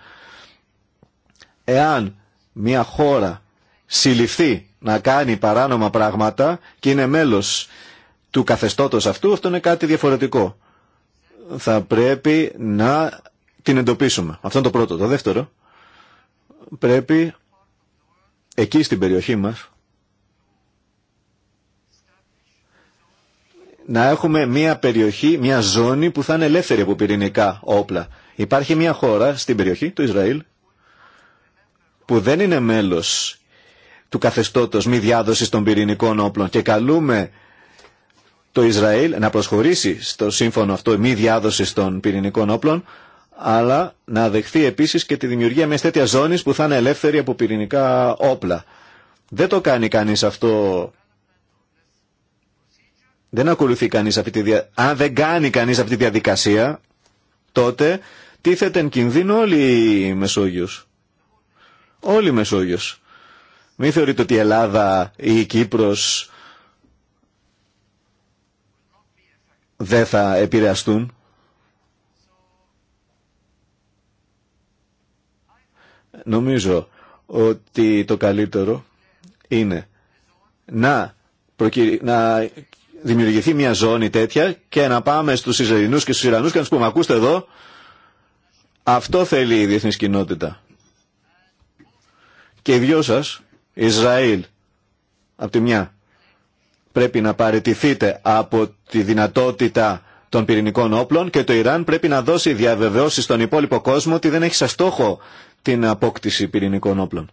Εάν μια χώρα συλληφθεί να κάνει παράνομα πράγματα και είναι μέλος του καθεστώτος αυτού, αυτό είναι κάτι διαφορετικό. Θα πρέπει να την εντοπίσουμε. Αυτό είναι το πρώτο. Το δεύτερο, πρέπει εκεί στην περιοχή μας να έχουμε μια περιοχή, μια ζώνη που θα είναι ελεύθερη από πυρηνικά όπλα. Υπάρχει μια χώρα στην περιοχή, το Ισραήλ, που δεν είναι μέλος του καθεστώτος μη διάδοσης των πυρηνικών όπλων και καλούμε το Ισραήλ να προσχωρήσει στο σύμφωνο αυτό μη διάδοση των πυρηνικών όπλων αλλά να δεχθεί επίσης και τη δημιουργία μιας τέτοια ζώνης που θα είναι ελεύθερη από πυρηνικά όπλα. Δεν το κάνει κανείς αυτό δεν ακολουθεί κανείς αυτή τη δια... αν δεν κάνει κανείς αυτή τη διαδικασία, τότε τίθεται εν κινδύνο όλη η Μεσόγειος. Όλη η Μεσόγειος. Μην θεωρείτε ότι η Ελλάδα ή η Κύπρος δεν θα επηρεαστούν. Νομίζω ότι το καλύτερο είναι να, προκύρι να δημιουργηθεί μια ζώνη τέτοια και να πάμε στους Ισραηλινούς και στους Ιρανούς και να τους πούμε ακούστε εδώ αυτό θέλει η διεθνής κοινότητα και οι δυο σας Ισραήλ από τη μια πρέπει να παραιτηθείτε από τη δυνατότητα των πυρηνικών όπλων και το Ιράν πρέπει να δώσει διαβεβαιώσει στον υπόλοιπο κόσμο ότι δεν έχει σαν στόχο την απόκτηση πυρηνικών όπλων.